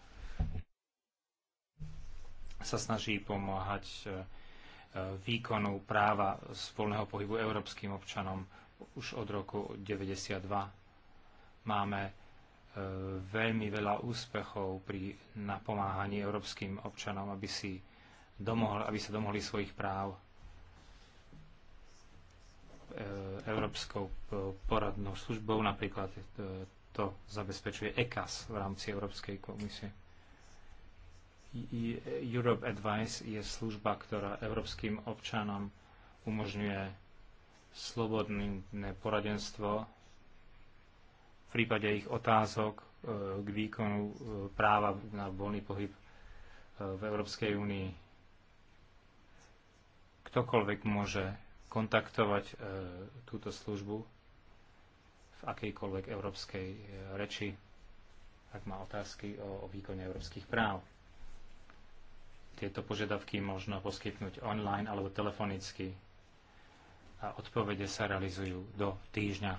sa snaží pomáhať e, e, výkonu práva z voľného pohybu európskym občanom už od roku 92. Máme veľmi veľa úspechov pri napomáhaní európskym občanom, aby, si domohli, aby sa domohli svojich práv E, Európskou poradnou službou, napríklad e, to zabezpečuje ECAS v rámci Európskej komisie. Europe Advice je služba, ktorá európskym občanom umožňuje slobodné poradenstvo v prípade ich otázok e, k výkonu práva na voľný pohyb v Európskej únii. Ktokoľvek môže kontaktovať e, túto službu v akejkoľvek európskej e, reči, ak má otázky o, o výkone európskych práv. Tieto požiadavky možno poskytnúť online alebo telefonicky a odpovede sa realizujú do týždňa.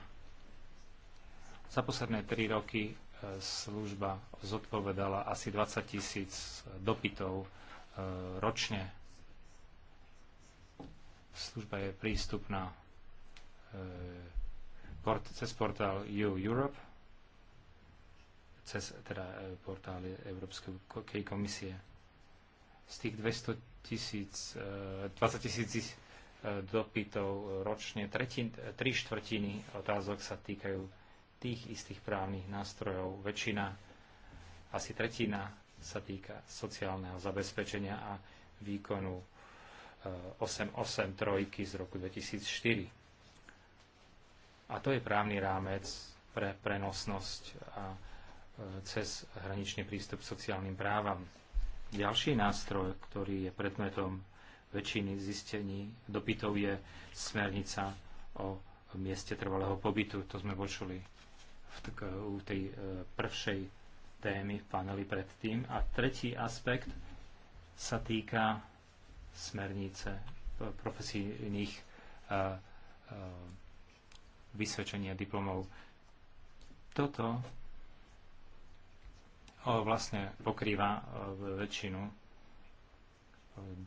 Za posledné tri roky e, služba zodpovedala asi 20 tisíc dopytov ročne Služba je prístupná e, port, cez portál EU Europe, cez teda e, portál Európskej komisie. Z tých 200 tisíc, 20 e, tisíc dopytov ročne, tretin, tri štvrtiny otázok sa týkajú tých istých právnych nástrojov. Väčšina, asi tretina sa týka sociálneho zabezpečenia a výkonu 883 z roku 2004. A to je právny rámec pre prenosnosť a e, cez hraničný prístup k sociálnym právam. Ďalší nástroj, ktorý je predmetom väčšiny zistení dopytov, je smernica o mieste trvalého pobytu. To sme počuli v e, u tej e, prvšej témy v paneli predtým. A tretí aspekt sa týka smernice eh, profesijných eh, eh, vysvedčenia diplomov. Toto vlastne pokrýva väčšinu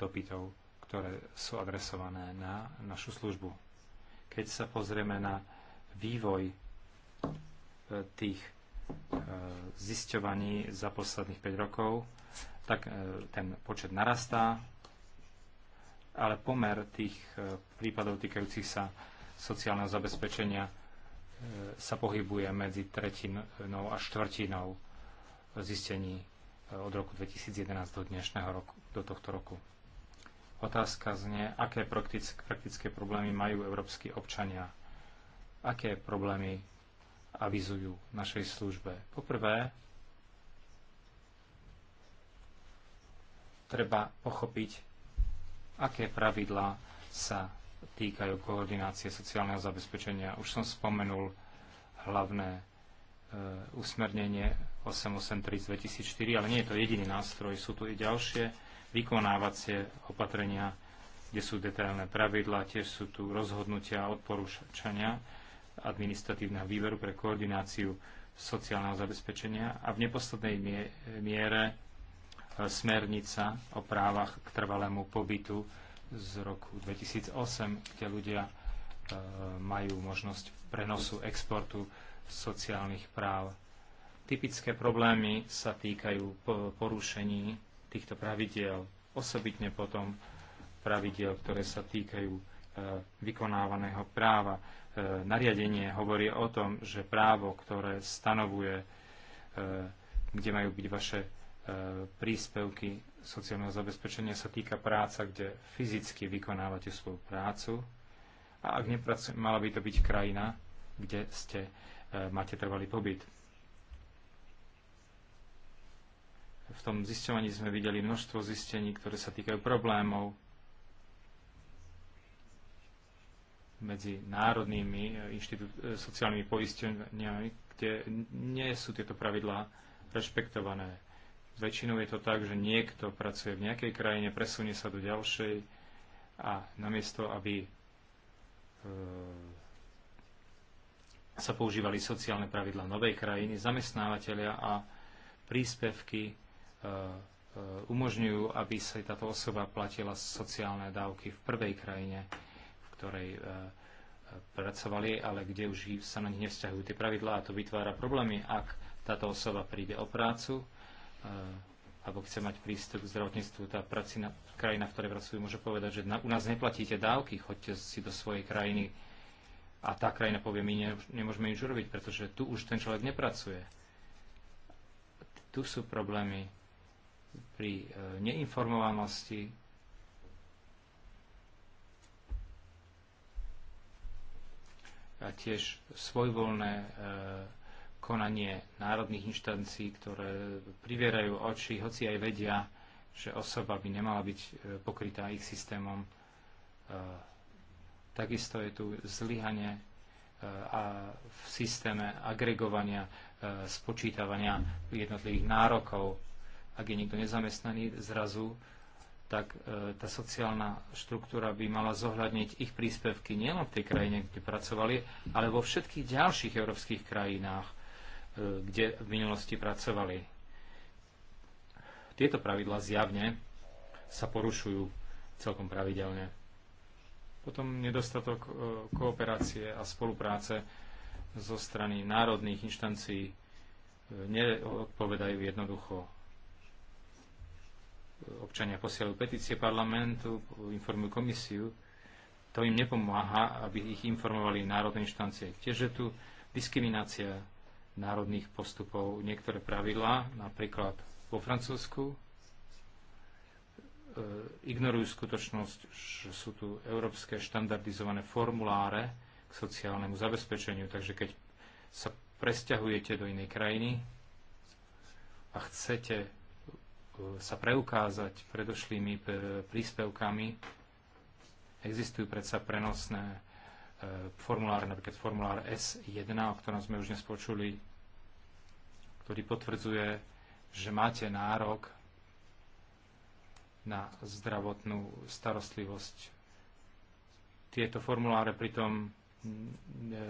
dopytov, ktoré sú adresované na našu službu. Keď sa pozrieme na vývoj tých zisťovaní za posledných 5 rokov, tak ten počet narastá, ale pomer tých e, prípadov týkajúcich sa sociálneho zabezpečenia e, sa pohybuje medzi tretinou a štvrtinou zistení e, od roku 2011 do dnešného roku, do tohto roku. Otázka znie, aké praktické, problémy majú európsky občania, aké problémy avizujú našej službe. Poprvé, treba pochopiť aké pravidlá sa týkajú koordinácie sociálneho zabezpečenia. Už som spomenul hlavné e, usmernenie 883 z 2004, ale nie je to jediný nástroj, sú tu i ďalšie vykonávacie opatrenia, kde sú detailné pravidlá, tiež sú tu rozhodnutia a odporúčania administratívneho výberu pre koordináciu sociálneho zabezpečenia a v neposlednej miere smernica o právach k trvalému pobytu z roku 2008, kde ľudia e, majú možnosť prenosu exportu sociálnych práv. Typické problémy sa týkajú porušení týchto pravidiel, osobitne potom pravidiel, ktoré sa týkajú e, vykonávaného práva. E, nariadenie hovorí o tom, že právo, ktoré stanovuje, kde majú byť vaše E, príspevky sociálneho zabezpečenia sa týka práca, kde fyzicky vykonávate svoju prácu. A ak nepracujete, mala by to byť krajina, kde ste, e, máte trvalý pobyt. V tom zisťovaní sme videli množstvo zistení, ktoré sa týkajú problémov medzi národnými e, inštitú- sociálnymi poisteniami, kde nie sú tieto pravidlá rešpektované Väčšinou je to tak, že niekto pracuje v nejakej krajine, presunie sa do ďalšej a namiesto, aby e, sa používali sociálne pravidla novej krajiny, zamestnávateľia a príspevky e, e, umožňujú, aby sa táto osoba platila sociálne dávky v prvej krajine, v ktorej pracovali, ale kde už sa na nich nevzťahujú tie pravidlá a to vytvára problémy, ak táto osoba príde o prácu alebo chce mať prístup k zdravotníctvu, tá pracina, krajina, v ktorej pracujú, môže povedať, že na, u nás neplatíte dávky, choďte si do svojej krajiny. A tá krajina povie, my ne, nemôžeme nič urobiť, pretože tu už ten človek nepracuje. Tu sú problémy pri e, neinformovanosti. A tiež svojvoľné e, konanie národných inštancií, ktoré privierajú oči, hoci aj vedia, že osoba by nemala byť e, pokrytá ich systémom. E, takisto je tu zlyhanie e, a v systéme agregovania, spočítavania jednotlivých nárokov. Ak je niekto nezamestnaný zrazu, tak tá sociálna štruktúra by mala zohľadniť ich príspevky nielen v tej krajine, kde pracovali, ale vo všetkých ďalších európskych krajinách E, kde v minulosti pracovali. Tieto pravidlá zjavne sa porušujú celkom pravidelne. Potom nedostatok e, kooperácie a spolupráce zo strany národných inštancií e, neodpovedajú jednoducho. Občania posielajú petície parlamentu, informujú komisiu. To im nepomáha, aby ich informovali národné inštancie. Tiež je tu diskriminácia národných postupov niektoré pravidlá, napríklad vo Francúzsku, e, ignorujú skutočnosť, že sú tu európske štandardizované formuláre k sociálnemu zabezpečeniu, takže keď sa presťahujete do inej krajiny a chcete e, sa preukázať predošlými e, príspevkami, existujú predsa prenosné E, formuláre, napríklad formulár S1, o ktorom sme už nespočuli, ktorý potvrdzuje, že máte nárok na zdravotnú starostlivosť. Tieto formuláre pritom mm, e, e,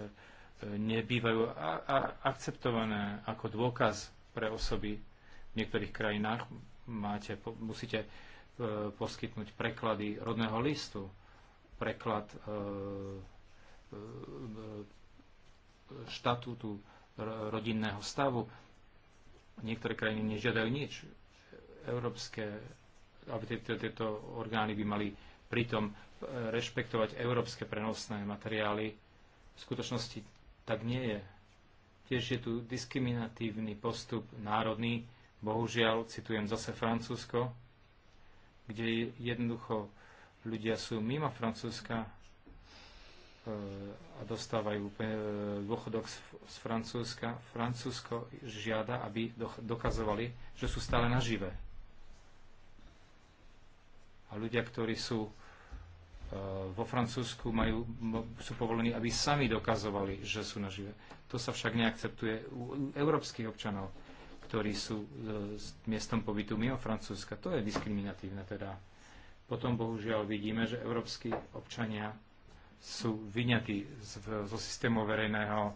nebývajú akceptované ako dôkaz pre osoby v niektorých krajinách. Máte, musíte poskytnúť preklady rodného listu, preklad E, štatútu rodinného stavu. Niektoré krajiny nežiadajú nič. Európske, aby tieto, tieto orgány by mali pritom e, rešpektovať európske prenosné materiály. V skutočnosti tak nie je. Tiež je tu diskriminatívny postup národný, bohužiaľ, citujem zase Francúzsko, kde jednoducho ľudia sú mimo Francúzska a dostávajú e, dôchodok z Francúzska. Francúzsko žiada, aby dokazovali, že sú stále nažive. A ľudia, ktorí sú e, vo Francúzsku majú, sú povolení, aby sami dokazovali, že sú nažive. To sa však neakceptuje u európskych občanov, ktorí sú e, s miestom pobytu mimo Francúzska. To je diskriminatívne teda. Potom bohužiaľ vidíme, že európsky občania sú vyňatí zo systému verejného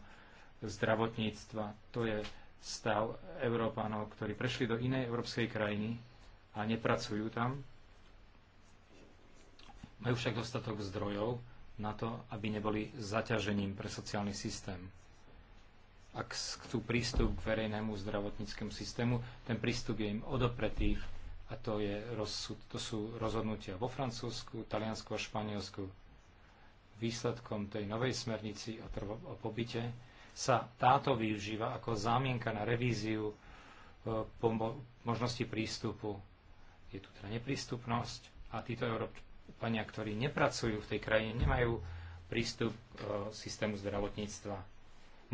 zdravotníctva. To je stav Európanov, ktorí prešli do inej európskej krajiny a nepracujú tam. Majú však dostatok zdrojov na to, aby neboli zaťažením pre sociálny systém. Ak chcú prístup k verejnému zdravotníckému systému, ten prístup je im odopretý a to, je rozsud, to sú rozhodnutia vo Francúzsku, Taliansku a Španielsku výsledkom tej novej smernici o, trvo- o pobyte sa táto využíva ako zámienka na revíziu e, možnosti prístupu. Je tu teda neprístupnosť a títo Európania, ktorí nepracujú v tej krajine, nemajú prístup k e, systému zdravotníctva.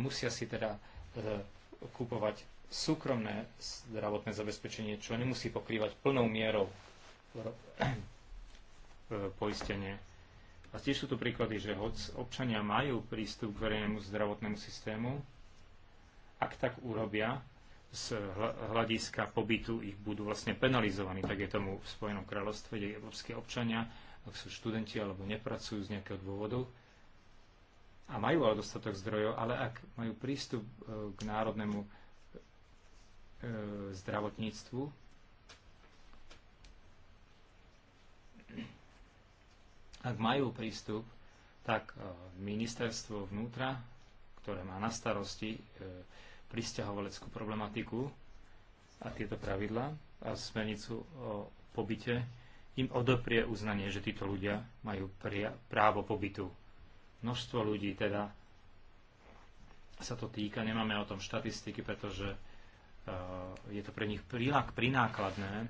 Musia si teda e, kupovať súkromné zdravotné zabezpečenie, čo nemusí pokrývať plnou mierou poistenie a tiež sú tu príklady, že hoc občania majú prístup k verejnému zdravotnému systému, ak tak urobia, z hľadiska pobytu ich budú vlastne penalizovaní, tak je tomu v Spojenom kráľovstve, kde európske občania, ak sú študenti alebo nepracujú z nejakého dôvodu, a majú ale dostatok zdrojov, ale ak majú prístup e, k národnému e, zdravotníctvu, Ak majú prístup, tak e, ministerstvo vnútra, ktoré má na starosti e, pristahovaleckú problematiku a tieto pravidla a smernicu o pobyte, im odoprie uznanie, že títo ľudia majú právo pobytu. Množstvo ľudí teda sa to týka, nemáme o tom štatistiky, pretože e, je to pre nich prinákladné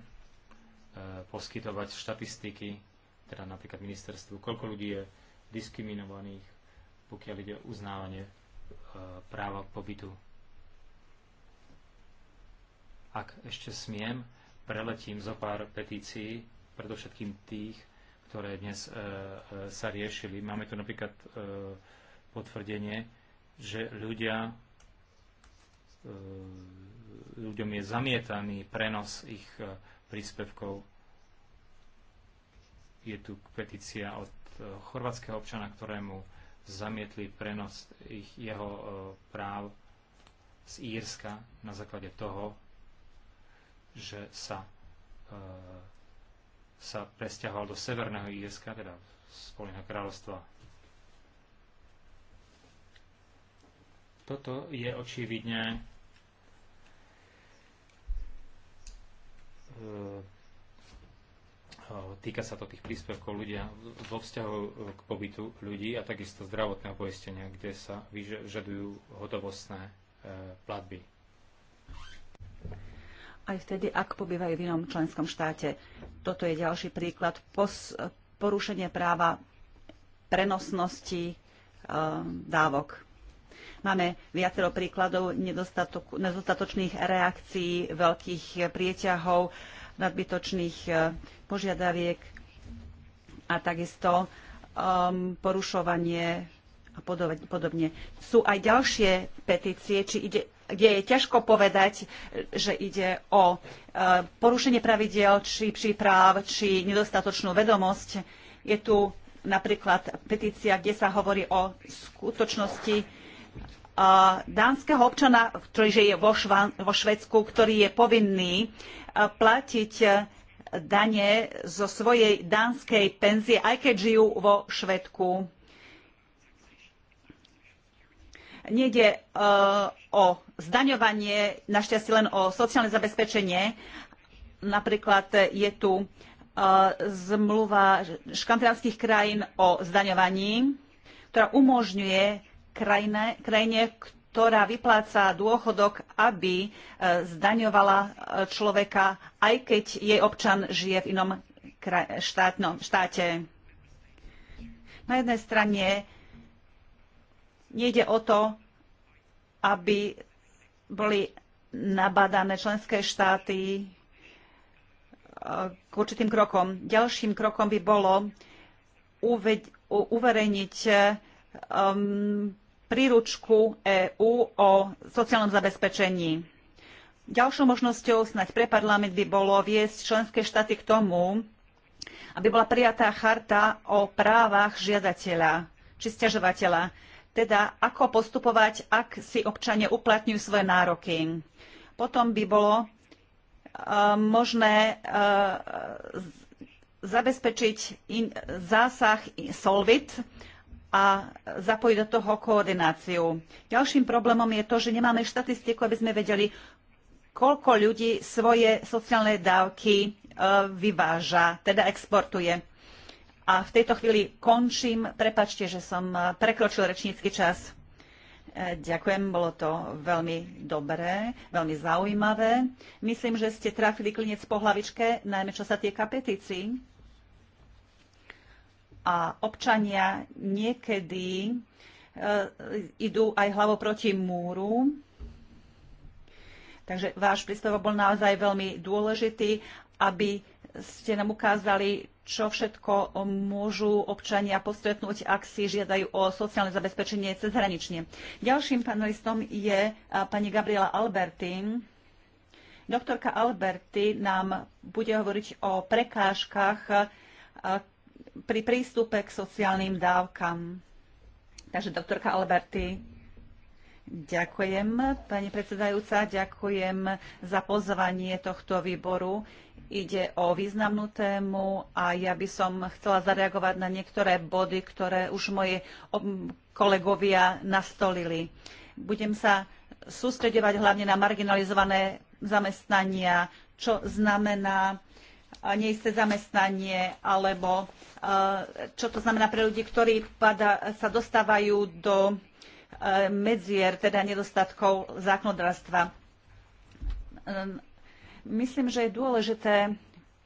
poskytovať štatistiky teda napríklad ministerstvu, koľko ľudí je diskriminovaných, pokiaľ ide o uznávanie e, práva pobytu. Ak ešte smiem, preletím zo pár petícií, predovšetkým tých, ktoré dnes e, e, sa riešili. Máme tu napríklad e, potvrdenie, že ľudia, e, ľuďom je zamietaný prenos ich e, príspevkov je tu petícia od eh, chorvátskeho občana, ktorému zamietli prenos ich, jeho eh, práv z Írska na základe toho, že sa, e, sa presťahoval do Severného Írska, teda Spoleného kráľovstva. Toto je očividne týka sa to tých príspevkov ľudia vo vzťahu k pobytu ľudí a takisto zdravotného poistenia, kde sa vyžadujú hotovostné e, platby. Aj vtedy, ak pobývajú v inom členskom štáte. Toto je ďalší príklad pos, porušenie práva prenosnosti e, dávok. Máme viacero príkladov nedostatočných reakcií, veľkých prieťahov, nadbytočných e, požiadaviek a takisto um, porušovanie a podobne. Sú aj ďalšie petície, či ide, kde je ťažko povedať, že ide o e, porušenie pravidel, či príprav, či nedostatočnú vedomosť. Je tu napríklad petícia, kde sa hovorí o skutočnosti, dánskeho občana, ktorý je vo, Švan, vo Švedsku, ktorý je povinný e, platiť e, dane zo svojej dánskej penzie, aj keď žijú vo Švedku. Nejde e, o zdaňovanie, našťastie len o sociálne zabezpečenie. Napríklad je tu zmluva škandinávskych krajín o zdaňovaní, ktorá umožňuje krajine, krajine ktorá vypláca dôchodok, aby e, zdaňovala e, človeka, aj keď jej občan žije v inom štátnom, štáte. Na jednej strane nejde o to, aby boli nabadané členské štáty e, k určitým krokom. Ďalším krokom by bolo uverejniť um, príručku EÚ o sociálnom zabezpečení. Ďalšou možnosťou snať pre parlament by bolo viesť členské štáty k tomu, aby bola prijatá charta o právach žiadateľa či sťažovateľa, teda ako postupovať, ak si občania uplatňujú svoje nároky. Potom by bolo e, možné e, zabezpečiť zásah Solvit a zapojiť do toho koordináciu. Ďalším problémom je to, že nemáme štatistiku, aby sme vedeli, koľko ľudí svoje sociálne dávky e, vyváža, teda exportuje. A v tejto chvíli končím. Prepačte, že som e, prekročil rečnícky čas. E, ďakujem, bolo to veľmi dobré, veľmi zaujímavé. Myslím, že ste trafili klinec po hlavičke, najmä čo sa týka petícií a občania niekedy eh, idú aj hlavou proti múru. Takže váš príspevok bol naozaj veľmi dôležitý, aby ste nám ukázali, čo všetko môžu občania postretnúť, ak si žiadajú o sociálne zabezpečenie cezhranične. Ďalším panelistom je eh, pani Gabriela Albertin. Doktorka Alberti nám bude hovoriť o prekážkach, eh, pri prístupe k sociálnym dávkam. Takže doktorka Alberti, ďakujem, pani predsedajúca, ďakujem za pozvanie tohto výboru. Ide o významnú tému a ja by som chcela zareagovať na niektoré body, ktoré už moji kolegovia nastolili. Budem sa sústredovať hlavne na marginalizované zamestnania, čo znamená neisté zamestnanie, alebo eh, čo to znamená pre ľudí, ktorí pada, sa dostávajú do eh, medzier, teda nedostatkov zákonodárstva. Ehm, myslím, že je dôležité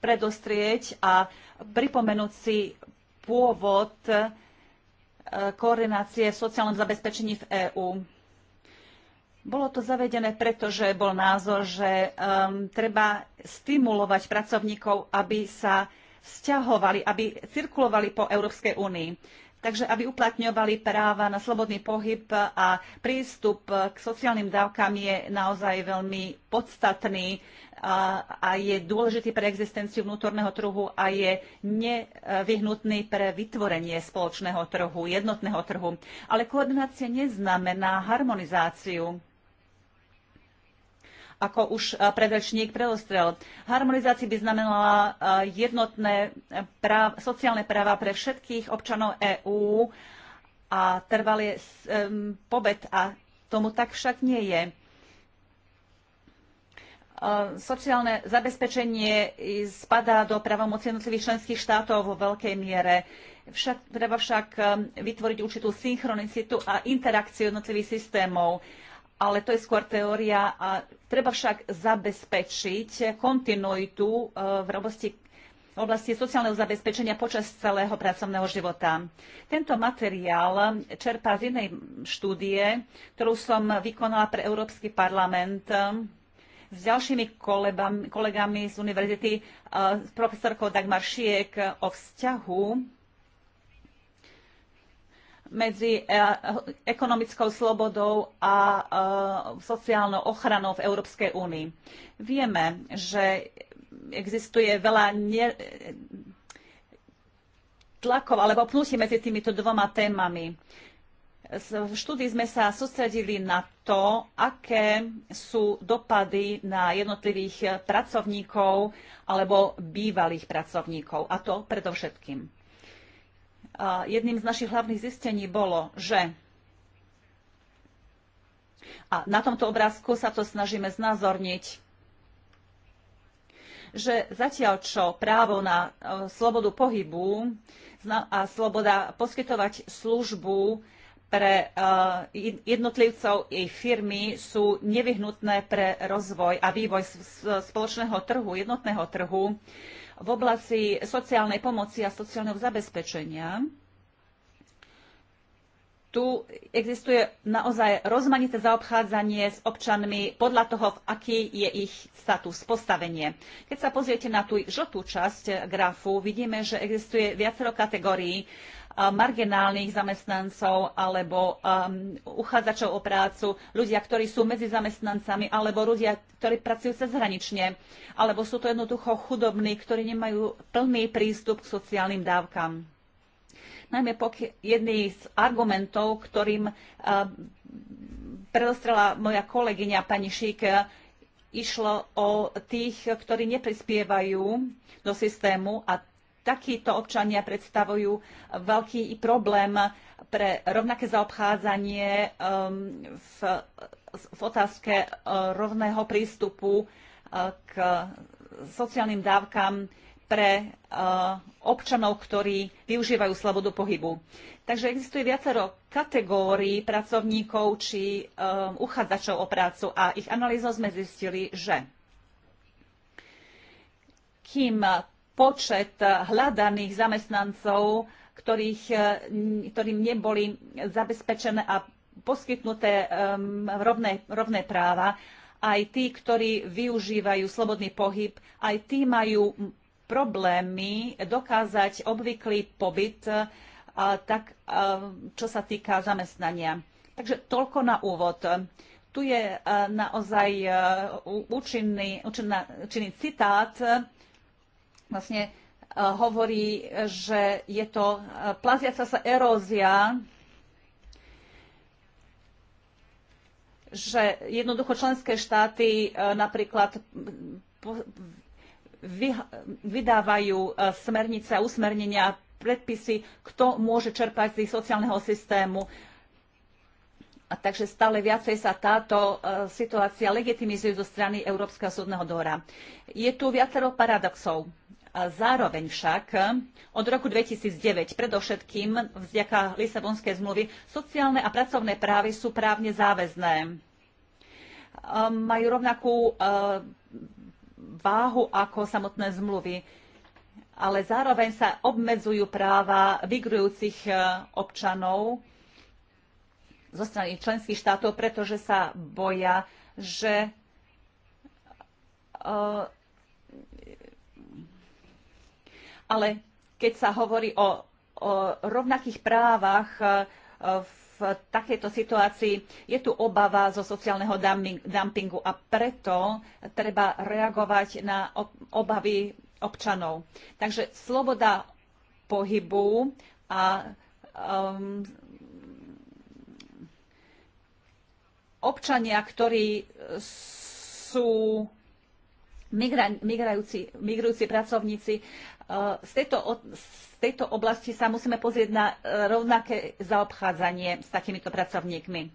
predostrieť a pripomenúť si pôvod eh, koordinácie v sociálnom zabezpečení v EÚ bolo to zavedené, pretože bol názor, že um, treba stimulovať pracovníkov, aby sa vzťahovali, aby cirkulovali po Európskej únii. Takže aby uplatňovali práva na slobodný pohyb a prístup k sociálnym dávkam je naozaj veľmi podstatný a, a je dôležitý pre existenciu vnútorného trhu a je nevyhnutný pre vytvorenie spoločného trhu, jednotného trhu. Ale koordinácia neznamená harmonizáciu ako už e, predrečník preostrel. Harmonizácia by znamenala e, jednotné e, práv, sociálne práva pre všetkých občanov EÚ a trvalý um, pobyt a tomu tak však nie je. Sociálne zabezpečenie spadá do právomoci jednotlivých členských štátov vo veľkej miere. Však, treba však vytvoriť určitú synchronicitu a interakciu jednotlivých systémov ale to je skôr teória a treba však zabezpečiť kontinuitu e, v oblasti, v oblasti sociálneho zabezpečenia počas celého pracovného života. Tento materiál čerpá z jednej štúdie, ktorú som vykonala pre Európsky parlament e, s ďalšími kolegami, kolegami z univerzity, e, s profesorkou Dagmar Šiek o vzťahu medzi eh, ekonomickou slobodou a eh, sociálnou ochranou v Európskej únii. Vieme, že existuje veľa ne... tlakov alebo pnutí medzi týmito dvoma témami. V štúdii sme sa sústredili na to, aké sú dopady na jednotlivých pracovníkov alebo bývalých pracovníkov, a to predovšetkým jedným z našich hlavných zistení bolo, že a na tomto obrázku sa to snažíme znázorniť, že zatiaľ čo právo na e, slobodu pohybu a sloboda poskytovať službu pre e, jednotlivcov jej firmy sú nevyhnutné pre rozvoj a vývoj spoločného trhu, jednotného trhu v oblasti sociálnej pomoci a sociálneho zabezpečenia. Tu existuje naozaj rozmanité zaobchádzanie s občanmi podľa toho, aký je ich status, postavenie. Keď sa pozriete na tú žltú časť grafu, vidíme, že existuje viacero kategórií marginálnych zamestnancov alebo um, uchádzačov o prácu, ľudia, ktorí sú medzi zamestnancami alebo ľudia, ktorí pracujú cezhranične, alebo sú to jednoducho chudobní, ktorí nemajú plný prístup k sociálnym dávkam. Najmä jedný z argumentov, ktorým uh, predostrela moja kolegyňa pani Šík, išlo o tých, ktorí neprispievajú do systému a takíto občania predstavujú veľký problém pre rovnaké zaobchádzanie um, v, v otázke uh, rovného prístupu uh, k sociálnym dávkam pre uh, občanov, ktorí využívajú slobodu pohybu. Takže existuje viacero kategórií pracovníkov či um, uchádzačov o prácu a ich analýzou sme zistili, že kým počet hľadaných zamestnancov, ktorých, eh, ktorým neboli zabezpečené a poskytnuté ehm, rovné, rovné práva. Aj tí, ktorí využívajú slobodný pohyb, aj tí majú problémy dokázať obvyklý pobyt, eh, a, tak, a, eh, čo sa týka zamestnania. Takže toľko na úvod. Tu je naozaj účinný, účinná, účinný citát vlastne e, hovorí, že je to e, plaziaca sa erózia, že jednoducho členské štáty e, napríklad vydávajú smernice a usmernenia predpisy, kto môže čerpať z sociálneho systému. A takže stále viacej sa táto situácia legitimizuje zo strany Európskeho súdneho dvora. Je tu viacero paradoxov Zároveň však eh, od roku 2009, predovšetkým vďaka Lisabonskej zmluvy, sociálne a pracovné právy sú právne záväzné. Ehm, majú rovnakú eh, váhu ako samotné zmluvy, ale zároveň sa obmedzujú práva vygrujúcich eh, občanov zo strany členských štátov, pretože sa boja, že ale keď sa hovorí o, o rovnakých právach e, v takejto situácii, je tu obava zo sociálneho dumpingu a preto treba reagovať na obavy občanov. Takže sloboda pohybu a um, občania, ktorí sú migrajúci, migrujúci pracovníci, E, z tejto, z tejto oblasti sa musíme pozrieť na e, rovnaké zaobchádzanie s takýmito pracovníkmi.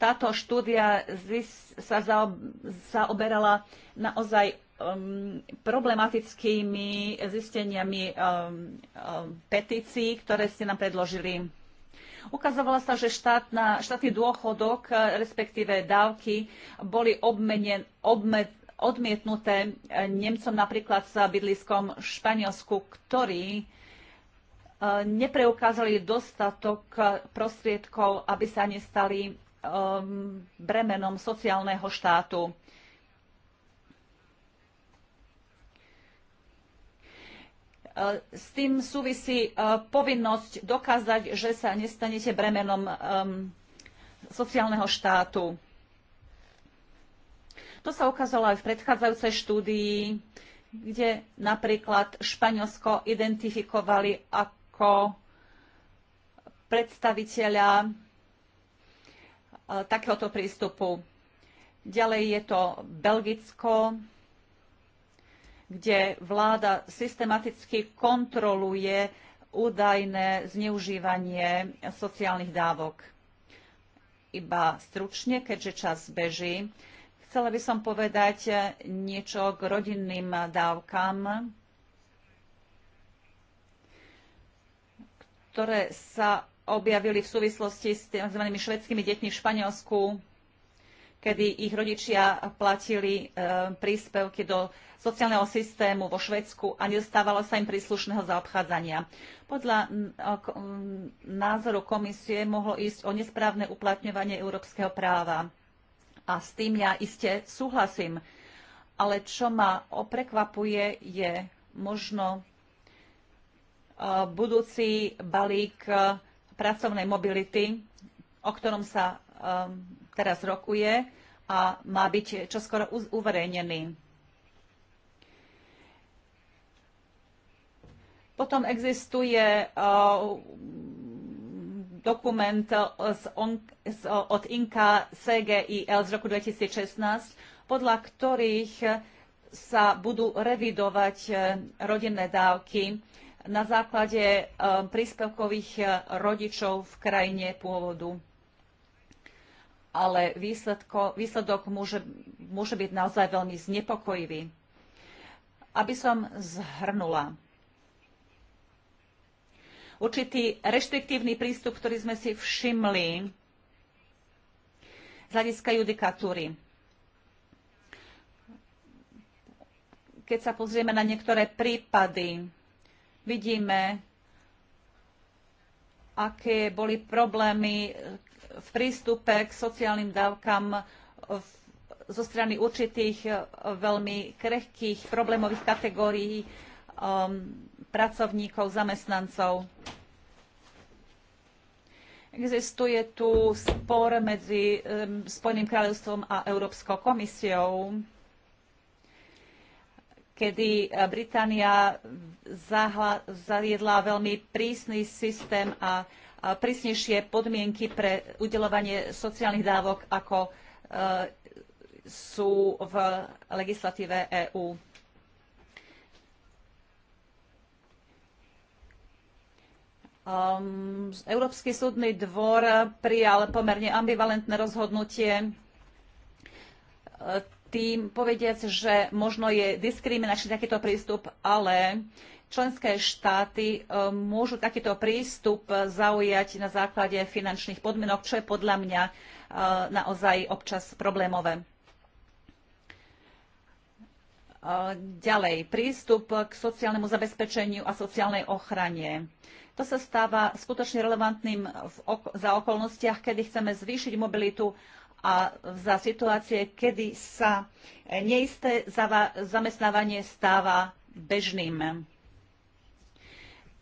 Táto štúdia sa zaoberala naozaj problematickými zisteniami petícií, ktoré ste nám predložili. Ukazovalo sa, že štátna, štátny dôchodok, respektíve dávky, boli obmenen, obmed, odmietnuté Nemcom napríklad s bydliskom v Španielsku, ktorí e, nepreukázali dostatok prostriedkov, aby sa nestali e, bremenom sociálneho štátu. E, s tým súvisí povinnosť dokázať, že sa nestanete bremenom sociálneho štátu. To sa ukázalo aj v predchádzajúcej štúdii, kde napríklad Španielsko identifikovali ako predstaviteľa e, takéhoto prístupu. Ďalej je to Belgicko, kde vláda systematicky kontroluje údajné zneužívanie sociálnych dávok. Iba stručne, keďže čas beží, Chcela by som povedať niečo k rodinným dávkam, ktoré sa objavili v súvislosti s tzv. švedskými deťmi v Španielsku, kedy ich rodičia platili e, príspevky do sociálneho systému vo Švedsku a nedostávalo sa im príslušného zaobchádzania. Podľa názoru komisie mohlo ísť o nesprávne uplatňovanie európskeho práva a s tým ja iste súhlasím. Ale čo ma prekvapuje, je možno e, budúci balík e, pracovnej mobility, o ktorom sa e, teraz rokuje a má byť čoskoro uverejnený. Potom existuje dokument z on, z, od INKA CGIL z roku 2016, podľa ktorých sa budú revidovať eh, rodinné dávky na základe eh, príspevkových eh, rodičov v krajine pôvodu. Ale výsledko, výsledok môže, môže byť naozaj veľmi znepokojivý. Aby som zhrnula určitý reštriktívny prístup, ktorý sme si všimli z hľadiska judikatúry. Keď sa pozrieme na niektoré prípady, vidíme, aké boli problémy v prístupe k sociálnym dávkam v zo strany určitých eh, veľmi krehkých problémových kategórií um, pracovníkov, zamestnancov. Existuje tu spor medzi Spojeným kráľovstvom a Európskou komisiou, kedy eh, Británia zaviedla veľmi prísny systém a prísnejšie podmienky pre udelovanie sociálnych dávok, ako eh, sú v legislatíve EÚ. Um, Európsky súdny dvor prijal pomerne ambivalentné rozhodnutie ehm, tým povediac, že možno je diskriminačný takýto prístup, ale členské štáty ehm, môžu takýto prístup zaujať na základe finančných podmienok, čo je podľa mňa naozaj občas problémové. Ďalej, prístup k sociálnemu zabezpečeniu a sociálnej ochrane. To sa stáva skutočne relevantným za okolnostiach, kedy chceme zvýšiť mobilitu a za situácie, kedy sa neisté zamestnávanie stáva bežným.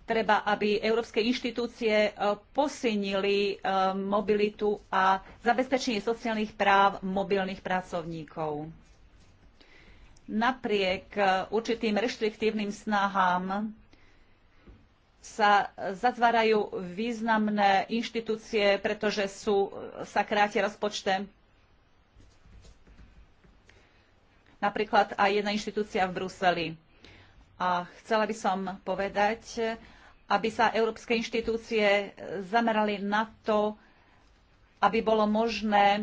Treba, aby európske inštitúcie e, posilnili e, mobilitu a zabezpečenie sociálnych práv mobilných pracovníkov. Napriek e, určitým reštriktívnym snahám sa zatvárajú významné inštitúcie, pretože sú, sa kráti rozpočtem. Napríklad aj jedna inštitúcia v Bruseli. A chcela by som povedať, aby sa európske inštitúcie zamerali na to, aby bolo možné e,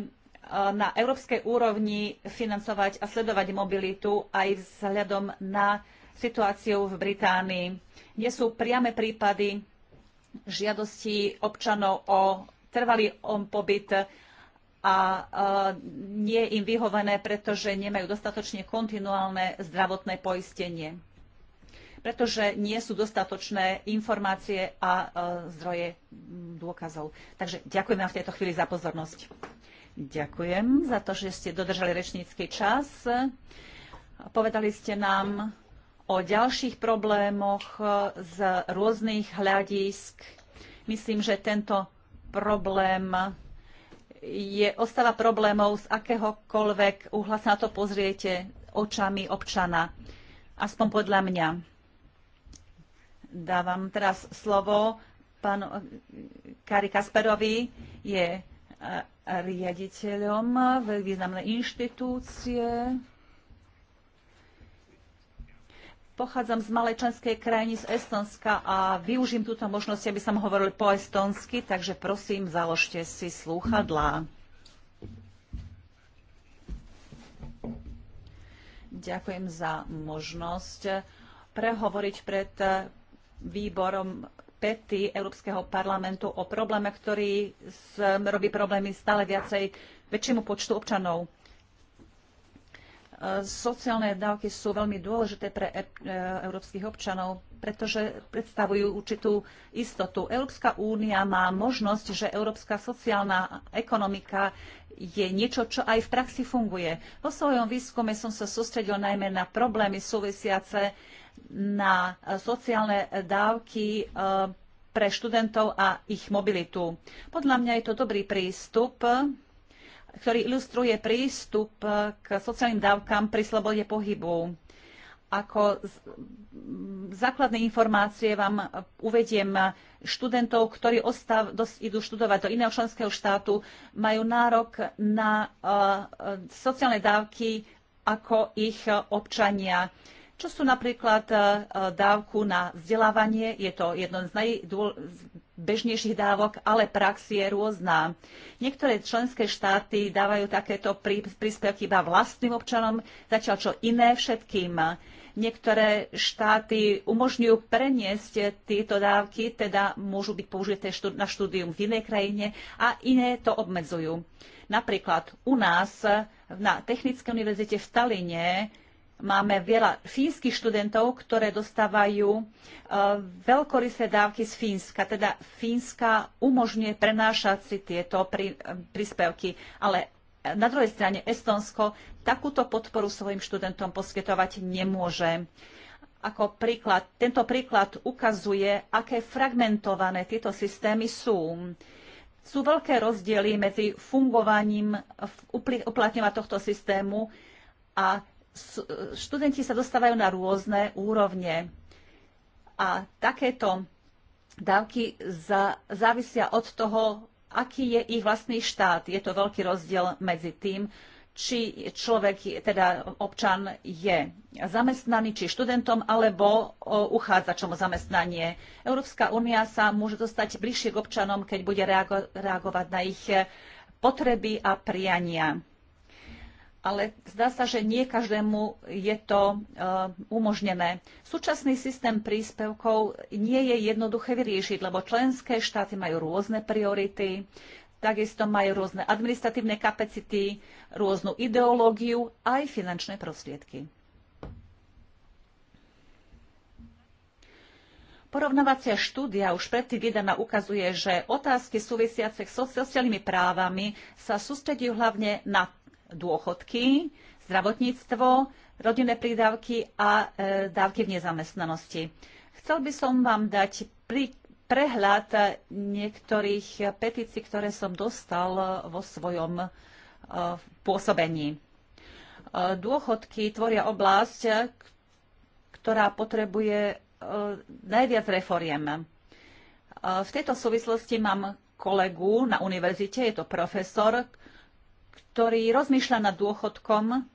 na európskej úrovni financovať a sledovať mobilitu aj vzhľadom na situáciou v Británii, kde sú priame prípady žiadosti občanov o trvalý pobyt a e, nie je im vyhovené, pretože nemajú dostatočne kontinuálne zdravotné poistenie pretože nie sú dostatočné informácie a e, zdroje dôkazov. Takže ďakujem vám v tejto chvíli za pozornosť. Ďakujem za to, že ste dodržali rečnícky čas. Povedali ste nám o ďalších problémoch e, z rôznych hľadisk. Myslím, že tento problém je, ostáva problémov z akéhokoľvek uhla sa na to pozriete očami občana. Aspoň podľa mňa. Dávam teraz slovo pánu Kari Kasperovi. Je e, riaditeľom veľmi významnej inštitúcie Pochádzam z malej členskej krajiny z Estonska a využijem túto možnosť, aby som hovoril po estonsky, takže prosím, založte si slúchadlá. Ďakujem za možnosť prehovoriť pred výborom pety Európskeho parlamentu o probléme, ktorý robí problémy stále viacej väčšiemu počtu občanov. Sociálne dávky sú veľmi dôležité pre e, európskych občanov, pretože predstavujú určitú istotu. Európska únia má možnosť, že európska sociálna ekonomika je niečo, čo aj v praxi funguje. Vo svojom výskume som sa sústredil najmä na problémy súvisiace na sociálne dávky e, pre študentov a ich mobilitu. Podľa mňa je to dobrý prístup ktorý ilustruje prístup k sociálnym dávkam pri slobode pohybu. Ako základné informácie vám uvediem študentov, ktorí ostav, dos, idú študovať do iného členského štátu, majú nárok na uh, sociálne dávky ako ich občania. Čo sú napríklad uh, dávku na vzdelávanie, je to jeden z najdôležitejších bežnejších dávok, ale prax je rôzna. Niektoré členské štáty dávajú takéto príspevky iba vlastným občanom, zatiaľ čo iné všetkým. Niektoré štáty umožňujú preniesť tieto dávky, teda môžu byť použité na štúdium v inej krajine a iné to obmedzujú. Napríklad u nás na Technickej univerzite v Taline Máme veľa fínskych študentov, ktoré dostávajú e, veľkorysé dávky z Fínska. Teda Fínska umožňuje prenášať si tieto e, príspevky, ale na druhej strane Estonsko takúto podporu svojim študentom poskytovať nemôže. Ako príklad, tento príklad ukazuje, aké fragmentované tieto systémy sú. Sú veľké rozdiely medzi fungovaním uplatňovať tohto systému a študenti sa dostávajú na rôzne úrovne a takéto dávky za, závisia od toho, aký je ich vlastný štát. Je to veľký rozdiel medzi tým, či človek, teda občan je zamestnaný, či študentom, alebo uchádzačom o zamestnanie. Európska únia sa môže dostať bližšie k občanom, keď bude reago reagovať na ich potreby a priania ale zdá sa, že nie každému je to eh, umožnené. Súčasný systém príspevkov nie je jednoduché vyriešiť, lebo členské štáty majú rôzne priority, takisto majú rôzne administratívne kapacity, rôznu ideológiu aj finančné prostriedky. Porovnávacia štúdia už predtým vydaná ukazuje, že otázky súvisiace s sociálnymi právami sa sústredujú hlavne na dôchodky, zdravotníctvo, rodinné prídavky a e, dávky v nezamestnanosti. Chcel by som vám dať prehľad niektorých petícií, ktoré som dostal e, vo svojom e, pôsobení. Dôchodky tvoria oblasť, ktorá potrebuje najviac reforiem. V tejto súvislosti mám kolegu na univerzite, je to profesor, ktorý rozmýšľa nad dôchodkom,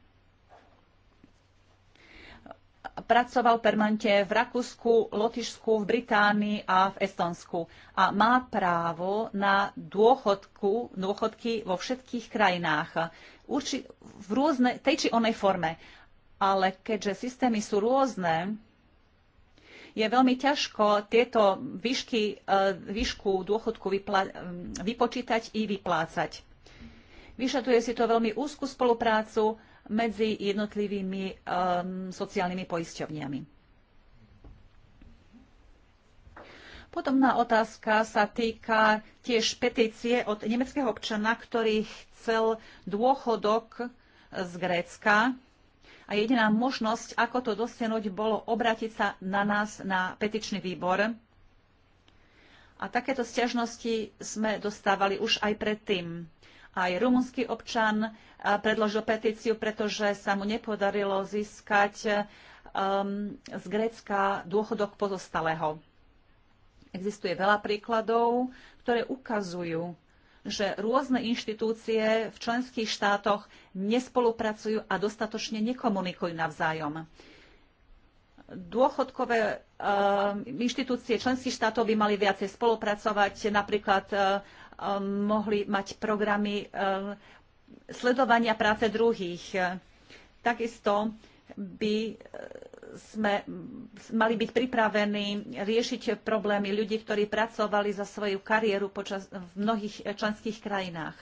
pracoval permanente v Rakúsku, Lotyšsku, v Británii a v Estonsku a má právo na dôchodku, dôchodky vo všetkých krajinách urči, v rôzne, tej či onej forme. Ale keďže systémy sú rôzne, je veľmi ťažko tieto výšky, eh, výšku dôchodku vypla, vypočítať i vyplácať. Vyšaduje si to veľmi úzkú spoluprácu medzi jednotlivými um, sociálnymi poisťovniami. Podobná otázka sa týka tiež petície od nemeckého občana, ktorý chcel dôchodok z Grécka. A jediná možnosť, ako to dosiahnuť, bolo obrátiť sa na nás, na petičný výbor. A takéto stiažnosti sme dostávali už aj predtým. Aj rumunský občan eh, predložil petíciu, pretože sa mu nepodarilo získať ehm, z Grécka dôchodok pozostalého. Existuje veľa príkladov, ktoré ukazujú, že rôzne inštitúcie v členských štátoch nespolupracujú a dostatočne nekomunikujú navzájom. Dôchodkové uh, inštitúcie členských štátov by mali viacej spolupracovať, napríklad uh, mohli mať programy eh, sledovania práce druhých. Takisto by eh, sme mali byť pripravení riešiť problémy ľudí, ktorí pracovali za svoju kariéru počas, v mnohých členských krajinách.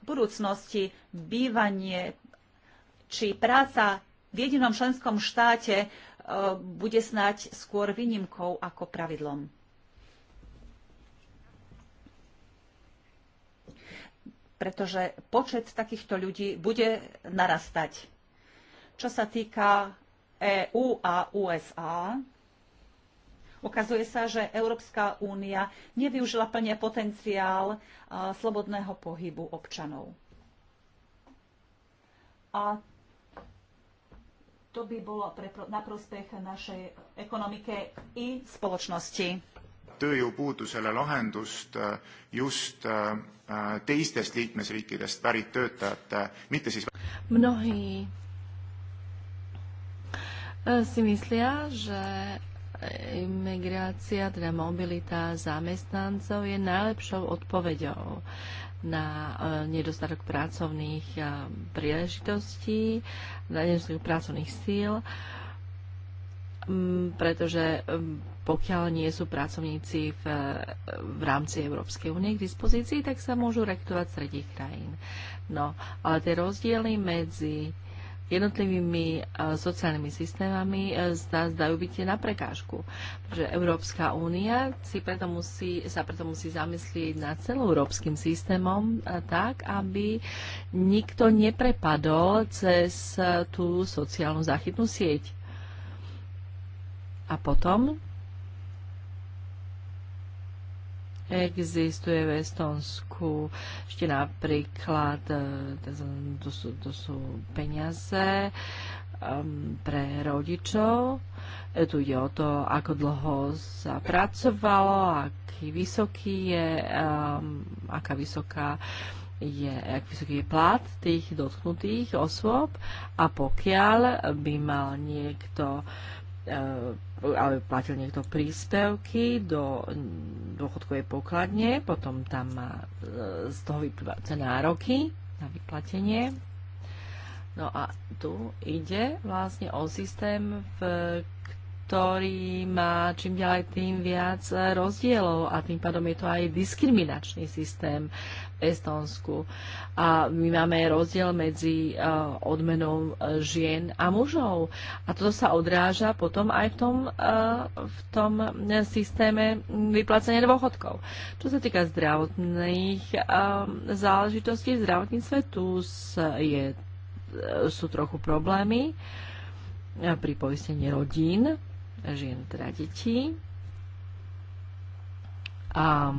V budúcnosti bývanie či práca v jedinom členskom štáte eh, bude snať skôr výnimkou ako pravidlom. pretože počet takýchto ľudí bude narastať. Čo sa týka EÚ a USA, ukazuje sa, že Európska únia nevyužila plne potenciál slobodného pohybu občanov. A to by bolo na prospech našej ekonomike i spoločnosti tööjõupuudusele lahendust äh, just äh, äh, teistest liikmesriikidest pärit töötajate, mitte siis mnohí si že imigrácia, teda mobilita zamestnancov je najlepšou odpoveďou na e, nedostatok pracovných e, príležitostí, na nedostatok pracovných síl Mm, pretože mm, pokiaľ nie sú pracovníci v, v rámci Európskej únie k dispozícii, tak sa môžu rektovať z tretich krajín. No, ale tie rozdiely medzi jednotlivými e, sociálnymi systémami e, zdá, zdajú byť na prekážku. Pretože Európska únia si preto musí, sa preto musí zamyslieť nad európskym systémom e, tak, aby nikto neprepadol cez tú sociálnu záchytnú sieť. A potom existuje v Estonsku ešte napríklad, e, to sú, to sú peniaze um, pre rodičov. E, tu ide o to, ako dlho sa pracovalo, aký vysoký je, um, aká vysoká je, ak vysoký je plat tých dotknutých osôb a pokiaľ by mal niekto e, ale platil niekto príspevky do dôchodkovej pokladne, potom tam má e, z toho vyplývajúce nároky na vyplatenie. No a tu ide vlastne o systém, v ktorý má čím ďalej tým viac rozdielov a tým pádom je to aj diskriminačný systém v Estonsku. A my máme rozdiel medzi eh, odmenou eh, žien a mužov. A toto sa odráža potom aj v tom, eh, v tom systéme vyplacenia dôchodkov. Čo sa týka zdravotných záležitostí v zdravotníctve, tu je, sú trochu problémy pri poistení rodín žien, teda detí. A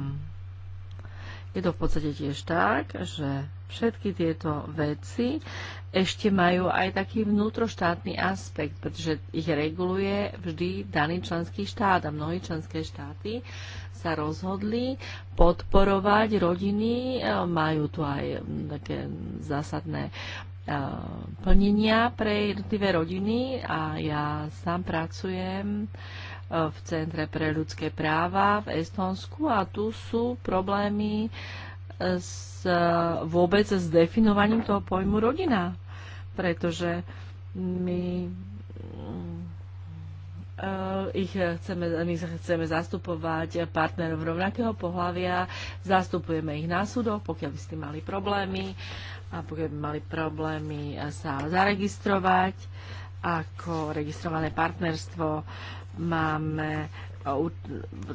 je to v podstate tiež tak, že všetky tieto veci ešte majú aj taký vnútroštátny aspekt, pretože ich reguluje vždy daný členský štát a mnohí členské štáty sa rozhodli podporovať rodiny, majú tu aj také zásadné E, plnenia pre jednotlivé rodiny a ja sám pracujem e, v Centre pre ľudské práva v Estonsku a tu sú problémy e, s, vôbec s definovaním toho pojmu rodina, pretože my ich chceme, my chceme zastupovať partnerov rovnakého pohľavia, zastupujeme ich na súdoch, pokiaľ by ste mali problémy a budeme mali problémy eh, sa zaregistrovať ako registrované partnerstvo. Máme eh,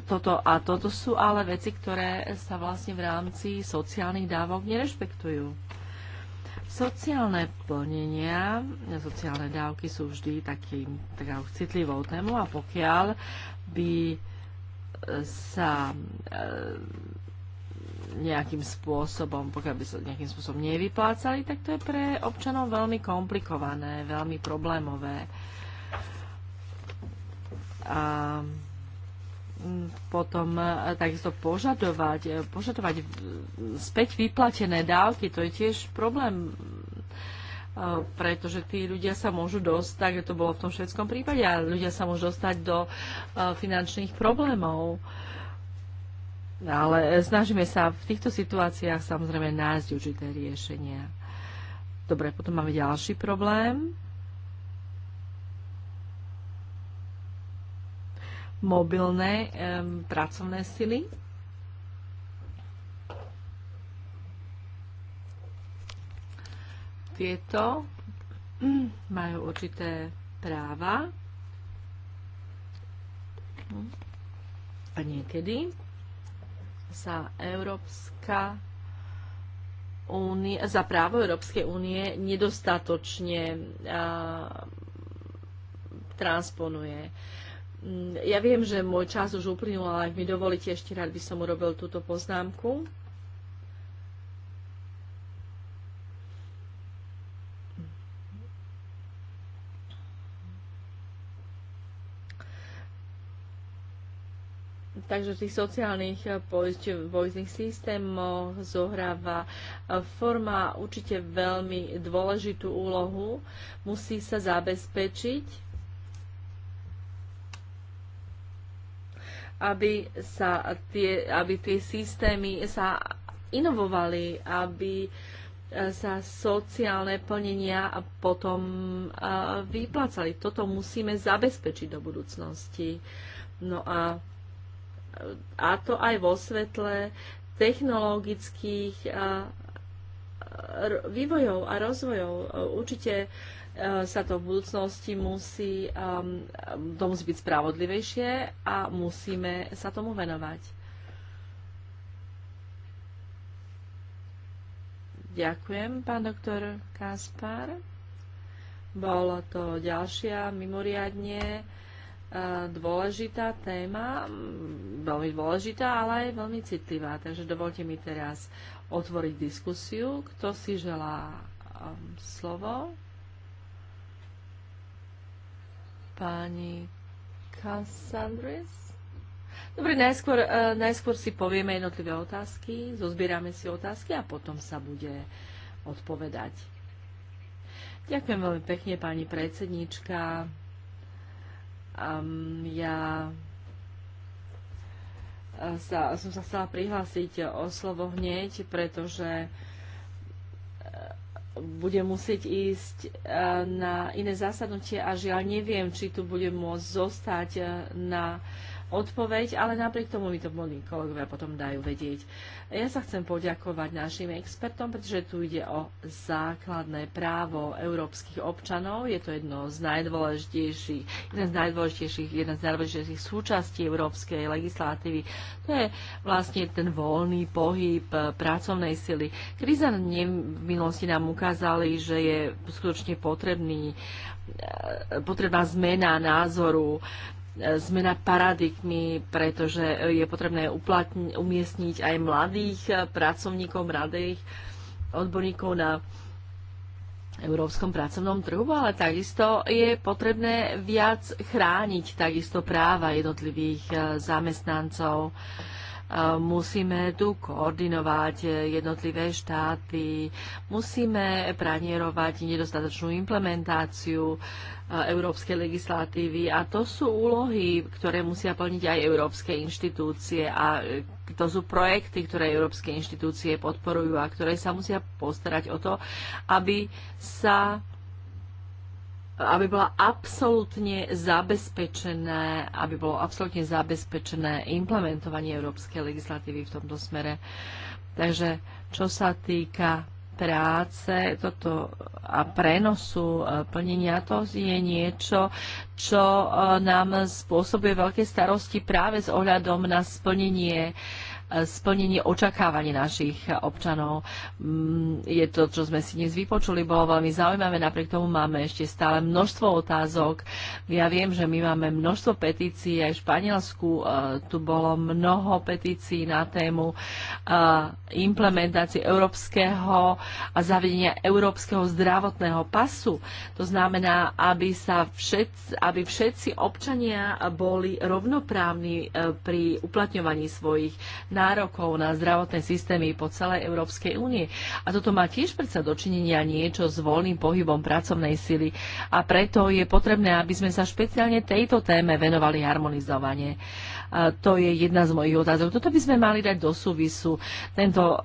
toto a toto sú ale veci, ktoré sa vlastne v rámci sociálnych dávok nerešpektujú. Sociálne plnenia, sociálne dávky sú vždy takým, takou citlivou témou a pokiaľ by eh, sa nejakým spôsobom, pokiaľ by sa nejakým spôsobom nevyplácali, tak to je pre občanov veľmi komplikované, veľmi problémové. A mm, potom e, takisto požadovať, e, požadovať e, späť vyplatené dávky, to je tiež problém, pretože tí ľudia sa môžu dostať, to bolo v tom švedskom prípade, a ľudia sa môžu dostať do finančných problémov. Ale snažíme sa v týchto situáciách samozrejme nájsť určité riešenia. Dobre, potom máme ďalší problém. Mobilné um, pracovné sily. Tieto majú určité práva. A niekedy za Európska únie, za právo Európskej únie nedostatočne a, transponuje. Mm, ja viem, že môj čas už uplynul, ale ak mi dovolíte, ešte rád by som urobil túto poznámku. Takže v tých sociálnych eh, poistných systémoch zohráva eh, forma určite veľmi dôležitú úlohu. Musí sa zabezpečiť, aby, sa tie, aby tie systémy sa inovovali, aby eh, sa sociálne plnenia a potom vyplácali. Toto musíme zabezpečiť do budúcnosti. No a a to aj vo svetle technologických vývojov a rozvojov. Určite e, sa to v budúcnosti musí, to musí byť spravodlivejšie a musíme sa tomu venovať. Ďakujem, pán doktor Kaspar. Bola to ďalšia mimoriadne dôležitá téma, veľmi dôležitá, ale aj veľmi citlivá. Takže dovolte mi teraz otvoriť diskusiu. Kto si želá um, slovo? Pani Cassandris? Dobre, najskôr, uh, najskôr si povieme jednotlivé otázky, zozbierame si otázky a potom sa bude odpovedať. Ďakujem veľmi pekne, pani predsednička. Um, ja e, sa, som sa chcela prihlásiť o slovo hneď, pretože e, budem musieť ísť e, na iné zasadnutie a žiaľ neviem, či tu budem môcť zostať na uh, odpoveď, ale napriek tomu mi to moji kolegovia potom dajú vedieť. Ja sa chcem poďakovať našim expertom, pretože tu ide o základné právo európskych občanov. Je to jedno z najdôležitejších, jeden z najdôležitejších, jeden z najdôležitejších súčastí európskej legislatívy. To je vlastne ten voľný pohyb pracovnej sily. Kríza v minulosti nám ukázali, že je skutočne potrebný potrebná zmena názoru E, zmena paradigmy, pretože je potrebné uplatni- umiestniť aj mladých e, pracovníkov, mladých odborníkov na európskom pracovnom trhu, ale takisto je potrebné viac chrániť takisto práva jednotlivých e, zamestnancov Musíme tu koordinovať jednotlivé štáty, musíme pranierovať nedostatočnú implementáciu e, európskej legislatívy a to sú úlohy, ktoré musia plniť aj európske inštitúcie a to sú projekty, ktoré európske inštitúcie podporujú a ktoré sa musia postarať o to, aby sa aby bola absolútne zabezpečené, aby bolo absolútne zabezpečené implementovanie európskej legislatívy v tomto smere. Takže čo sa týka práce toto a prenosu e, plnenia, to je niečo, čo e, nám spôsobuje veľké starosti práve s ohľadom na splnenie uh, splnení očakávaní našich občanov. Mm, je to, čo sme si dnes vypočuli, bolo veľmi zaujímavé, napriek tomu máme ešte stále množstvo otázok. Ja viem, že my máme množstvo petícií, aj v Španielsku e, tu bolo mnoho petícií na tému e, implementácie európskeho a zavedenia európskeho zdravotného pasu. To znamená, aby, sa všetci, aby všetci občania boli rovnoprávni e, pri uplatňovaní svojich nárokov na zdravotné systémy po celej Európskej únie. A toto má tiež predsa dočinenia niečo s voľným pohybom pracovnej sily. A preto je potrebné, aby sme sa špeciálne tejto téme venovali harmonizovanie. A to je jedna z mojich otázok. Toto by sme mali dať do súvisu. Tento uh,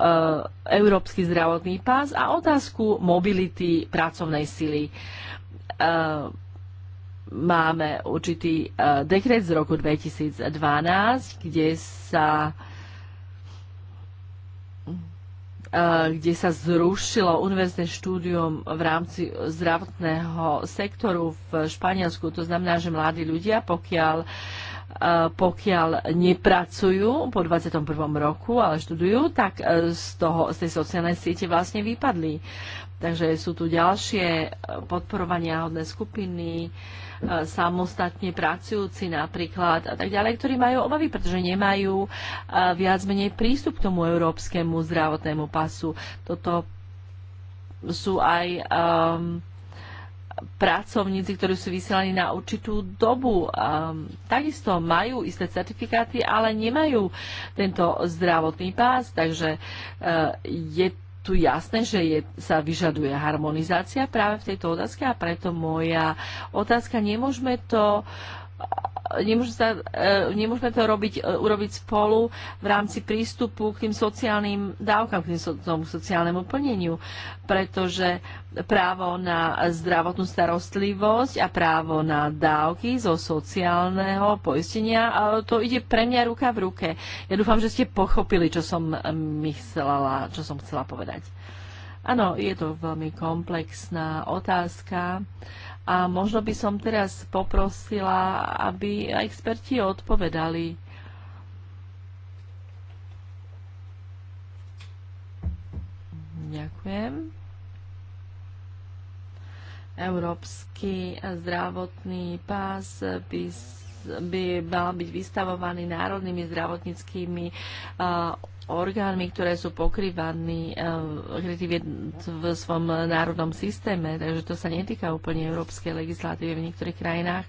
európsky zdravotný pás a otázku mobility pracovnej sily. Uh, máme určitý e, dekret z roku 2012, kde sa Eh, kde sa zrušilo univerzitné štúdium v rámci zdravotného sektoru v Španielsku. To znamená, že mladí ľudia, pokiaľ eh, pokiaľ nepracujú po 21. roku, ale študujú, tak eh, z, toho, z tej sociálnej siete vlastne vypadli. Takže sú tu ďalšie podporovania hodné skupiny, E, samostatne pracujúci napríklad a tak ďalej, ktorí majú obavy, pretože nemajú e, viac menej prístup k tomu európskemu zdravotnému pasu. Toto sú aj um, pracovníci, ktorí sú vysielaní na určitú dobu. Um, takisto majú isté certifikáty, ale nemajú tento zdravotný pás, takže uh, je tu jasné, že je, sa vyžaduje harmonizácia práve v tejto otázke a preto moja otázka, nemôžeme to uh, nemôže sa, e, nemôžeme to robiť, e, urobiť spolu v rámci prístupu k tým sociálnym dávkam, k tým so, tomu sociálnemu plneniu, pretože právo na zdravotnú starostlivosť a právo na dávky zo sociálneho poistenia, to ide pre mňa ruka v ruke. Ja dúfam, že ste pochopili, čo som e, myslela, čo som chcela povedať. Áno, je to veľmi komplexná otázka. Uh, a možno by som teraz poprosila, aby experti odpovedali. Ďakujem. Európsky zdravotný pás by by mal byť vystavovaný národnými zdravotníckými uh, orgánmi, ktoré sú pokrývaní eh, v, v svojom národnom systéme, takže to sa netýka úplne európskej legislatívy. V niektorých krajinách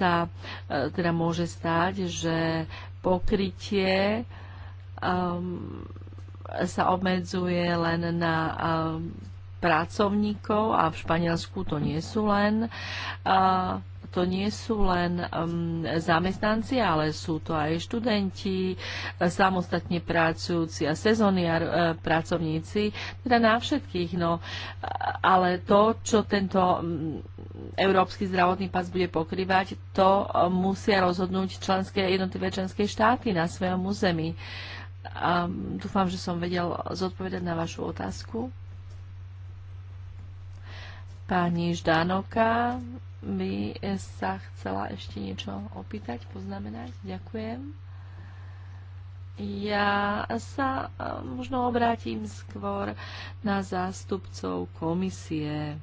sa eh, teda môže stať, že pokrytie um, sa obmedzuje len na um, pracovníkov a v Španielsku to nie sú len uh, to nie sú len um, zamestnanci, ale sú to aj študenti, samostatne pracujúci a a uh, pracovníci, teda na všetkých. No. Ale to, čo tento um, Európsky zdravotný pás bude pokrývať, to um, musia rozhodnúť členské, jednotlivé členské štáty na svojom území. Um, dúfam, že som vedel zodpovedať na vašu otázku. Pani Ždánoka by sa chcela ešte niečo opýtať, poznamenať. Ďakujem. Ja sa e, možno obrátim skôr na zástupcov komisie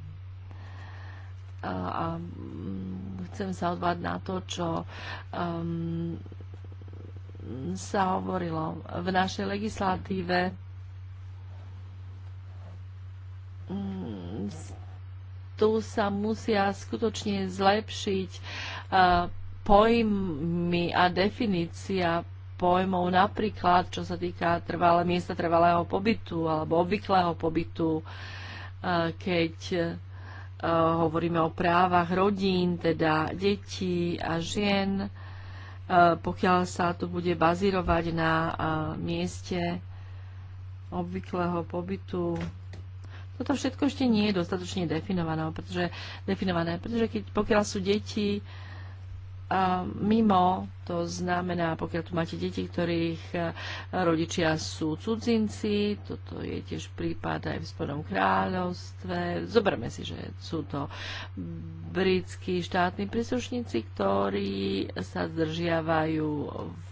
a, a mm, chcem sa odvať na to, čo um, sa hovorilo v našej legislatíve. Um, tu sa musia skutočne zlepšiť eh, pojmy a definícia pojmov, napríklad čo sa týka trvalé, miesta trvalého pobytu alebo obvyklého pobytu, eh, keď eh, hovoríme o právach rodín, teda detí a žien, pokiaľ sa to bude bazírovať na mieste obvyklého pobytu, toto všetko ešte nie je dostatočne definované, pretože, definované, pretože keď, pokiaľ sú deti mimo, to znamená, pokiaľ tu máte deti, ktorých e, rodičia sú cudzinci, toto je tiež prípad aj v Spodnom kráľovstve. Zoberme si, že sú to britskí štátni príslušníci, ktorí sa zdržiavajú v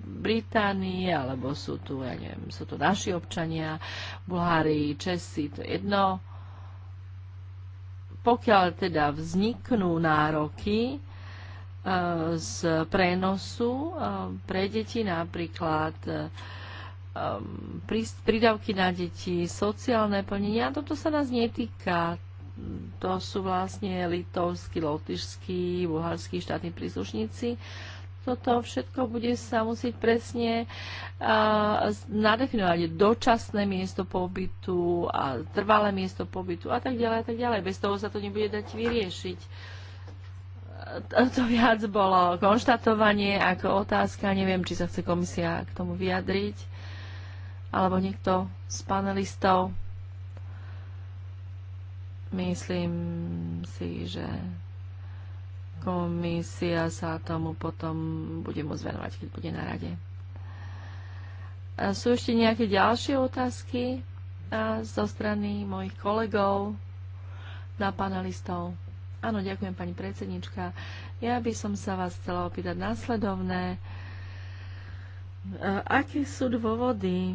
Británii, alebo sú tu, ja neviem, sú to naši občania, Bulhári, Česi, to je jedno. Pokiaľ teda vzniknú nároky, E, z prenosu e, pre deti, napríklad e, prídavky na deti, sociálne plnenia. Toto sa nás netýka. To sú vlastne litovskí, lotyšskí, bulharskí štátni príslušníci. Toto všetko bude sa musieť presne uh, nadefinovať. Dočasné miesto pobytu a trvalé miesto pobytu a tak ďalej a tak ďalej. Bez toho sa to nebude dať vyriešiť to viac bolo konštatovanie ako otázka. Neviem, či sa chce komisia k tomu vyjadriť, alebo niekto z panelistov. Myslím si, že komisia sa tomu potom bude môcť venovať, keď bude na rade. Sú ešte nejaké ďalšie otázky zo strany mojich kolegov na panelistov? Áno, ďakujem pani predsednička. Ja by som sa vás chcela opýtať následovné. E, aké sú dôvody e,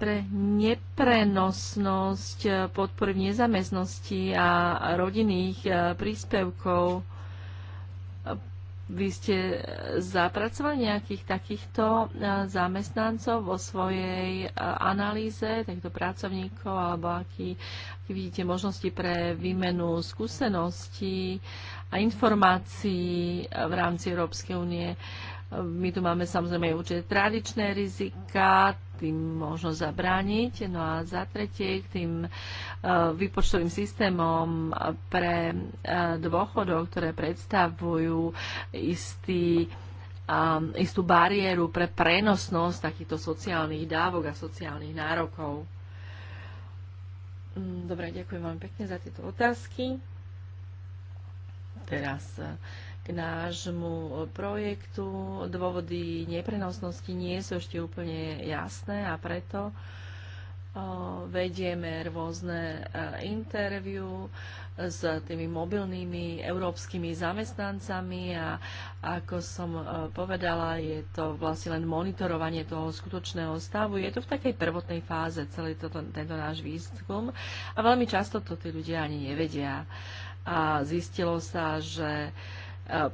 pre neprenosnosť e, podpory v nezamestnosti a rodinných príspevkov. Vy ste zapracovali nejakých takýchto zamestnancov vo svojej analýze, takýchto pracovníkov, alebo aký, aké vidíte možnosti pre výmenu skúseností a informácií v rámci Európskej únie? My tu máme samozrejme určite tradičné rizika, tým možno zabrániť. No a za tretie k tým e, výpočtovým systémom pre e, dôchodov, ktoré predstavujú istý istú bariéru pre prenosnosť takýchto sociálnych dávok a sociálnych nárokov. Mm, dobre, ďakujem vám pekne za tieto otázky. Teraz e, k nášmu e, projektu. Dôvody neprenosnosti nie sú ešte úplne jasné a preto e, vedieme rôzne interviu s tými mobilnými európskymi zamestnancami a ako som e, povedala, je to vlastne len monitorovanie toho skutočného stavu. Je to v takej prvotnej fáze celý toto, tento náš výskum a veľmi často to tí ľudia ani nevedia. A zistilo sa, že e,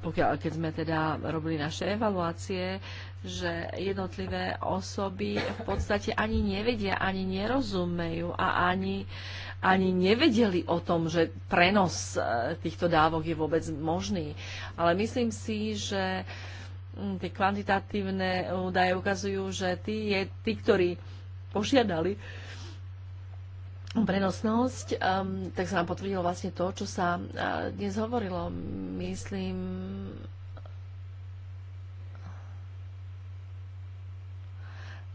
pokiaľ, keď sme teda robili naše evaluácie, že jednotlivé osoby v podstate ani nevedia, ani nerozumejú a ani, ani nevedeli o tom, že prenos e, týchto dávok je vôbec možný. Ale myslím si, že mm, tie kvantitatívne údaje ukazujú, že tí, je, tí ktorí požiadali prenosnosť, um, tak sa nám potvrdilo vlastne to, čo sa uh, dnes hovorilo. Myslím,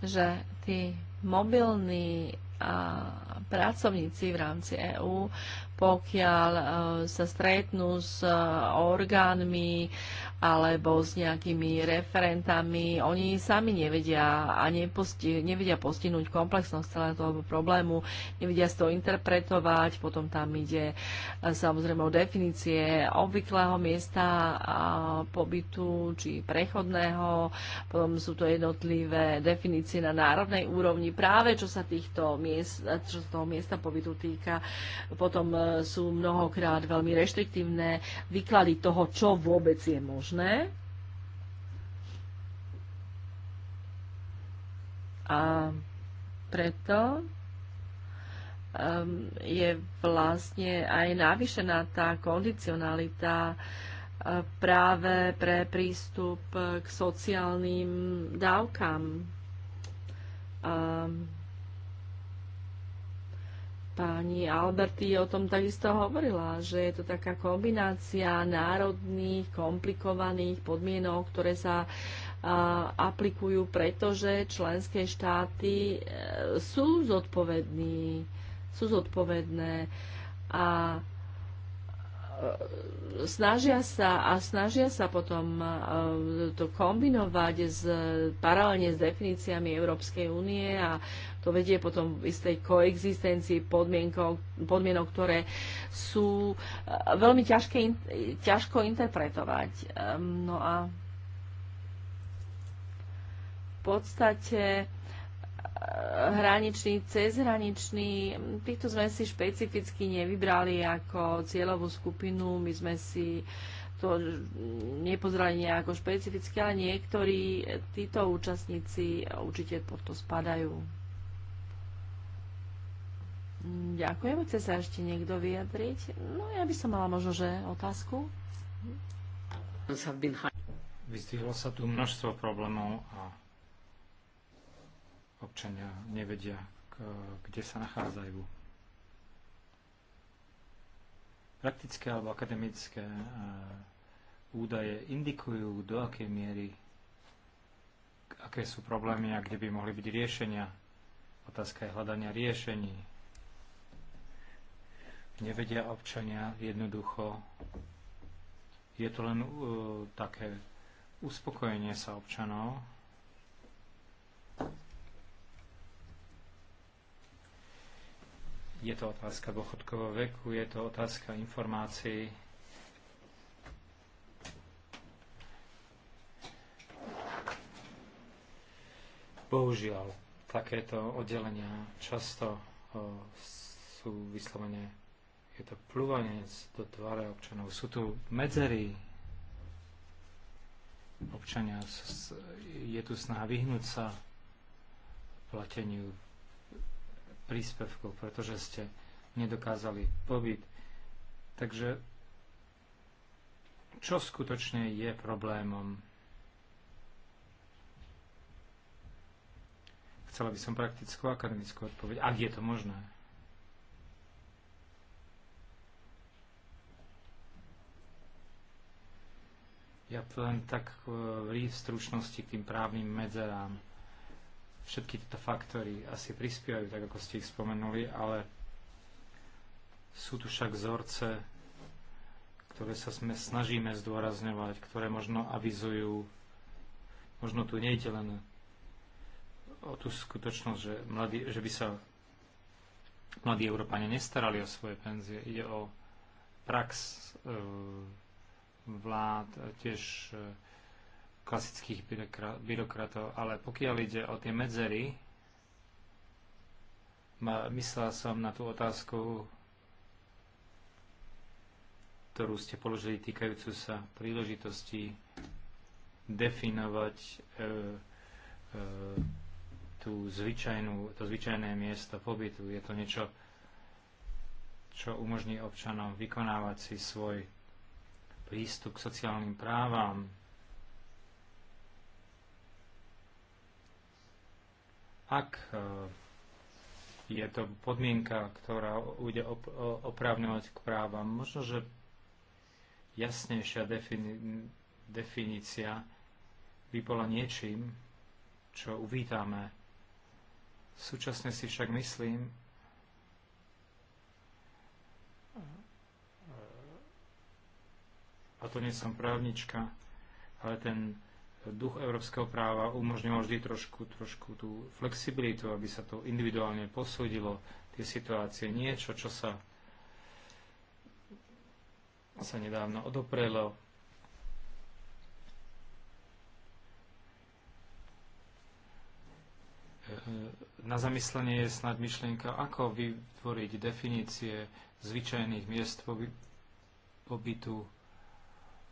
že tí mobilní a pracovníci v rámci EÚ, pokiaľ e, sa stretnú s e, orgánmi alebo s nejakými referentami. Oni sami nevedia a neposti- nevedia postihnúť komplexnosť celého toho problému, nevedia to interpretovať, potom tam ide e, samozrejme o definície obvyklého miesta a pobytu či prechodného, potom sú to jednotlivé definície na národnej úrovni práve čo sa týchto miest, čo sa toho miesta pobytu týka. Potom e, sú mnohokrát veľmi reštriktívne výklady toho, čo vôbec je možné možné. A preto um, je vlastne aj navýšená tá kondicionalita uh, práve pre prístup k sociálnym dávkam. Um, Pani Alberti o tom takisto hovorila, že je to taká kombinácia národných, komplikovaných podmienok, ktoré sa aplikujú, pretože členské štáty e, sú zodpovední, sú zodpovedné a e, snažia sa a snažia sa potom e, to kombinovať s, paralelne s definíciami Európskej únie a to vedie potom v istej koexistencii podmienok, ktoré sú eh, veľmi ťažké, ťažko interpretovať. No a v podstate eh, hraničný, cezhraničný. Týchto sme si špecificky nevybrali ako cieľovú skupinu. My sme si to nepozerali nejako špecificky, ale niektorí títo účastníci určite pod to spadajú. Mm, ďakujem. Chce sa ešte niekto vyjadriť? No ja by som mala možno, že otázku. Vyzdvihlo sa tu množstvo problémov a občania nevedia, kde sa nachádzajú. Praktické alebo akademické e, údaje indikujú, do akej miery aké sú problémy a kde by mohli byť riešenia. Otázka je hľadania riešení nevedia občania jednoducho. Je to len uh, také uspokojenie sa občanov. Je to otázka dôchodkového veku, je to otázka informácií. Bohužiaľ, takéto oddelenia často uh, sú vyslovene je to plúvanie do tváre občanov. Sú tu medzery občania, je tu snaha vyhnúť sa plateniu príspevkov, pretože ste nedokázali pobyt. Takže čo skutočne je problémom? Chcela by som praktickú akademickú odpoveď, ak je to možné. Ja to len tak e, v stručnosti k tým právnym medzerám. Všetky tieto faktory asi prispievajú, tak ako ste ich spomenuli, ale sú tu však vzorce, ktoré sa sme snažíme zdôrazňovať, ktoré možno avizujú, možno tu nejde len o tú skutočnosť, že, mladí, že by sa mladí Európania nestarali o svoje penzie. Ide o prax e, vlád, e, tiež e, klasických byrokratov, ale pokiaľ ide o tie medzery, myslel som na tú otázku, ktorú ste položili týkajúcu sa príležitosti definovať e, e, tú zvyčajnú, to zvyčajné miesto pobytu. Je to niečo, čo umožní občanom vykonávať si svoj prístup k sociálnym právam, ak e, je to podmienka, ktorá bude oprávňovať k právam, možno, že jasnejšia defini- definícia by bola niečím, čo uvítame. Súčasne si však myslím, a to nie som právnička, ale ten duch európskeho práva umožňoval vždy trošku, trošku tú flexibilitu, aby sa to individuálne posúdilo, tie situácie, niečo, čo sa, sa nedávno odoprelo. Na zamyslenie je snad myšlienka, ako vytvoriť definície zvyčajných miest pobytu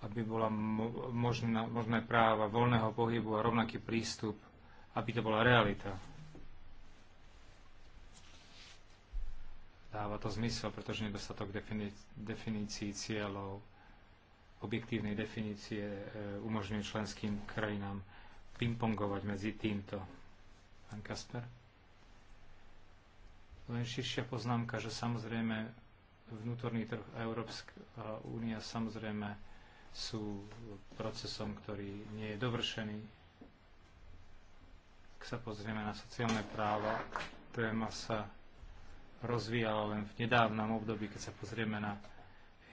aby bola možná, možné práva voľného pohybu a rovnaký prístup, aby to bola realita. Dáva to zmysel, pretože nedostatok definí- definícií cieľov, objektívnej definície e, umožňuje členským krajinám pingpongovať medzi týmto. Pán Kasper? Len širšia poznámka, že samozrejme vnútorný trh Európska únia samozrejme sú procesom, ktorý nie je dovršený. Ak sa pozrieme na sociálne práva, téma sa rozvíjala len v nedávnom období, keď sa pozrieme na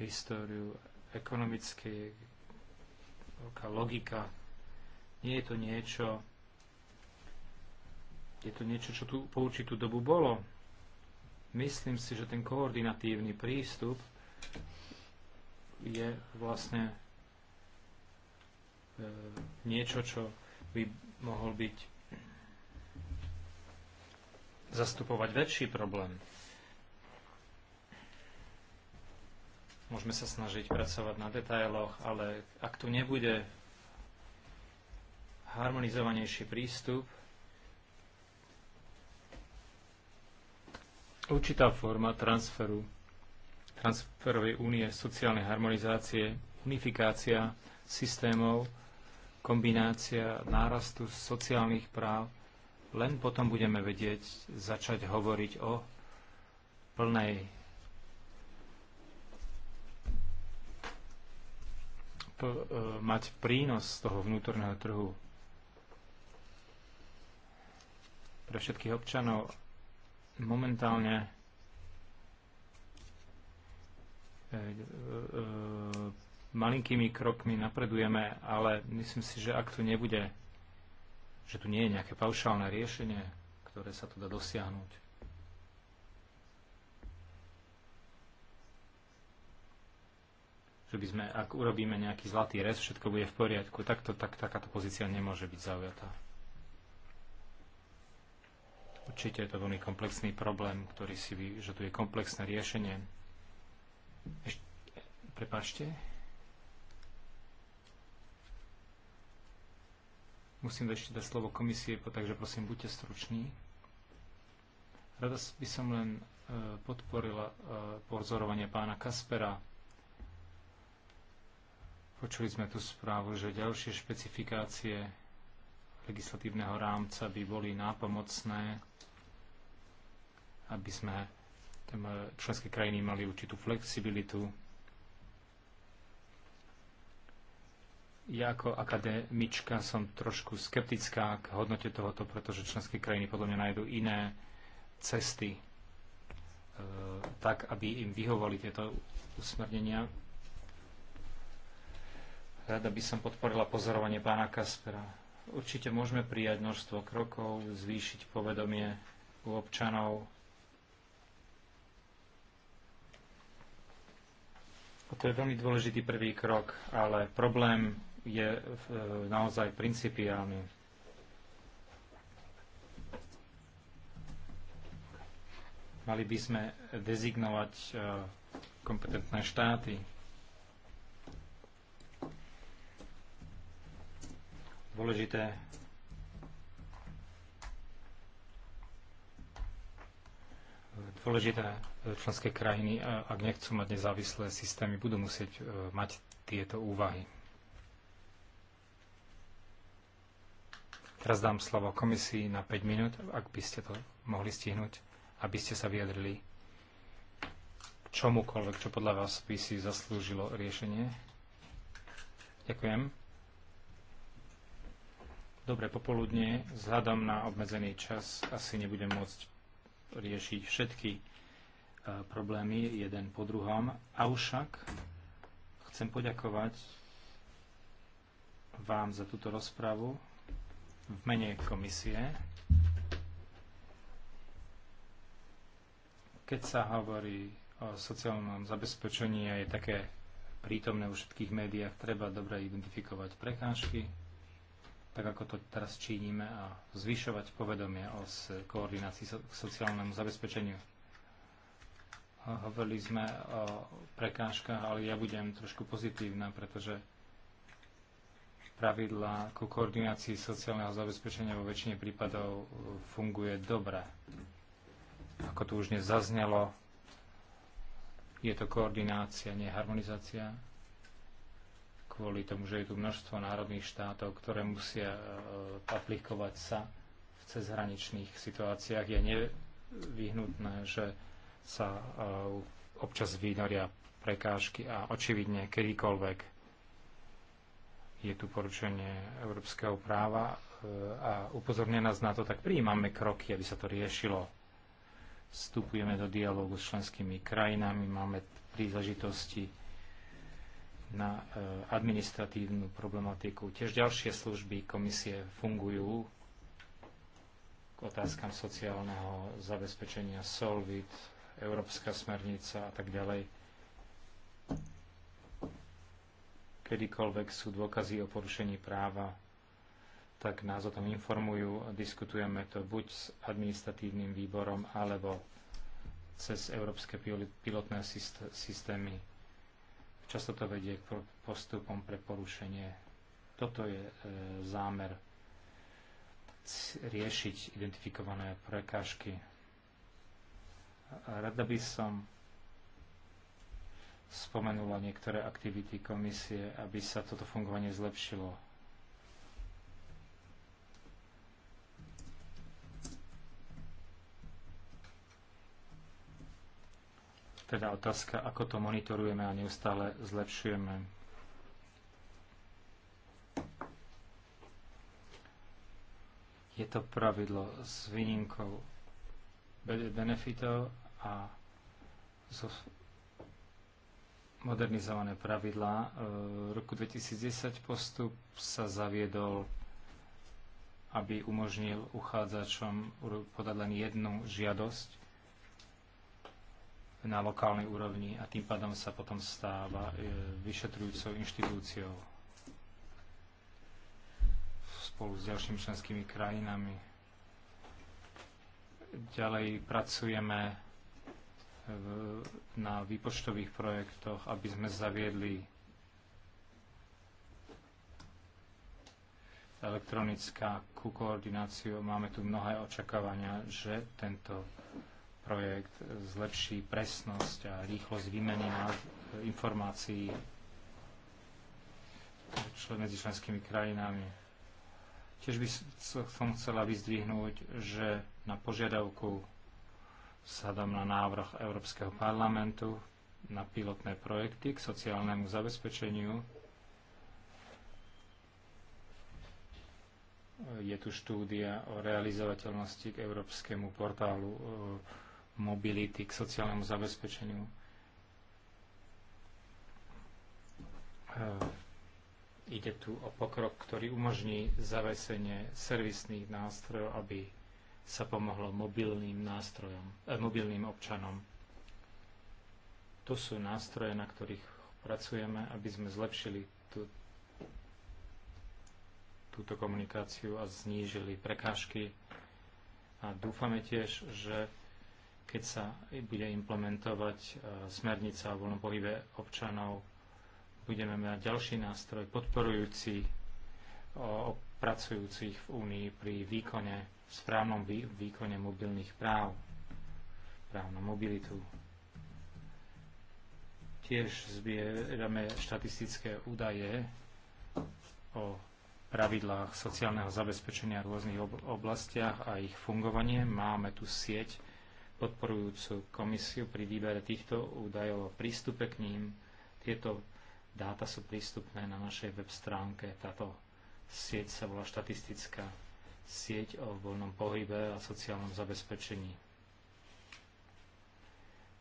históriu ekonomické logika. Nie je to niečo, je to niečo, čo tu po určitú dobu bolo. Myslím si, že ten koordinatívny prístup je vlastne E, niečo, čo by mohol byť zastupovať väčší problém. Môžeme sa snažiť pracovať na detailoch, ale ak tu nebude harmonizovanejší prístup, určitá forma transferu, transferovej únie, sociálnej harmonizácie, unifikácia systémov, kombinácia nárastu sociálnych práv, len potom budeme vedieť začať hovoriť o plnej e, mať prínos z toho vnútorného trhu pre všetkých občanov momentálne e, e, malinkými krokmi napredujeme, ale myslím si, že ak tu nebude, že tu nie je nejaké paušálne riešenie, ktoré sa tu dá dosiahnuť. Že by sme, ak urobíme nejaký zlatý rez, všetko bude v poriadku, tak, to, tak takáto pozícia nemôže byť zaujatá. Určite je to veľmi komplexný problém, ktorý si že tu je komplexné riešenie. Ešte, prepáčte. Musím ešte dať slovo komisie, takže prosím, buďte struční. Rada by som len e, podporila e, pozorovanie pána Kaspera. Počuli sme tu správu, že ďalšie špecifikácie legislatívneho rámca by boli nápomocné, aby sme e, členské krajiny mali určitú flexibilitu Ja ako akademička som trošku skeptická k hodnote tohoto, pretože členské krajiny podľa mňa nájdú iné cesty e, tak, aby im vyhovali tieto usmernenia. Rada by som podporila pozorovanie pána Kaspera. Určite môžeme prijať množstvo krokov, zvýšiť povedomie u občanov. A to je veľmi dôležitý prvý krok, ale problém je e, naozaj principiálny. Mali by sme dezignovať e, kompetentné štáty. Dôležité dôležité e, členské krajiny, ak nechcú mať nezávislé systémy, budú musieť mať tieto úvahy. Teraz dám slovo komisii na 5 minút, ak by ste to mohli stihnúť, aby ste sa vyjadrili k čomukoľvek, čo podľa vás by si zaslúžilo riešenie. Ďakujem. Dobre popoludne. Vzhľadom na obmedzený čas asi nebudem môcť riešiť všetky e, problémy jeden po druhom. Avšak chcem poďakovať vám za túto rozpravu v mene komisie. Keď sa hovorí o sociálnom zabezpečení a je také prítomné vo všetkých médiách, treba dobre identifikovať prekážky, tak ako to teraz činíme, a zvyšovať povedomie o koordinácii so- k sociálnemu zabezpečeniu. Hovorili sme o prekážkach, ale ja budem trošku pozitívna, pretože pravidlá ku koordinácii sociálneho zabezpečenia vo väčšine prípadov e, funguje dobre. Ako tu už dnes je to koordinácia, nie harmonizácia, kvôli tomu, že je tu množstvo národných štátov, ktoré musia e, aplikovať sa v cezhraničných situáciách, je nevyhnutné, že sa e, občas vynoria prekážky a očividne kedykoľvek je tu poručenie európskeho práva e, a upozorne nás na to, tak prijímame kroky, aby sa to riešilo. Vstupujeme do dialógu s členskými krajinami, máme príležitosti na e, administratívnu problematiku. Tiež ďalšie služby komisie fungujú k otázkam sociálneho zabezpečenia Solvit, Európska smernica a tak ďalej kedykoľvek sú dôkazy o porušení práva, tak nás o tom informujú a diskutujeme to buď s administratívnym výborom alebo cez európske pilotné systémy. Často to vedie k postupom pre porušenie. Toto je e, zámer riešiť identifikované prekážky. Rada by som spomenula niektoré aktivity komisie, aby sa toto fungovanie zlepšilo. Teda otázka, ako to monitorujeme a neustále zlepšujeme. je to pravidlo s výnimkou benefitov a modernizované pravidlá. E, v roku 2010 postup sa zaviedol, aby umožnil uchádzačom podať len jednu žiadosť na lokálnej úrovni a tým pádom sa potom stáva e, vyšetrujúcou inštitúciou spolu s ďalšími členskými krajinami. Ďalej pracujeme na výpočtových projektoch, aby sme zaviedli elektronická ku koordináciu. Máme tu mnohé očakávania, že tento projekt zlepší presnosť a rýchlosť výmeny informácií medzi členskými krajinami. Tiež by som chcela vyzdvihnúť, že na požiadavku vzhľadom na návrh Európskeho parlamentu na pilotné projekty k sociálnemu zabezpečeniu. Je tu štúdia o realizovateľnosti k Európskemu portálu e, mobility k sociálnemu zabezpečeniu. E, ide tu o pokrok, ktorý umožní zavesenie servisných nástrojov, aby sa pomohlo mobilným nástrojom, eh, mobilným občanom. To sú nástroje, na ktorých pracujeme, aby sme zlepšili tú, túto komunikáciu a znížili prekážky. A dúfame tiež, že keď sa bude implementovať eh, smernica o voľnom pohybe občanov, budeme mať ďalší nástroj podporujúci o pracujúcich v Únii pri výkone v správnom výkone mobilných práv, právnu mobilitu. Tiež zbierame štatistické údaje o pravidlách sociálneho zabezpečenia v rôznych oblastiach a ich fungovanie. Máme tu sieť podporujúcu komisiu pri výbere týchto údajov a prístupe k ním. Tieto dáta sú prístupné na našej web stránke. Táto sieť sa volá štatistická sieť o voľnom pohybe a sociálnom zabezpečení.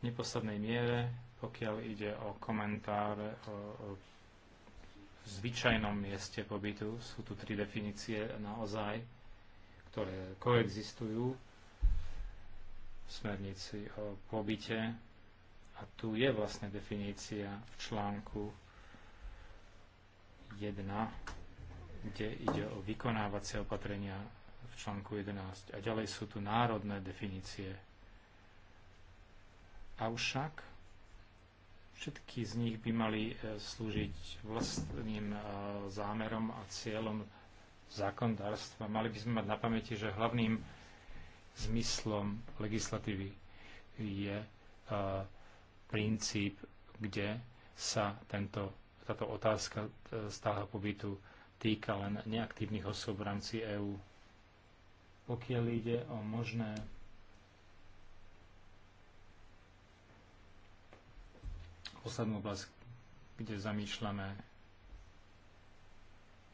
V neposlednej miere, pokiaľ ide o komentáre o, o zvyčajnom mieste pobytu, sú tu tri definície naozaj, ktoré koexistujú v smernici o pobyte a tu je vlastne definícia v článku 1 kde ide o vykonávacie opatrenia v článku 11. A ďalej sú tu národné definície. Avšak všetky z nich by mali e, slúžiť vlastným e, zámerom a cieľom zákonodárstva. Mali by sme mať na pamäti, že hlavným zmyslom legislatívy je e, princíp, kde sa tento, táto otázka stála pobytu týka len neaktívnych osôb v rámci EÚ. Pokiaľ ide o možné poslednú oblasť, kde zamýšľame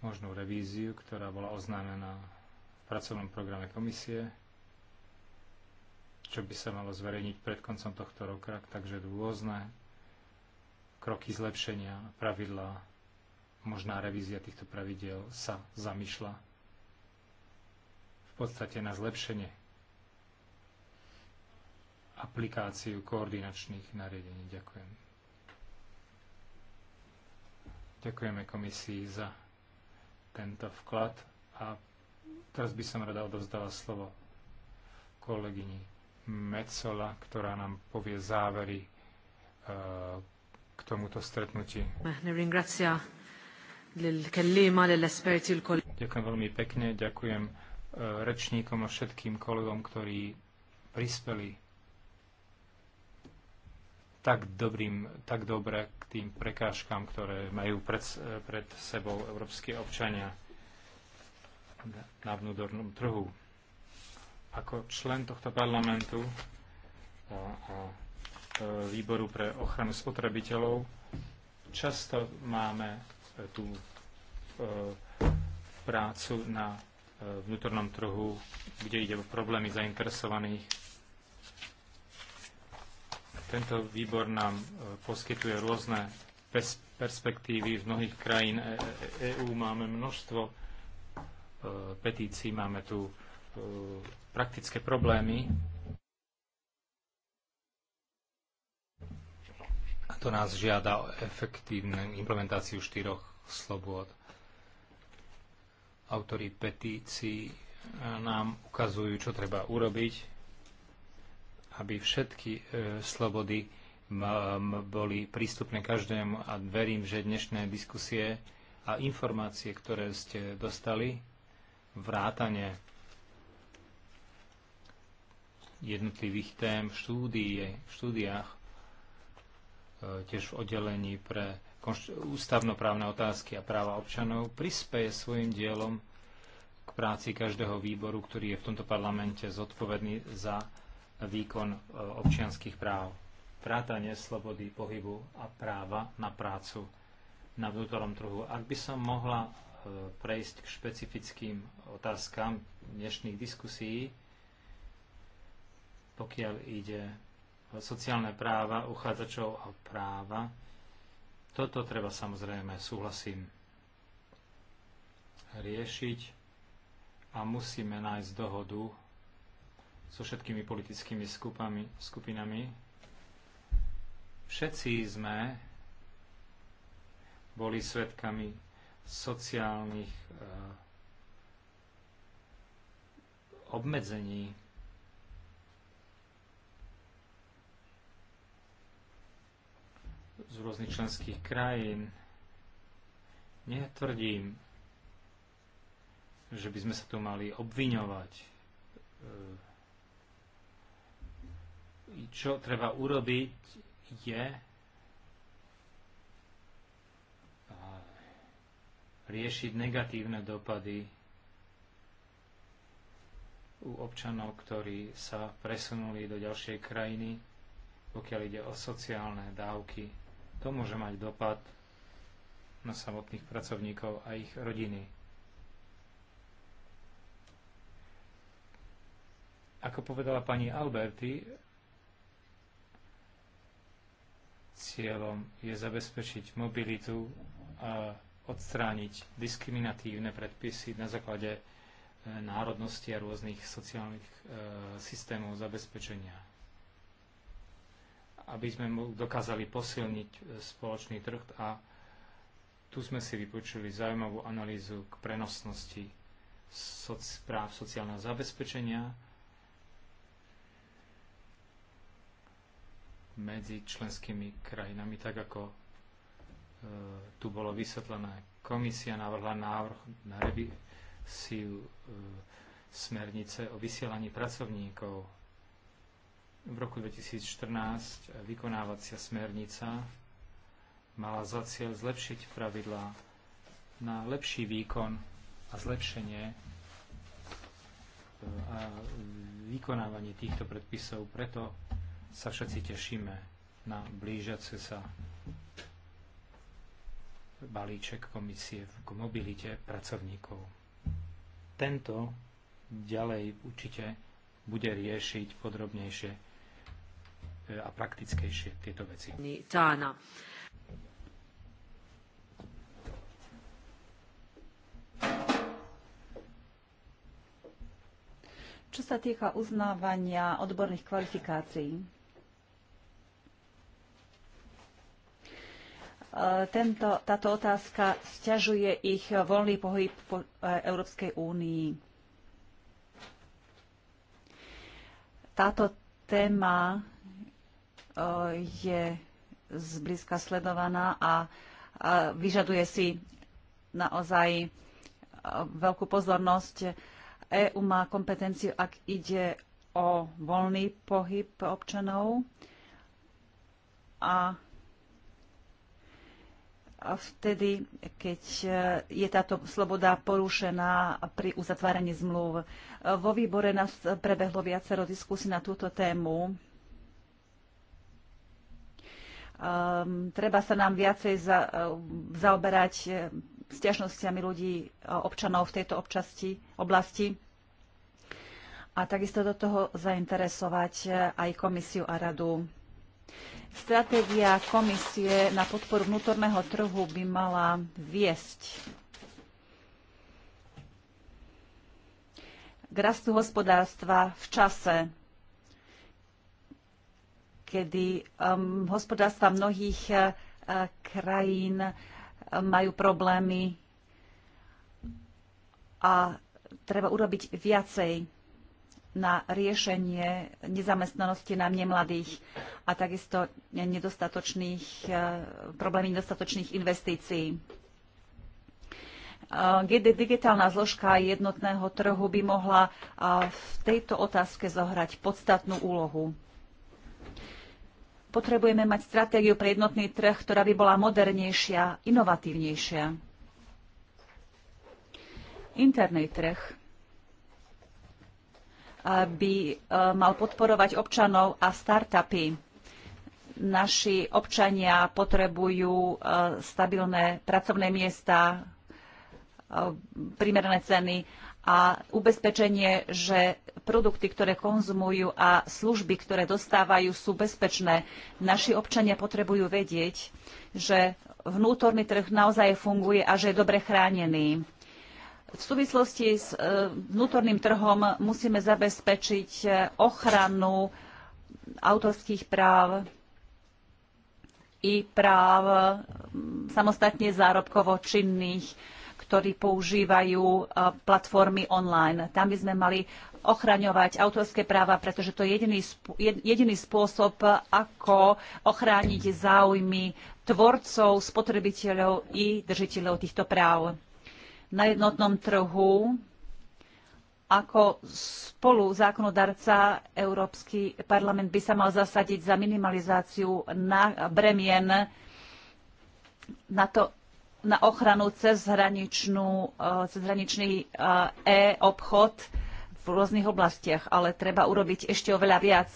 možnú revíziu, ktorá bola oznámená v pracovnom programe komisie, čo by sa malo zverejniť pred koncom tohto roka, takže rôzne kroky zlepšenia pravidla možná revízia týchto pravidel sa zamýšľa v podstate na zlepšenie aplikáciu koordinačných nariadení. Ďakujem. Ďakujeme komisii za tento vklad a teraz by som rada odovzdala slovo kolegyni Mecola, ktorá nám povie závery eh, k tomuto stretnutí. Ďakujem veľmi pekne, ďakujem e, rečníkom a všetkým kolegom, ktorí prispeli tak, dobrým, tak dobre k tým prekážkam, ktoré majú pred, pred sebou európske občania na vnútornom trhu. Ako člen tohto parlamentu e, a, a e, výboru pre ochranu spotrebiteľov často máme E, tú e, prácu na e, vnútornom trhu, kde ide o problémy zainteresovaných. Tento výbor nám poskytuje rôzne perspektívy z mnohých krajín EÚ. Máme množstvo petícií, máme tu praktické problémy, to nás žiada o efektívnu implementáciu štyroch slobôd. Autori petícií e, nám ukazujú, čo treba urobiť, aby všetky e, slobody boli prístupné každému a verím, že dnešné diskusie a informácie, ktoré ste dostali, vrátane jednotlivých tém v, v štúdiách E, tiež v oddelení pre ústavnoprávne otázky a práva občanov, prispieje svojim dielom k práci každého výboru, ktorý je v tomto parlamente zodpovedný za výkon e, občianských práv. Vrátanie slobody pohybu a práva na prácu na vnútornom trhu. Ak by som mohla e, prejsť k špecifickým otázkam dnešných diskusí, pokiaľ ide sociálne práva uchádzačov a práva. Toto treba samozrejme, súhlasím, riešiť a musíme nájsť dohodu so všetkými politickými skupami, skupinami. Všetci sme boli svetkami sociálnych e, obmedzení z rôznych členských krajín. Netvrdím, že by sme sa tu mali obviňovať. E, čo treba urobiť je e, riešiť negatívne dopady u občanov, ktorí sa presunuli do ďalšej krajiny, pokiaľ ide o sociálne dávky to môže mať dopad na samotných pracovníkov a ich rodiny. Ako povedala pani Alberti, cieľom je zabezpečiť mobilitu a odstrániť diskriminatívne predpisy na základe e, národnosti a rôznych sociálnych e, systémov zabezpečenia aby sme mu dokázali posilniť e, spoločný trh a tu sme si vypočuli zaujímavú analýzu k prenosnosti soc, práv sociálneho zabezpečenia medzi členskými krajinami, tak ako e, tu bolo vysvetlené. Komisia navrhla návrh na revíziu e, smernice o vysielaní pracovníkov v roku 2014 vykonávacia smernica mala za cieľ zlepšiť pravidlá na lepší výkon a zlepšenie e, a vykonávanie týchto predpisov. Preto sa všetci tešíme na blížiace sa balíček komisie k mobilite pracovníkov. Tento ďalej určite bude riešiť podrobnejšie E, a praktickejšie tieto veci. Tána. Čo sa týka uznávania odborných kvalifikácií, e, tento, táto otázka stiažuje ich voľný pohyb po e, Európskej únii. Táto téma Eh, je zblízka sledovaná a vyžaduje si naozaj eh, veľkú pozornosť. EÚ má kompetenciu, ak ide o voľný pohyb občanov a vtedy, keď eh, je táto sloboda porušená pri uzatváraní zmluv. Vo výbore nás prebehlo viacero diskusí na túto tému Um, treba sa nám viacej za, e, zaoberať e, stiažnostiami ľudí, e, občanov v tejto občasti, oblasti a takisto do toho zainteresovať aj komisiu a radu. Stratégia komisie na podporu vnútorného trhu by mala viesť k rastu hospodárstva v čase kedy um, hospodárstva mnohých uh, krajín uh, majú problémy a treba urobiť viacej na riešenie nezamestnanosti najmä mladých a takisto nedostatočných, uh, problémy nedostatočných investícií. Uh, digitálna zložka jednotného trhu by mohla uh, v tejto otázke zohrať podstatnú úlohu potrebujeme mať stratégiu pre jednotný trh, ktorá by bola modernejšia, inovatívnejšia. Interný trh by e, mal podporovať občanov a startupy. Naši občania potrebujú e, stabilné pracovné miesta, e, primerné ceny a ubezpečenie, že produkty, ktoré konzumujú a služby, ktoré dostávajú, sú bezpečné. Naši občania potrebujú vedieť, že vnútorný trh naozaj funguje a že je dobre chránený. V súvislosti s e, vnútorným trhom musíme zabezpečiť e, ochranu autorských práv i práv e, samostatne zárobkovo činných, ktorí používajú platformy online. Tam by sme mali ochraňovať autorské práva, pretože to je jediný, jediný spôsob, ako ochrániť záujmy tvorcov, spotrebiteľov i držiteľov týchto práv. Na jednotnom trhu ako spolu zákonodarca Európsky parlament by sa mal zasadiť za minimalizáciu na bremien na, to, na ochranu eh, cezhraničný eh, e-obchod rôznych oblastiach, ale treba urobiť ešte oveľa viac.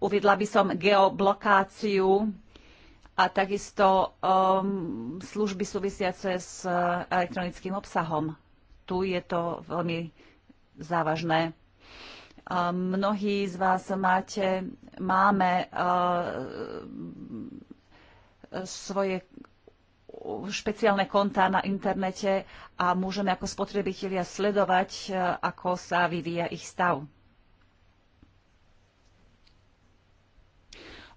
Uvidla by som geoblokáciu a takisto um, služby súvisiace s uh, elektronickým obsahom. Tu je to veľmi závažné. Um, mnohí z vás máte, máme uh, svoje špeciálne kontá na internete a môžeme ako spotrebitelia sledovať, e, ako sa vyvíja ich stav.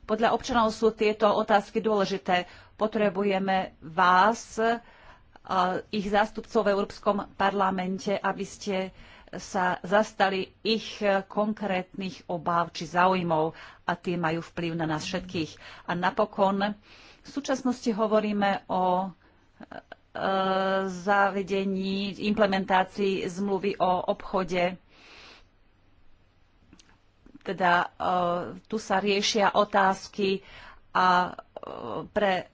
Podľa občanov sú tieto otázky dôležité. Potrebujeme vás, e, ich zástupcov v Európskom parlamente, aby ste sa zastali ich e, konkrétnych obáv či záujmov a tie majú vplyv na nás všetkých. A napokon v súčasnosti hovoríme o e, zavedení, implementácii zmluvy o obchode. Teda e, tu sa riešia otázky a e, pre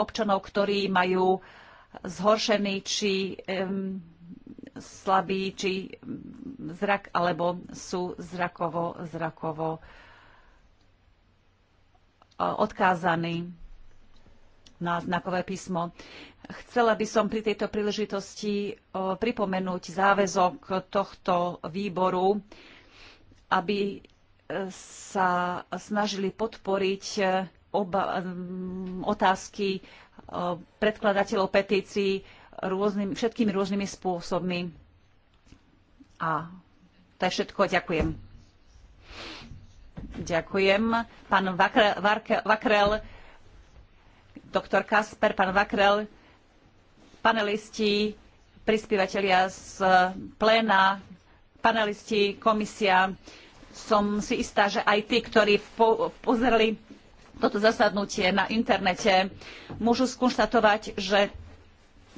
občanov, ktorí majú zhoršený či slabý, či zrak, alebo sú zrakovo, zrakovo odkázaní na znakové písmo. Chcela by som pri tejto príležitosti pripomenúť záväzok tohto výboru, aby e, sa snažili podporiť e, oba, otázky e, predkladateľov petícií rôznym, všetkými rôznymi spôsobmi. A to je všetko. Ďakujem. Ďakujem. Pán Vakrel, doktor Kasper, pán Vakrel, panelisti, prispívateľia z pléna, panelisti, komisia. Som si istá, že aj tí, ktorí po- pozerali toto zasadnutie na internete, môžu skonštatovať, že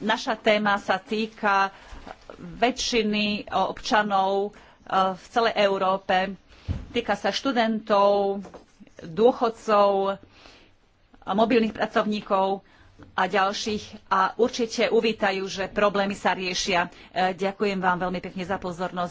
naša téma sa týka väčšiny občanov eh, v celej Európe. Týka sa študentov, dôchodcov, mobilných pracovníkov a ďalších a určite uvítajú, že problémy sa riešia. E, ďakujem vám veľmi pekne za pozornosť.